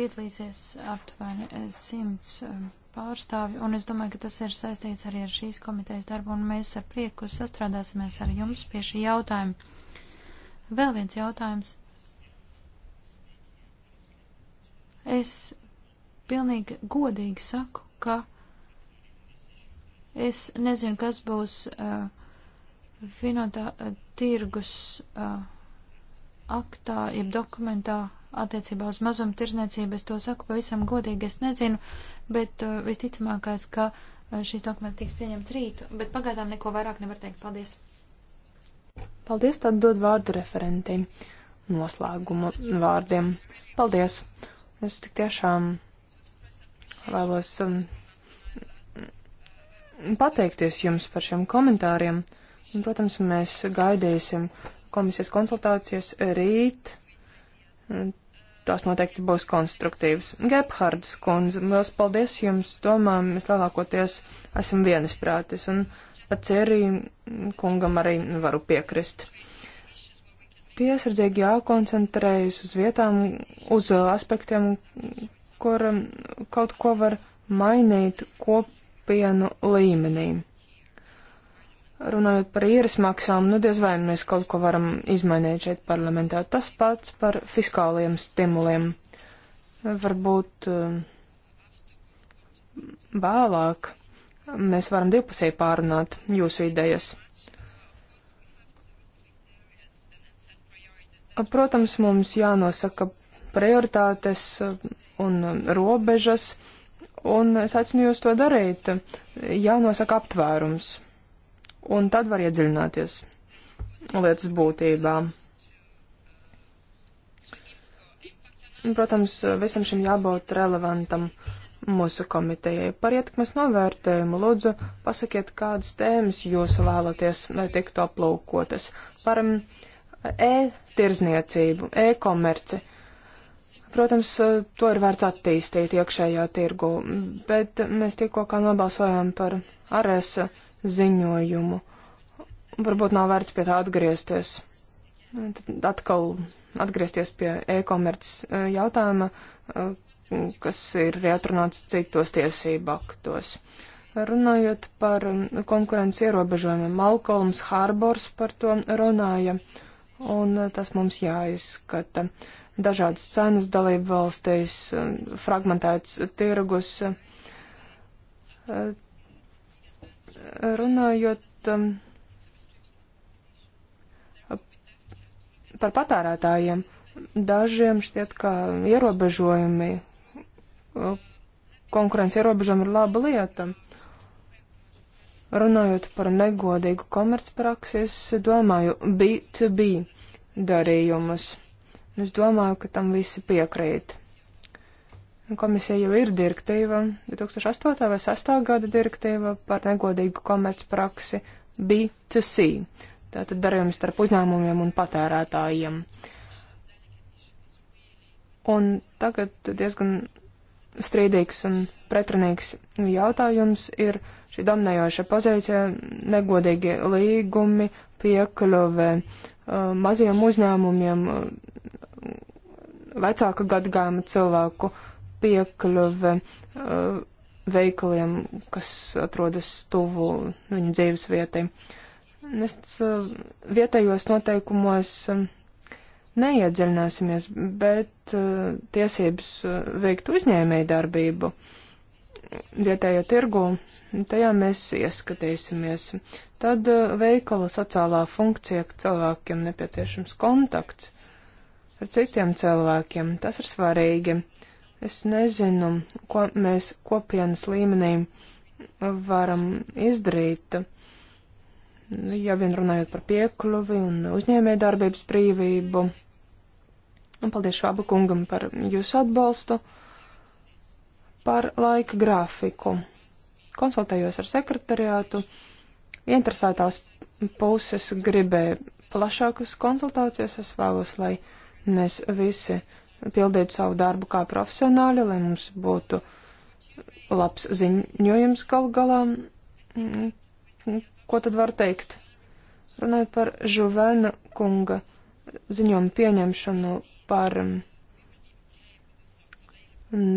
Piedalīsies aptuveni eh, simts eh, pārstāvi, un es domāju, ka tas ir saistīts arī ar šīs komitejas darbu, un mēs ar prieku sastrādāsimies ar jums pie šī jautājuma. Vēl viens jautājums. Es pilnīgi godīgi saku, ka es nezinu, kas būs uh, vienotā uh, tirgus. Uh, aktā, jeb dokumentā attiecībā uz mazumtirdzniecību. Es to saku pavisam godīgi, es nezinu, bet uh, visticamākais, ka uh, šis dokuments tiks pieņemts rīt, bet pagaidām neko vairāk nevar teikt. Paldies! Paldies, tad dod vārdu referentiem noslēguma vārdiem. Paldies! Es tik tiešām vēlos um, pateikties jums par šiem komentāriem. Un, protams, mēs gaidīsim komisijas konsultācijas rīt. Tās noteikti būs konstruktīvas. Gebhardas kundze, liels paldies jums. Domām mēs lielākoties esam vienisprātis, un pat cerī kungam arī varu piekrist. Piesardzīgi jākoncentrējas uz vietām, uz aspektiem, kur um, kaut ko var mainīt kopienu līmenī Runājot par īres maksām, nu diez vai mēs kaut ko varam izmainīt šeit parlamentā. Tas pats par fiskāliem stimuliem. Varbūt eh, vēlāk mēs varam divpusēji pārunāt jūsu idejas. Protams, mums jānosaka prioritātes un robežas, un es aicinu jūs to darīt. Jānosaka aptvērums un tad var iedziļināties lietas būtībā. Protams, visam šim jābūt relevantam mūsu komitejai. Par ietekmes novērtējumu lūdzu pasakiet, kādas tēmas jūs vēlaties, lai tiktu aplūkotas. Par mm, e-tirzniecību, e-komerci. Protams, to ir vērts attīstīt iekšējā tirgu, bet mēs tikko kā nobalsojām par ARS ziņojumu. Varbūt nav vērts pie tā atgriezties. Tad atkal atgriezties pie e-komerces e, jautājuma, e, kas ir atrunāts citos tiesību aktos. Runājot par konkurences ierobežojumiem, Malkolms Harbors par to runāja, un e, tas mums jāizskata. Dažādas cenas dalību valstīs, fragmentēts tirgus, Runājot um, par patērētājiem, dažiem šķiet, ka ierobežojumi, konkurence ierobežojumi ir laba lieta. Runājot par negodīgu komercpraksi, es domāju B2B darījumus. Es domāju, ka tam visi piekrīt. Komisija jau ir direktīva, 2008. vai 2008. gada direktīva par negodīgu komercpraksi B2C, tātad darījumi starp uzņēmumiem un patērētājiem. Un tagad diezgan strīdīgs un pretrunīgs jautājums ir šī dominējoša pozīcija, negodīgi līgumi, piekļuve uh, maziem uzņēmumiem, uh, vecāka gadgājuma cilvēku uh, piekļuve uh, veikaliem, kas atrodas tuvu viņu dzīves vietai. Mēs uh, vietējos noteikumos um, neiedziļināsimies, bet uh, tiesības veikt uzņēmēju darbību vietējo tirgu, tajā mēs ieskatīsimies. Tad veikala sociālā funkcija, ka cilvēkiem nepieciešams kontakts ar citiem cilvēkiem, tas ir svarīgi. Es nezinu, ko mēs kopienas līmenī varam izdarīt, ja vien runājot par piekluvi un uzņēmē darbības brīvību. Un paldies Švaba kungam par jūsu atbalstu, par laika grafiku. Konsultējos ar sekretariātu. Interesētās puses gribēja plašākas konsultācijas. Es vēlos, lai mēs visi pildītu savu darbu kā profesionāļi, lai mums būtu labs ziņojums gal galā. Mm, ko tad var teikt? Runājot par Žuvelna kunga ziņojumu pieņemšanu par mm,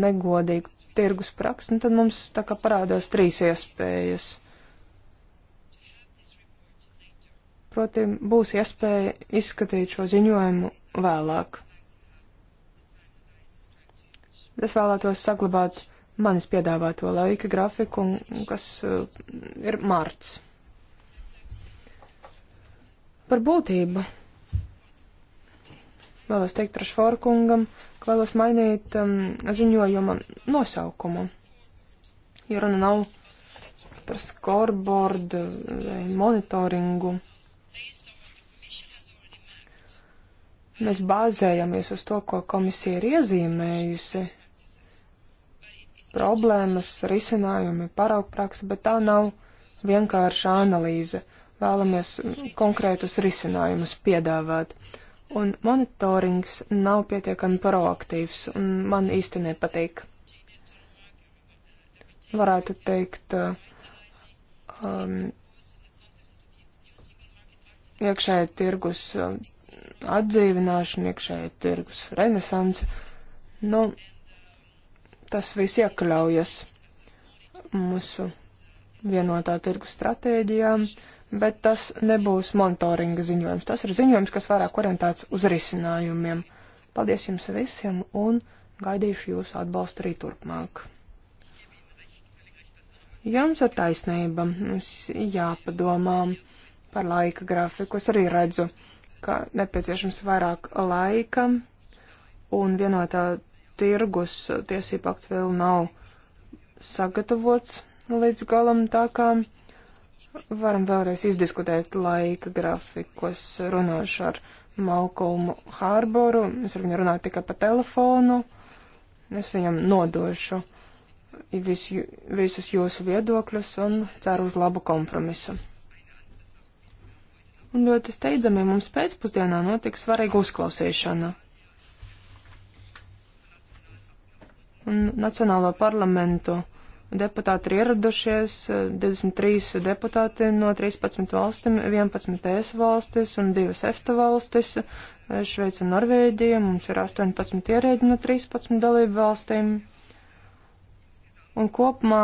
negodīgu tirgus praksi, nu tad mums tā kā parādās trīs iespējas. Proti, būs iespēja izskatīt šo ziņojumu vēlāk. Es vēlētos saglabāt manis piedāvāto laika grafiku, kas uh, ir mārts. Par būtību vēlos teikt Rašforu kungam, ka vēlos mainīt um, ziņojuma nosaukumu. Jo runa nav par scoreboard vai monitoringu. Mēs bāzējamies uz to, ko komisija ir iezīmējusi problēmas, risinājumi, paraugpraksa, bet tā nav vienkārša analīze. Vēlamies konkrētus risinājumus piedāvāt. Un monitorings nav pietiekami proaktīvs, un man īsti nepatīk. Varētu teikt, um, iekšēja tirgus um, atdzīvināšana, iekšēja tirgus renesanse. Nu, tas viss iekļaujas mūsu vienotā tirgus stratēģijā, bet tas nebūs monitoringa ziņojums. Tas ir ziņojums, kas vairāk orientēts uz risinājumiem. Paldies jums visiem un gaidīšu jūsu atbalstu arī turpmāk. Jums ir taisnība, mums jāpadomā par laika grafiku. Es arī redzu, ka nepieciešams vairāk laika un vienotā tirgus tiesību akts vēl nav sagatavots līdz galam, tā kā varam vēlreiz izdiskutēt laika grafikos runāšu ar Malcolmu Hārboru. Es ar viņu runāju tikai pa telefonu. Es viņam nodošu visu, visus jūsu viedokļus un ceru uz labu kompromisu. Un ļoti steidzami mums pēcpusdienā notiks svarīga uzklausīšana. un Nacionālo parlamentu deputāti ir ieradušies, 23 deputāti no 13 valstīm, 11 ES valstis un 2 EFTA valstis, Šveica un Norvēģija, mums ir 18 ierēģi no 13 dalību valstīm. Un kopumā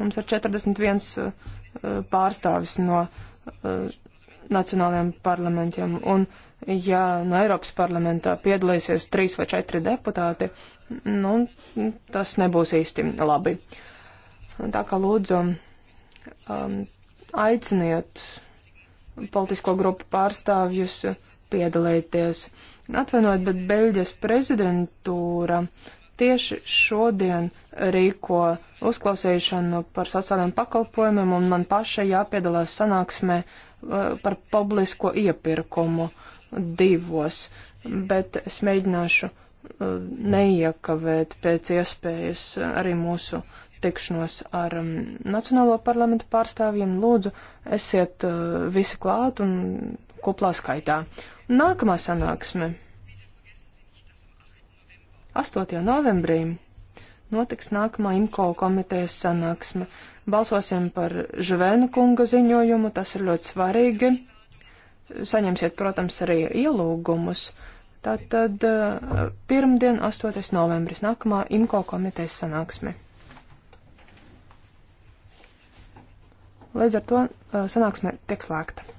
mums ir 41 eh, pārstāvis no eh, nacionālajiem parlamentiem. Un ja no Eiropas parlamentā piedalīsies trīs vai četri deputāti, nu, tas nebūs īsti labi. Tā kā lūdzu um, aiciniet politisko grupu pārstāvjus piedalīties. Atvainojiet, bet Beļģijas prezidentūra tieši šodien rīko uzklausīšanu par sociālajiem pakalpojumiem, un man pašai jāpiedalās sanāksmē uh, par publisko iepirkumu. Uh, divos, bet es mēģināšu uh, neiekavēt pēc iespējas uh, arī mūsu tikšanos ar um, Nacionālo parlamentu pārstāvjiem. Lūdzu, esiet uh, visi klāt un koplā skaitā. Nākamā sanāksme 8. novembrī notiks nākamā IMCO komitejas sanāksme. Balsosim par Žvēna kunga ziņojumu, tas ir ļoti svarīgi saņemsiet, protams, arī ielūgumus. Tātad eh, pirmdien, 8. novembris, nākamā IMCO komitejas sanāksme. Līdz ar to eh, sanāksme tiek slēgta.